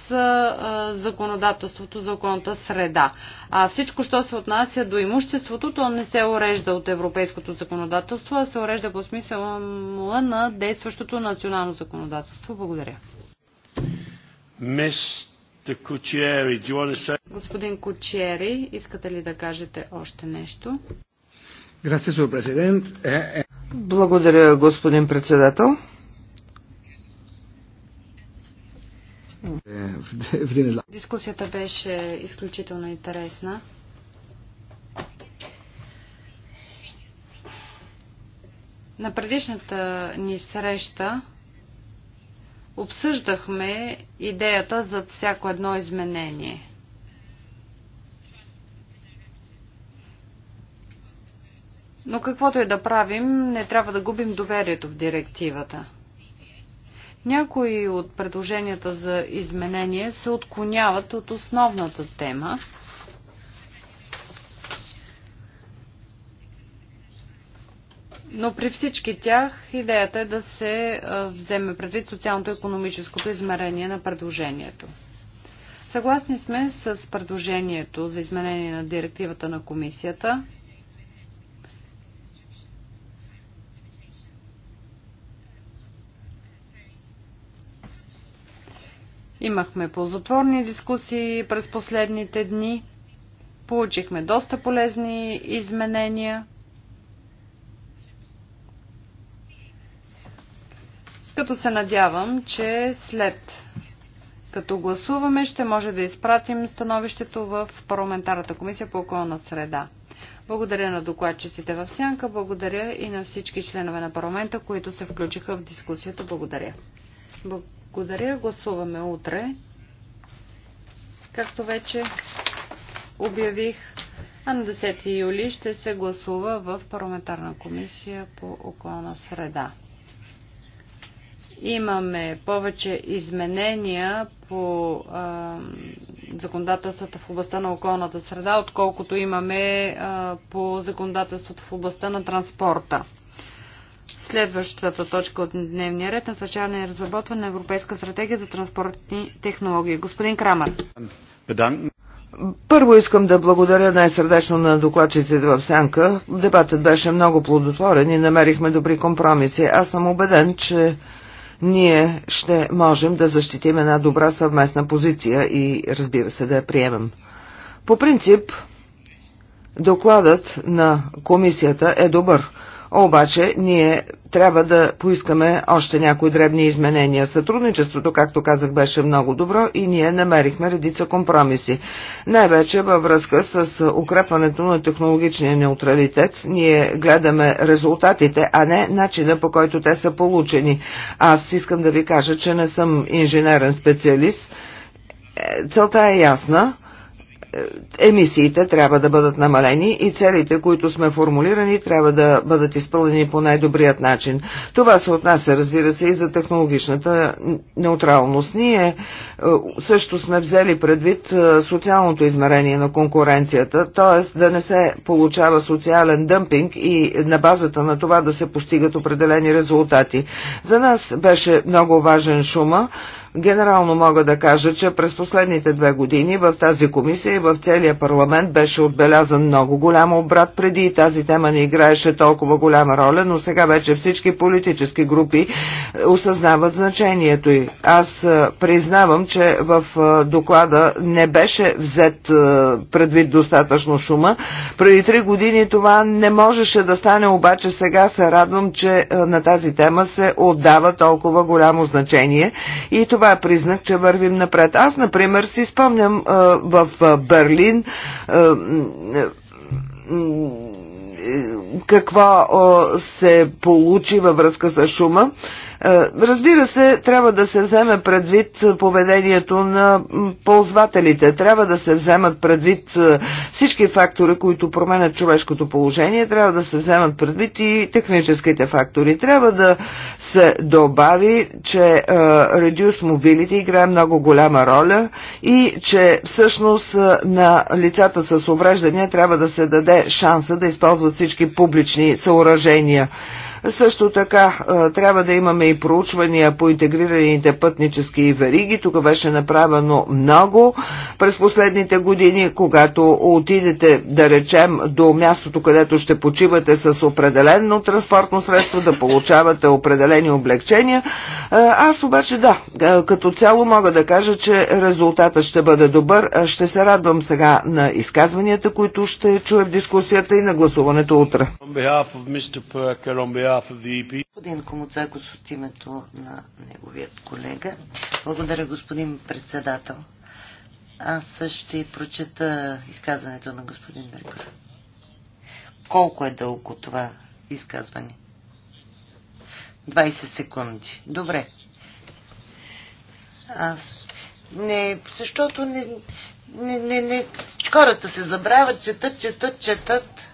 законодателството за околната среда. А всичко, що се отнася до имуществото, то не се урежда от европейското законодателство, а се урежда по смисъл на действащото национално законодателство. Благодаря. Господин Кучери, искате ли да кажете още нещо? Е, е. Благодаря, господин председател. Дискусията беше изключително интересна. На предишната ни среща обсъждахме идеята за всяко едно изменение. Но каквото и да правим, не трябва да губим доверието в директивата. Някои от предложенията за изменение се отклоняват от основната тема – Но при всички тях идеята е да се вземе предвид социалното-економическото и измерение на предложението. Съгласни сме с предложението за изменение на директивата на комисията. Имахме ползотворни дискусии през последните дни. Получихме доста полезни изменения. Като се надявам, че след като гласуваме, ще може да изпратим становището в парламентарната комисия по околна среда. Благодаря на докладчиците в Сянка, благодаря и на всички членове на парламента, които се включиха в дискусията. Благодаря. Благодаря. Гласуваме утре. Както вече обявих, а на 10 юли ще се гласува в парламентарна комисия по околна среда. Имаме повече изменения по а, законодателствата в областта на околната среда, отколкото имаме а, по законодателството в областта на транспорта. Следващата точка от дневния ред насърчаване и разработване на Европейска стратегия за транспортни технологии. Господин Крамър. Първо искам да благодаря най-сърдечно на докладчиците в Сянка. Дебатът беше много плодотворен и намерихме добри компромиси. Аз съм убеден, че ние ще можем да защитим една добра съвместна позиция и разбира се да я приемем. По принцип, докладът на комисията е добър обаче ние трябва да поискаме още някои дребни изменения. Сътрудничеството, както казах, беше много добро и ние намерихме редица компромиси. Най-вече във връзка с укрепването на технологичния неутралитет, ние гледаме резултатите, а не начина по който те са получени. Аз искам да ви кажа, че не съм инженерен специалист. Е, целта е ясна – емисиите трябва да бъдат намалени и целите, които сме формулирани, трябва да бъдат изпълнени по най-добрият начин. Това се отнася, разбира се, и за технологичната неутралност. Ние е, също сме взели предвид е, социалното измерение на конкуренцията, т.е. да не се получава социален дъмпинг и на базата на това да се постигат определени резултати. За нас беше много важен шума, Генерално мога да кажа, че през последните две години в тази комисия и в целия парламент беше отбелязан много голям обрат. Преди и тази тема не играеше толкова голяма роля, но сега вече всички политически групи е, осъзнават значението й. Аз е, признавам, че в е, доклада не беше взет предвид достатъчно шума. Преди три години това не можеше да стане, обаче сега се радвам, че на тази тема се отдава толкова голямо значение и това това е признак, че вървим напред. Аз, например, си спомням в Берлин какво се получи във връзка с шума. Е, разбира се, трябва да се вземе предвид поведението на ползвателите. Трябва да се вземат предвид е, всички фактори, които променят човешкото положение. Трябва да се вземат предвид и техническите фактори. Трябва да се добави, че е, Reduce Mobility играе много голяма роля и че всъщност на лицата с увреждания трябва да се даде шанса да използват всички публични съоръжения. Също така трябва да имаме и проучвания по интегрираните пътнически вериги. Тук беше направено много през последните години, когато отидете, да речем, до мястото, където ще почивате с определено транспортно средство, да получавате определени облегчения. Аз обаче да, като цяло мога да кажа, че резултатът ще бъде добър. Ще се радвам сега на изказванията, които ще чуя в дискусията и на гласуването утре. E господин Комуцакос от името на неговият колега. Благодаря, господин председател. Аз ще прочета изказването на господин Дъргов. Колко е дълго това изказване? 20 секунди. Добре. Аз не, защото не, не, не, не, хората се забравят, четат, четат, четат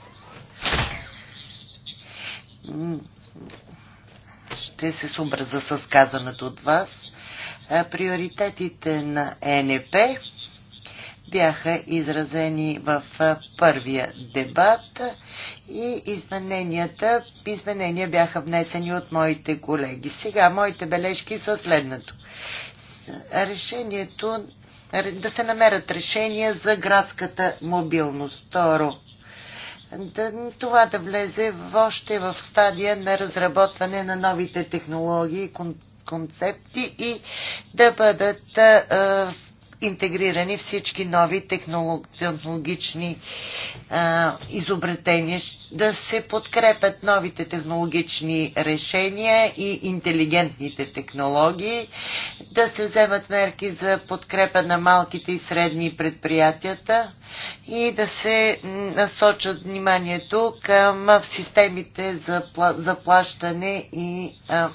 ще се съобраза с казаното от вас. Е, приоритетите на ЕНП бяха изразени в е, първия дебат и измененията, изменения бяха внесени от моите колеги. Сега моите бележки са следното. Решението да се намерят решения за градската мобилност. Второ, да, това да влезе в още в стадия на разработване на новите технологии, кон, концепти и да бъдат а, интегрирани всички нови технологични а, изобретения, да се подкрепят новите технологични решения и интелигентните технологии, да се вземат мерки за подкрепа на малките и средни предприятията и да се насочат вниманието към системите за, пла, за плащане и а,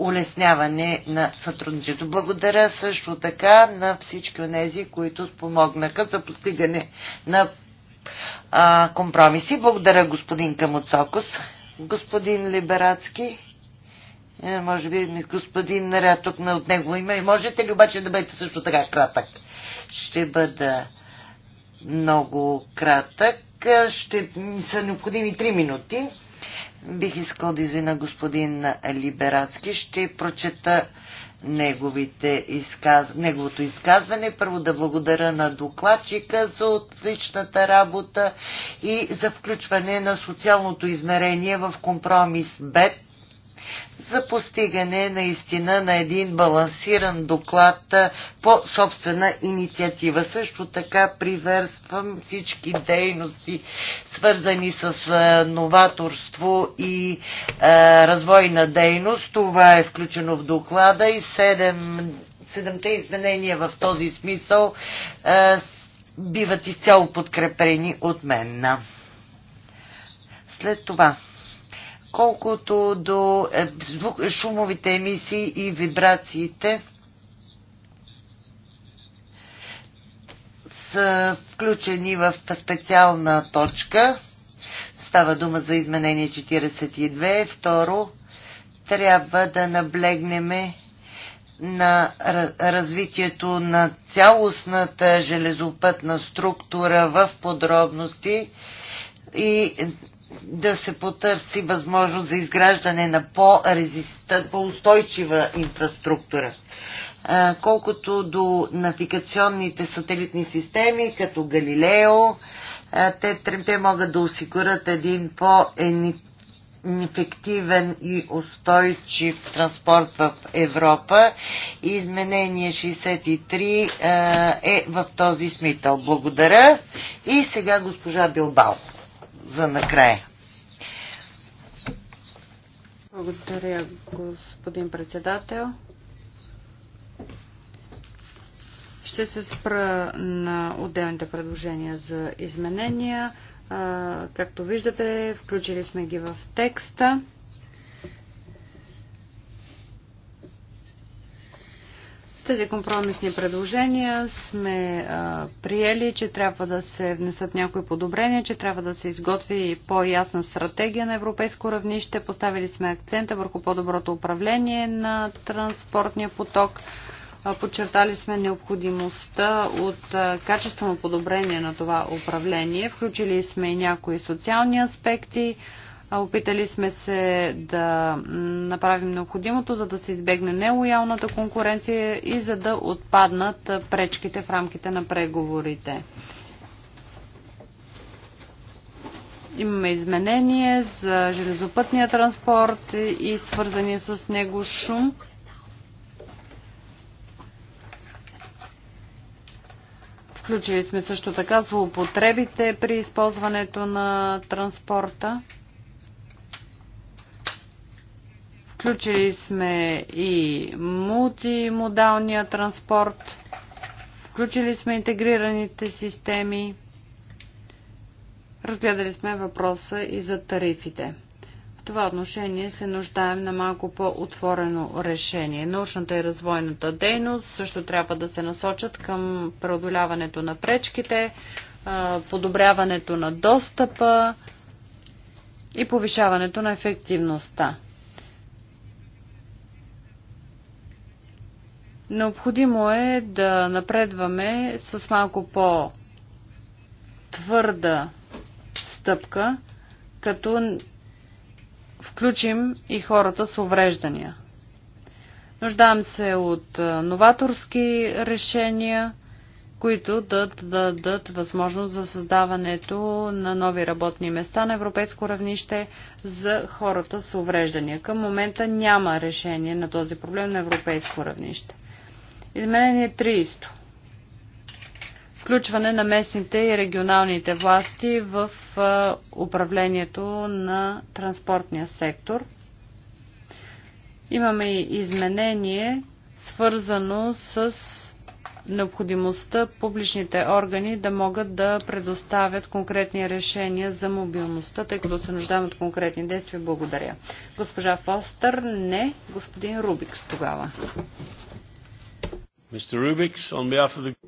улесняване на сътрудничеството. Благодаря също така на всички от тези, които спомогнаха за постигане на а, компромиси. Благодаря господин Камоцокос. Господин Либерацки, е, може би господин Ряток на от него име. Можете ли обаче да бъдете също така кратък? Ще бъда много кратък. Ще са необходими 3 минути. Бих искал да извина господин Либерацки. Ще прочета неговите изказ... неговото изказване. Първо да благодаря на докладчика за отличната работа и за включване на социалното измерение в компромис БЕТ за постигане наистина на един балансиран доклад по собствена инициатива. Също така приверствам всички дейности, свързани с новаторство и развойна дейност. Това е включено в доклада и 7 седемте изменения в този смисъл е, биват изцяло подкрепени от мен. След това Колкото до е, шумовите емисии и вибрациите са включени в специална точка. Става дума за изменение 42. Второ, трябва да наблегнеме на развитието на цялостната железопътна структура в подробности и да се потърси възможност за изграждане на по-устойчива по инфраструктура. Колкото до навигационните сателитни системи, като Галилео, те, те могат да осигурят един по-ефективен и устойчив транспорт в Европа. Изменение 63 е в този смисъл. Благодаря. И сега госпожа Билбал за накрая. Благодаря, господин председател. Ще се спра на отделните предложения за изменения. Както виждате, включили сме ги в текста. Тези компромисни предложения сме а, приели, че трябва да се внесат някои подобрения, че трябва да се изготви по-ясна стратегия на европейско равнище. Поставили сме акцента върху по-доброто управление на транспортния поток. Подчертали сме необходимостта от качествено подобрение на това управление. Включили сме и някои социални аспекти. Опитали сме се да направим необходимото, за да се избегне нелоялната конкуренция и за да отпаднат пречките в рамките на преговорите. Имаме изменение за железопътния транспорт и свързани с него шум. Включили сме също така злоупотребите при използването на транспорта. Включили сме и мултимодалния транспорт, включили сме интегрираните системи, разгледали сме въпроса и за тарифите. В това отношение се нуждаем на малко по-отворено решение. Научната и развойната дейност също трябва да се насочат към преодоляването на пречките, подобряването на достъпа и повишаването на ефективността. Необходимо е да напредваме с малко по-твърда стъпка, като включим и хората с увреждания. Нуждаем се от новаторски решения, които да дадат възможност за създаването на нови работни места на европейско равнище за хората с увреждания. Към момента няма решение на този проблем на европейско равнище. Изменение 30. Включване на местните и регионалните власти в управлението на транспортния сектор. Имаме и изменение, свързано с необходимостта публичните органи да могат да предоставят конкретни решения за мобилността, тъй като се нуждаем от конкретни действия. Благодаря. Госпожа Фостър, не. Господин Рубикс тогава.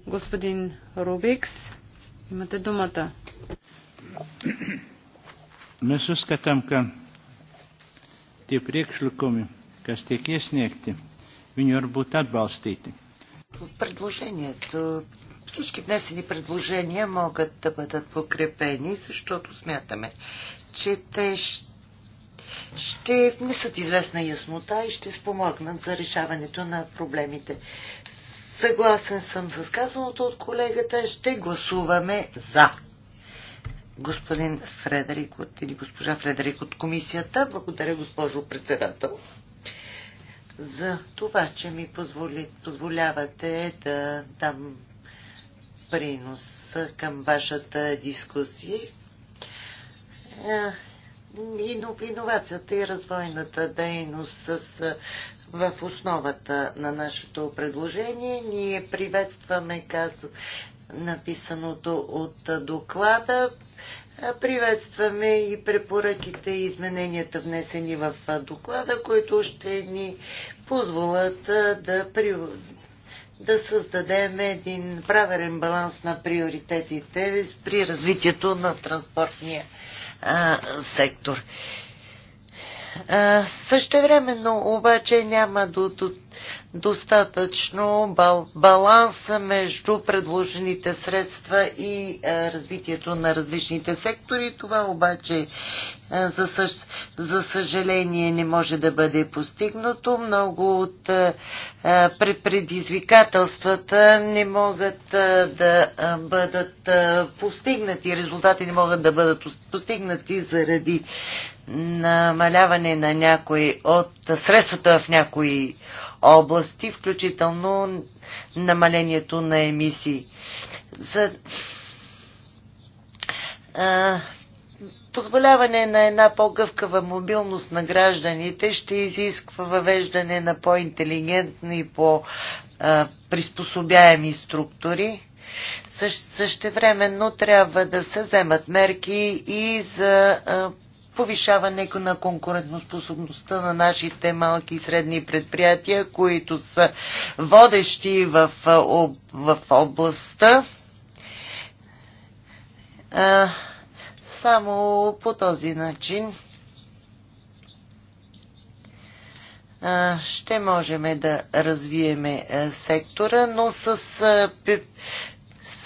Господин Рубикс, имате думата. Mes uzskatām, Предложението, всички внесени предложения могат да бъдат покрепени, защото смятаме, че те ще ще внесат известна яснота и ще спомогнат за решаването на проблемите. Съгласен съм с казаното от колегата. Ще гласуваме за. Господин Фредерик от, или госпожа Фредерик от комисията. Благодаря, госпожо председател, за това, че ми позволи, позволявате да дам принос към вашата дискусия. Е, иновацията и е развойната дейност с, в основата на нашето предложение. Ние приветстваме каз, написаното от доклада. Приветстваме и препоръките и измененията внесени в доклада, които ще ни позволят да, при... да създадем един правилен баланс на приоритетите при развитието на транспортния а, сектор. Същевременно обаче няма до, до, достатъчно бал, баланса между предложените средства и а, е, развитието на различните сектори. Това обаче а, е, за, съж, за съжаление не може да бъде постигнато. Много от а, е, предизвикателствата не могат а, да а, бъдат а, постигнати, резултати не могат да бъдат постигнати заради намаляване на някои от средствата в някои области, включително намалението на емисии. За а, позволяване на една по-гъвкава мобилност на гражданите ще изисква въвеждане на по-интелигентни и по-приспособяеми структури. Същевременно трябва да се вземат мерки и за Повишаване на конкурентоспособността на нашите малки и средни предприятия, които са водещи в, в областта. А, само по този начин ще можем да развиеме сектора, но с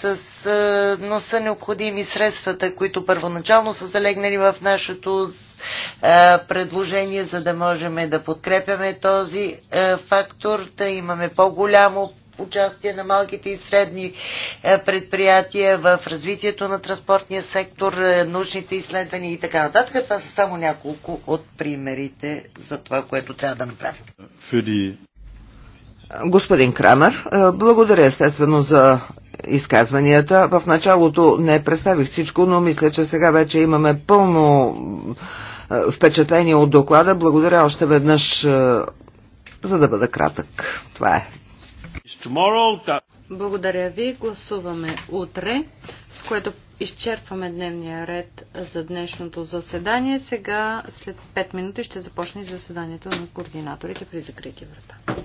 с, но са необходими средствата, които първоначално са залегнали в нашето предложение, за да можем да подкрепяме този фактор, да имаме по-голямо участие на малките и средни предприятия в развитието на транспортния сектор, научните изследвания и така нататък. Това са само няколко от примерите за това, което трябва да направим. Господин Крамер, благодаря естествено за изказванията. В началото не представих всичко, но мисля, че сега вече имаме пълно е, впечатление от доклада. Благодаря още веднъж, е, за да бъда кратък. Това е. Благодаря ви. Гласуваме утре, с което изчерпваме дневния ред за днешното заседание. Сега след 5 минути ще започне заседанието на координаторите при закрити врата.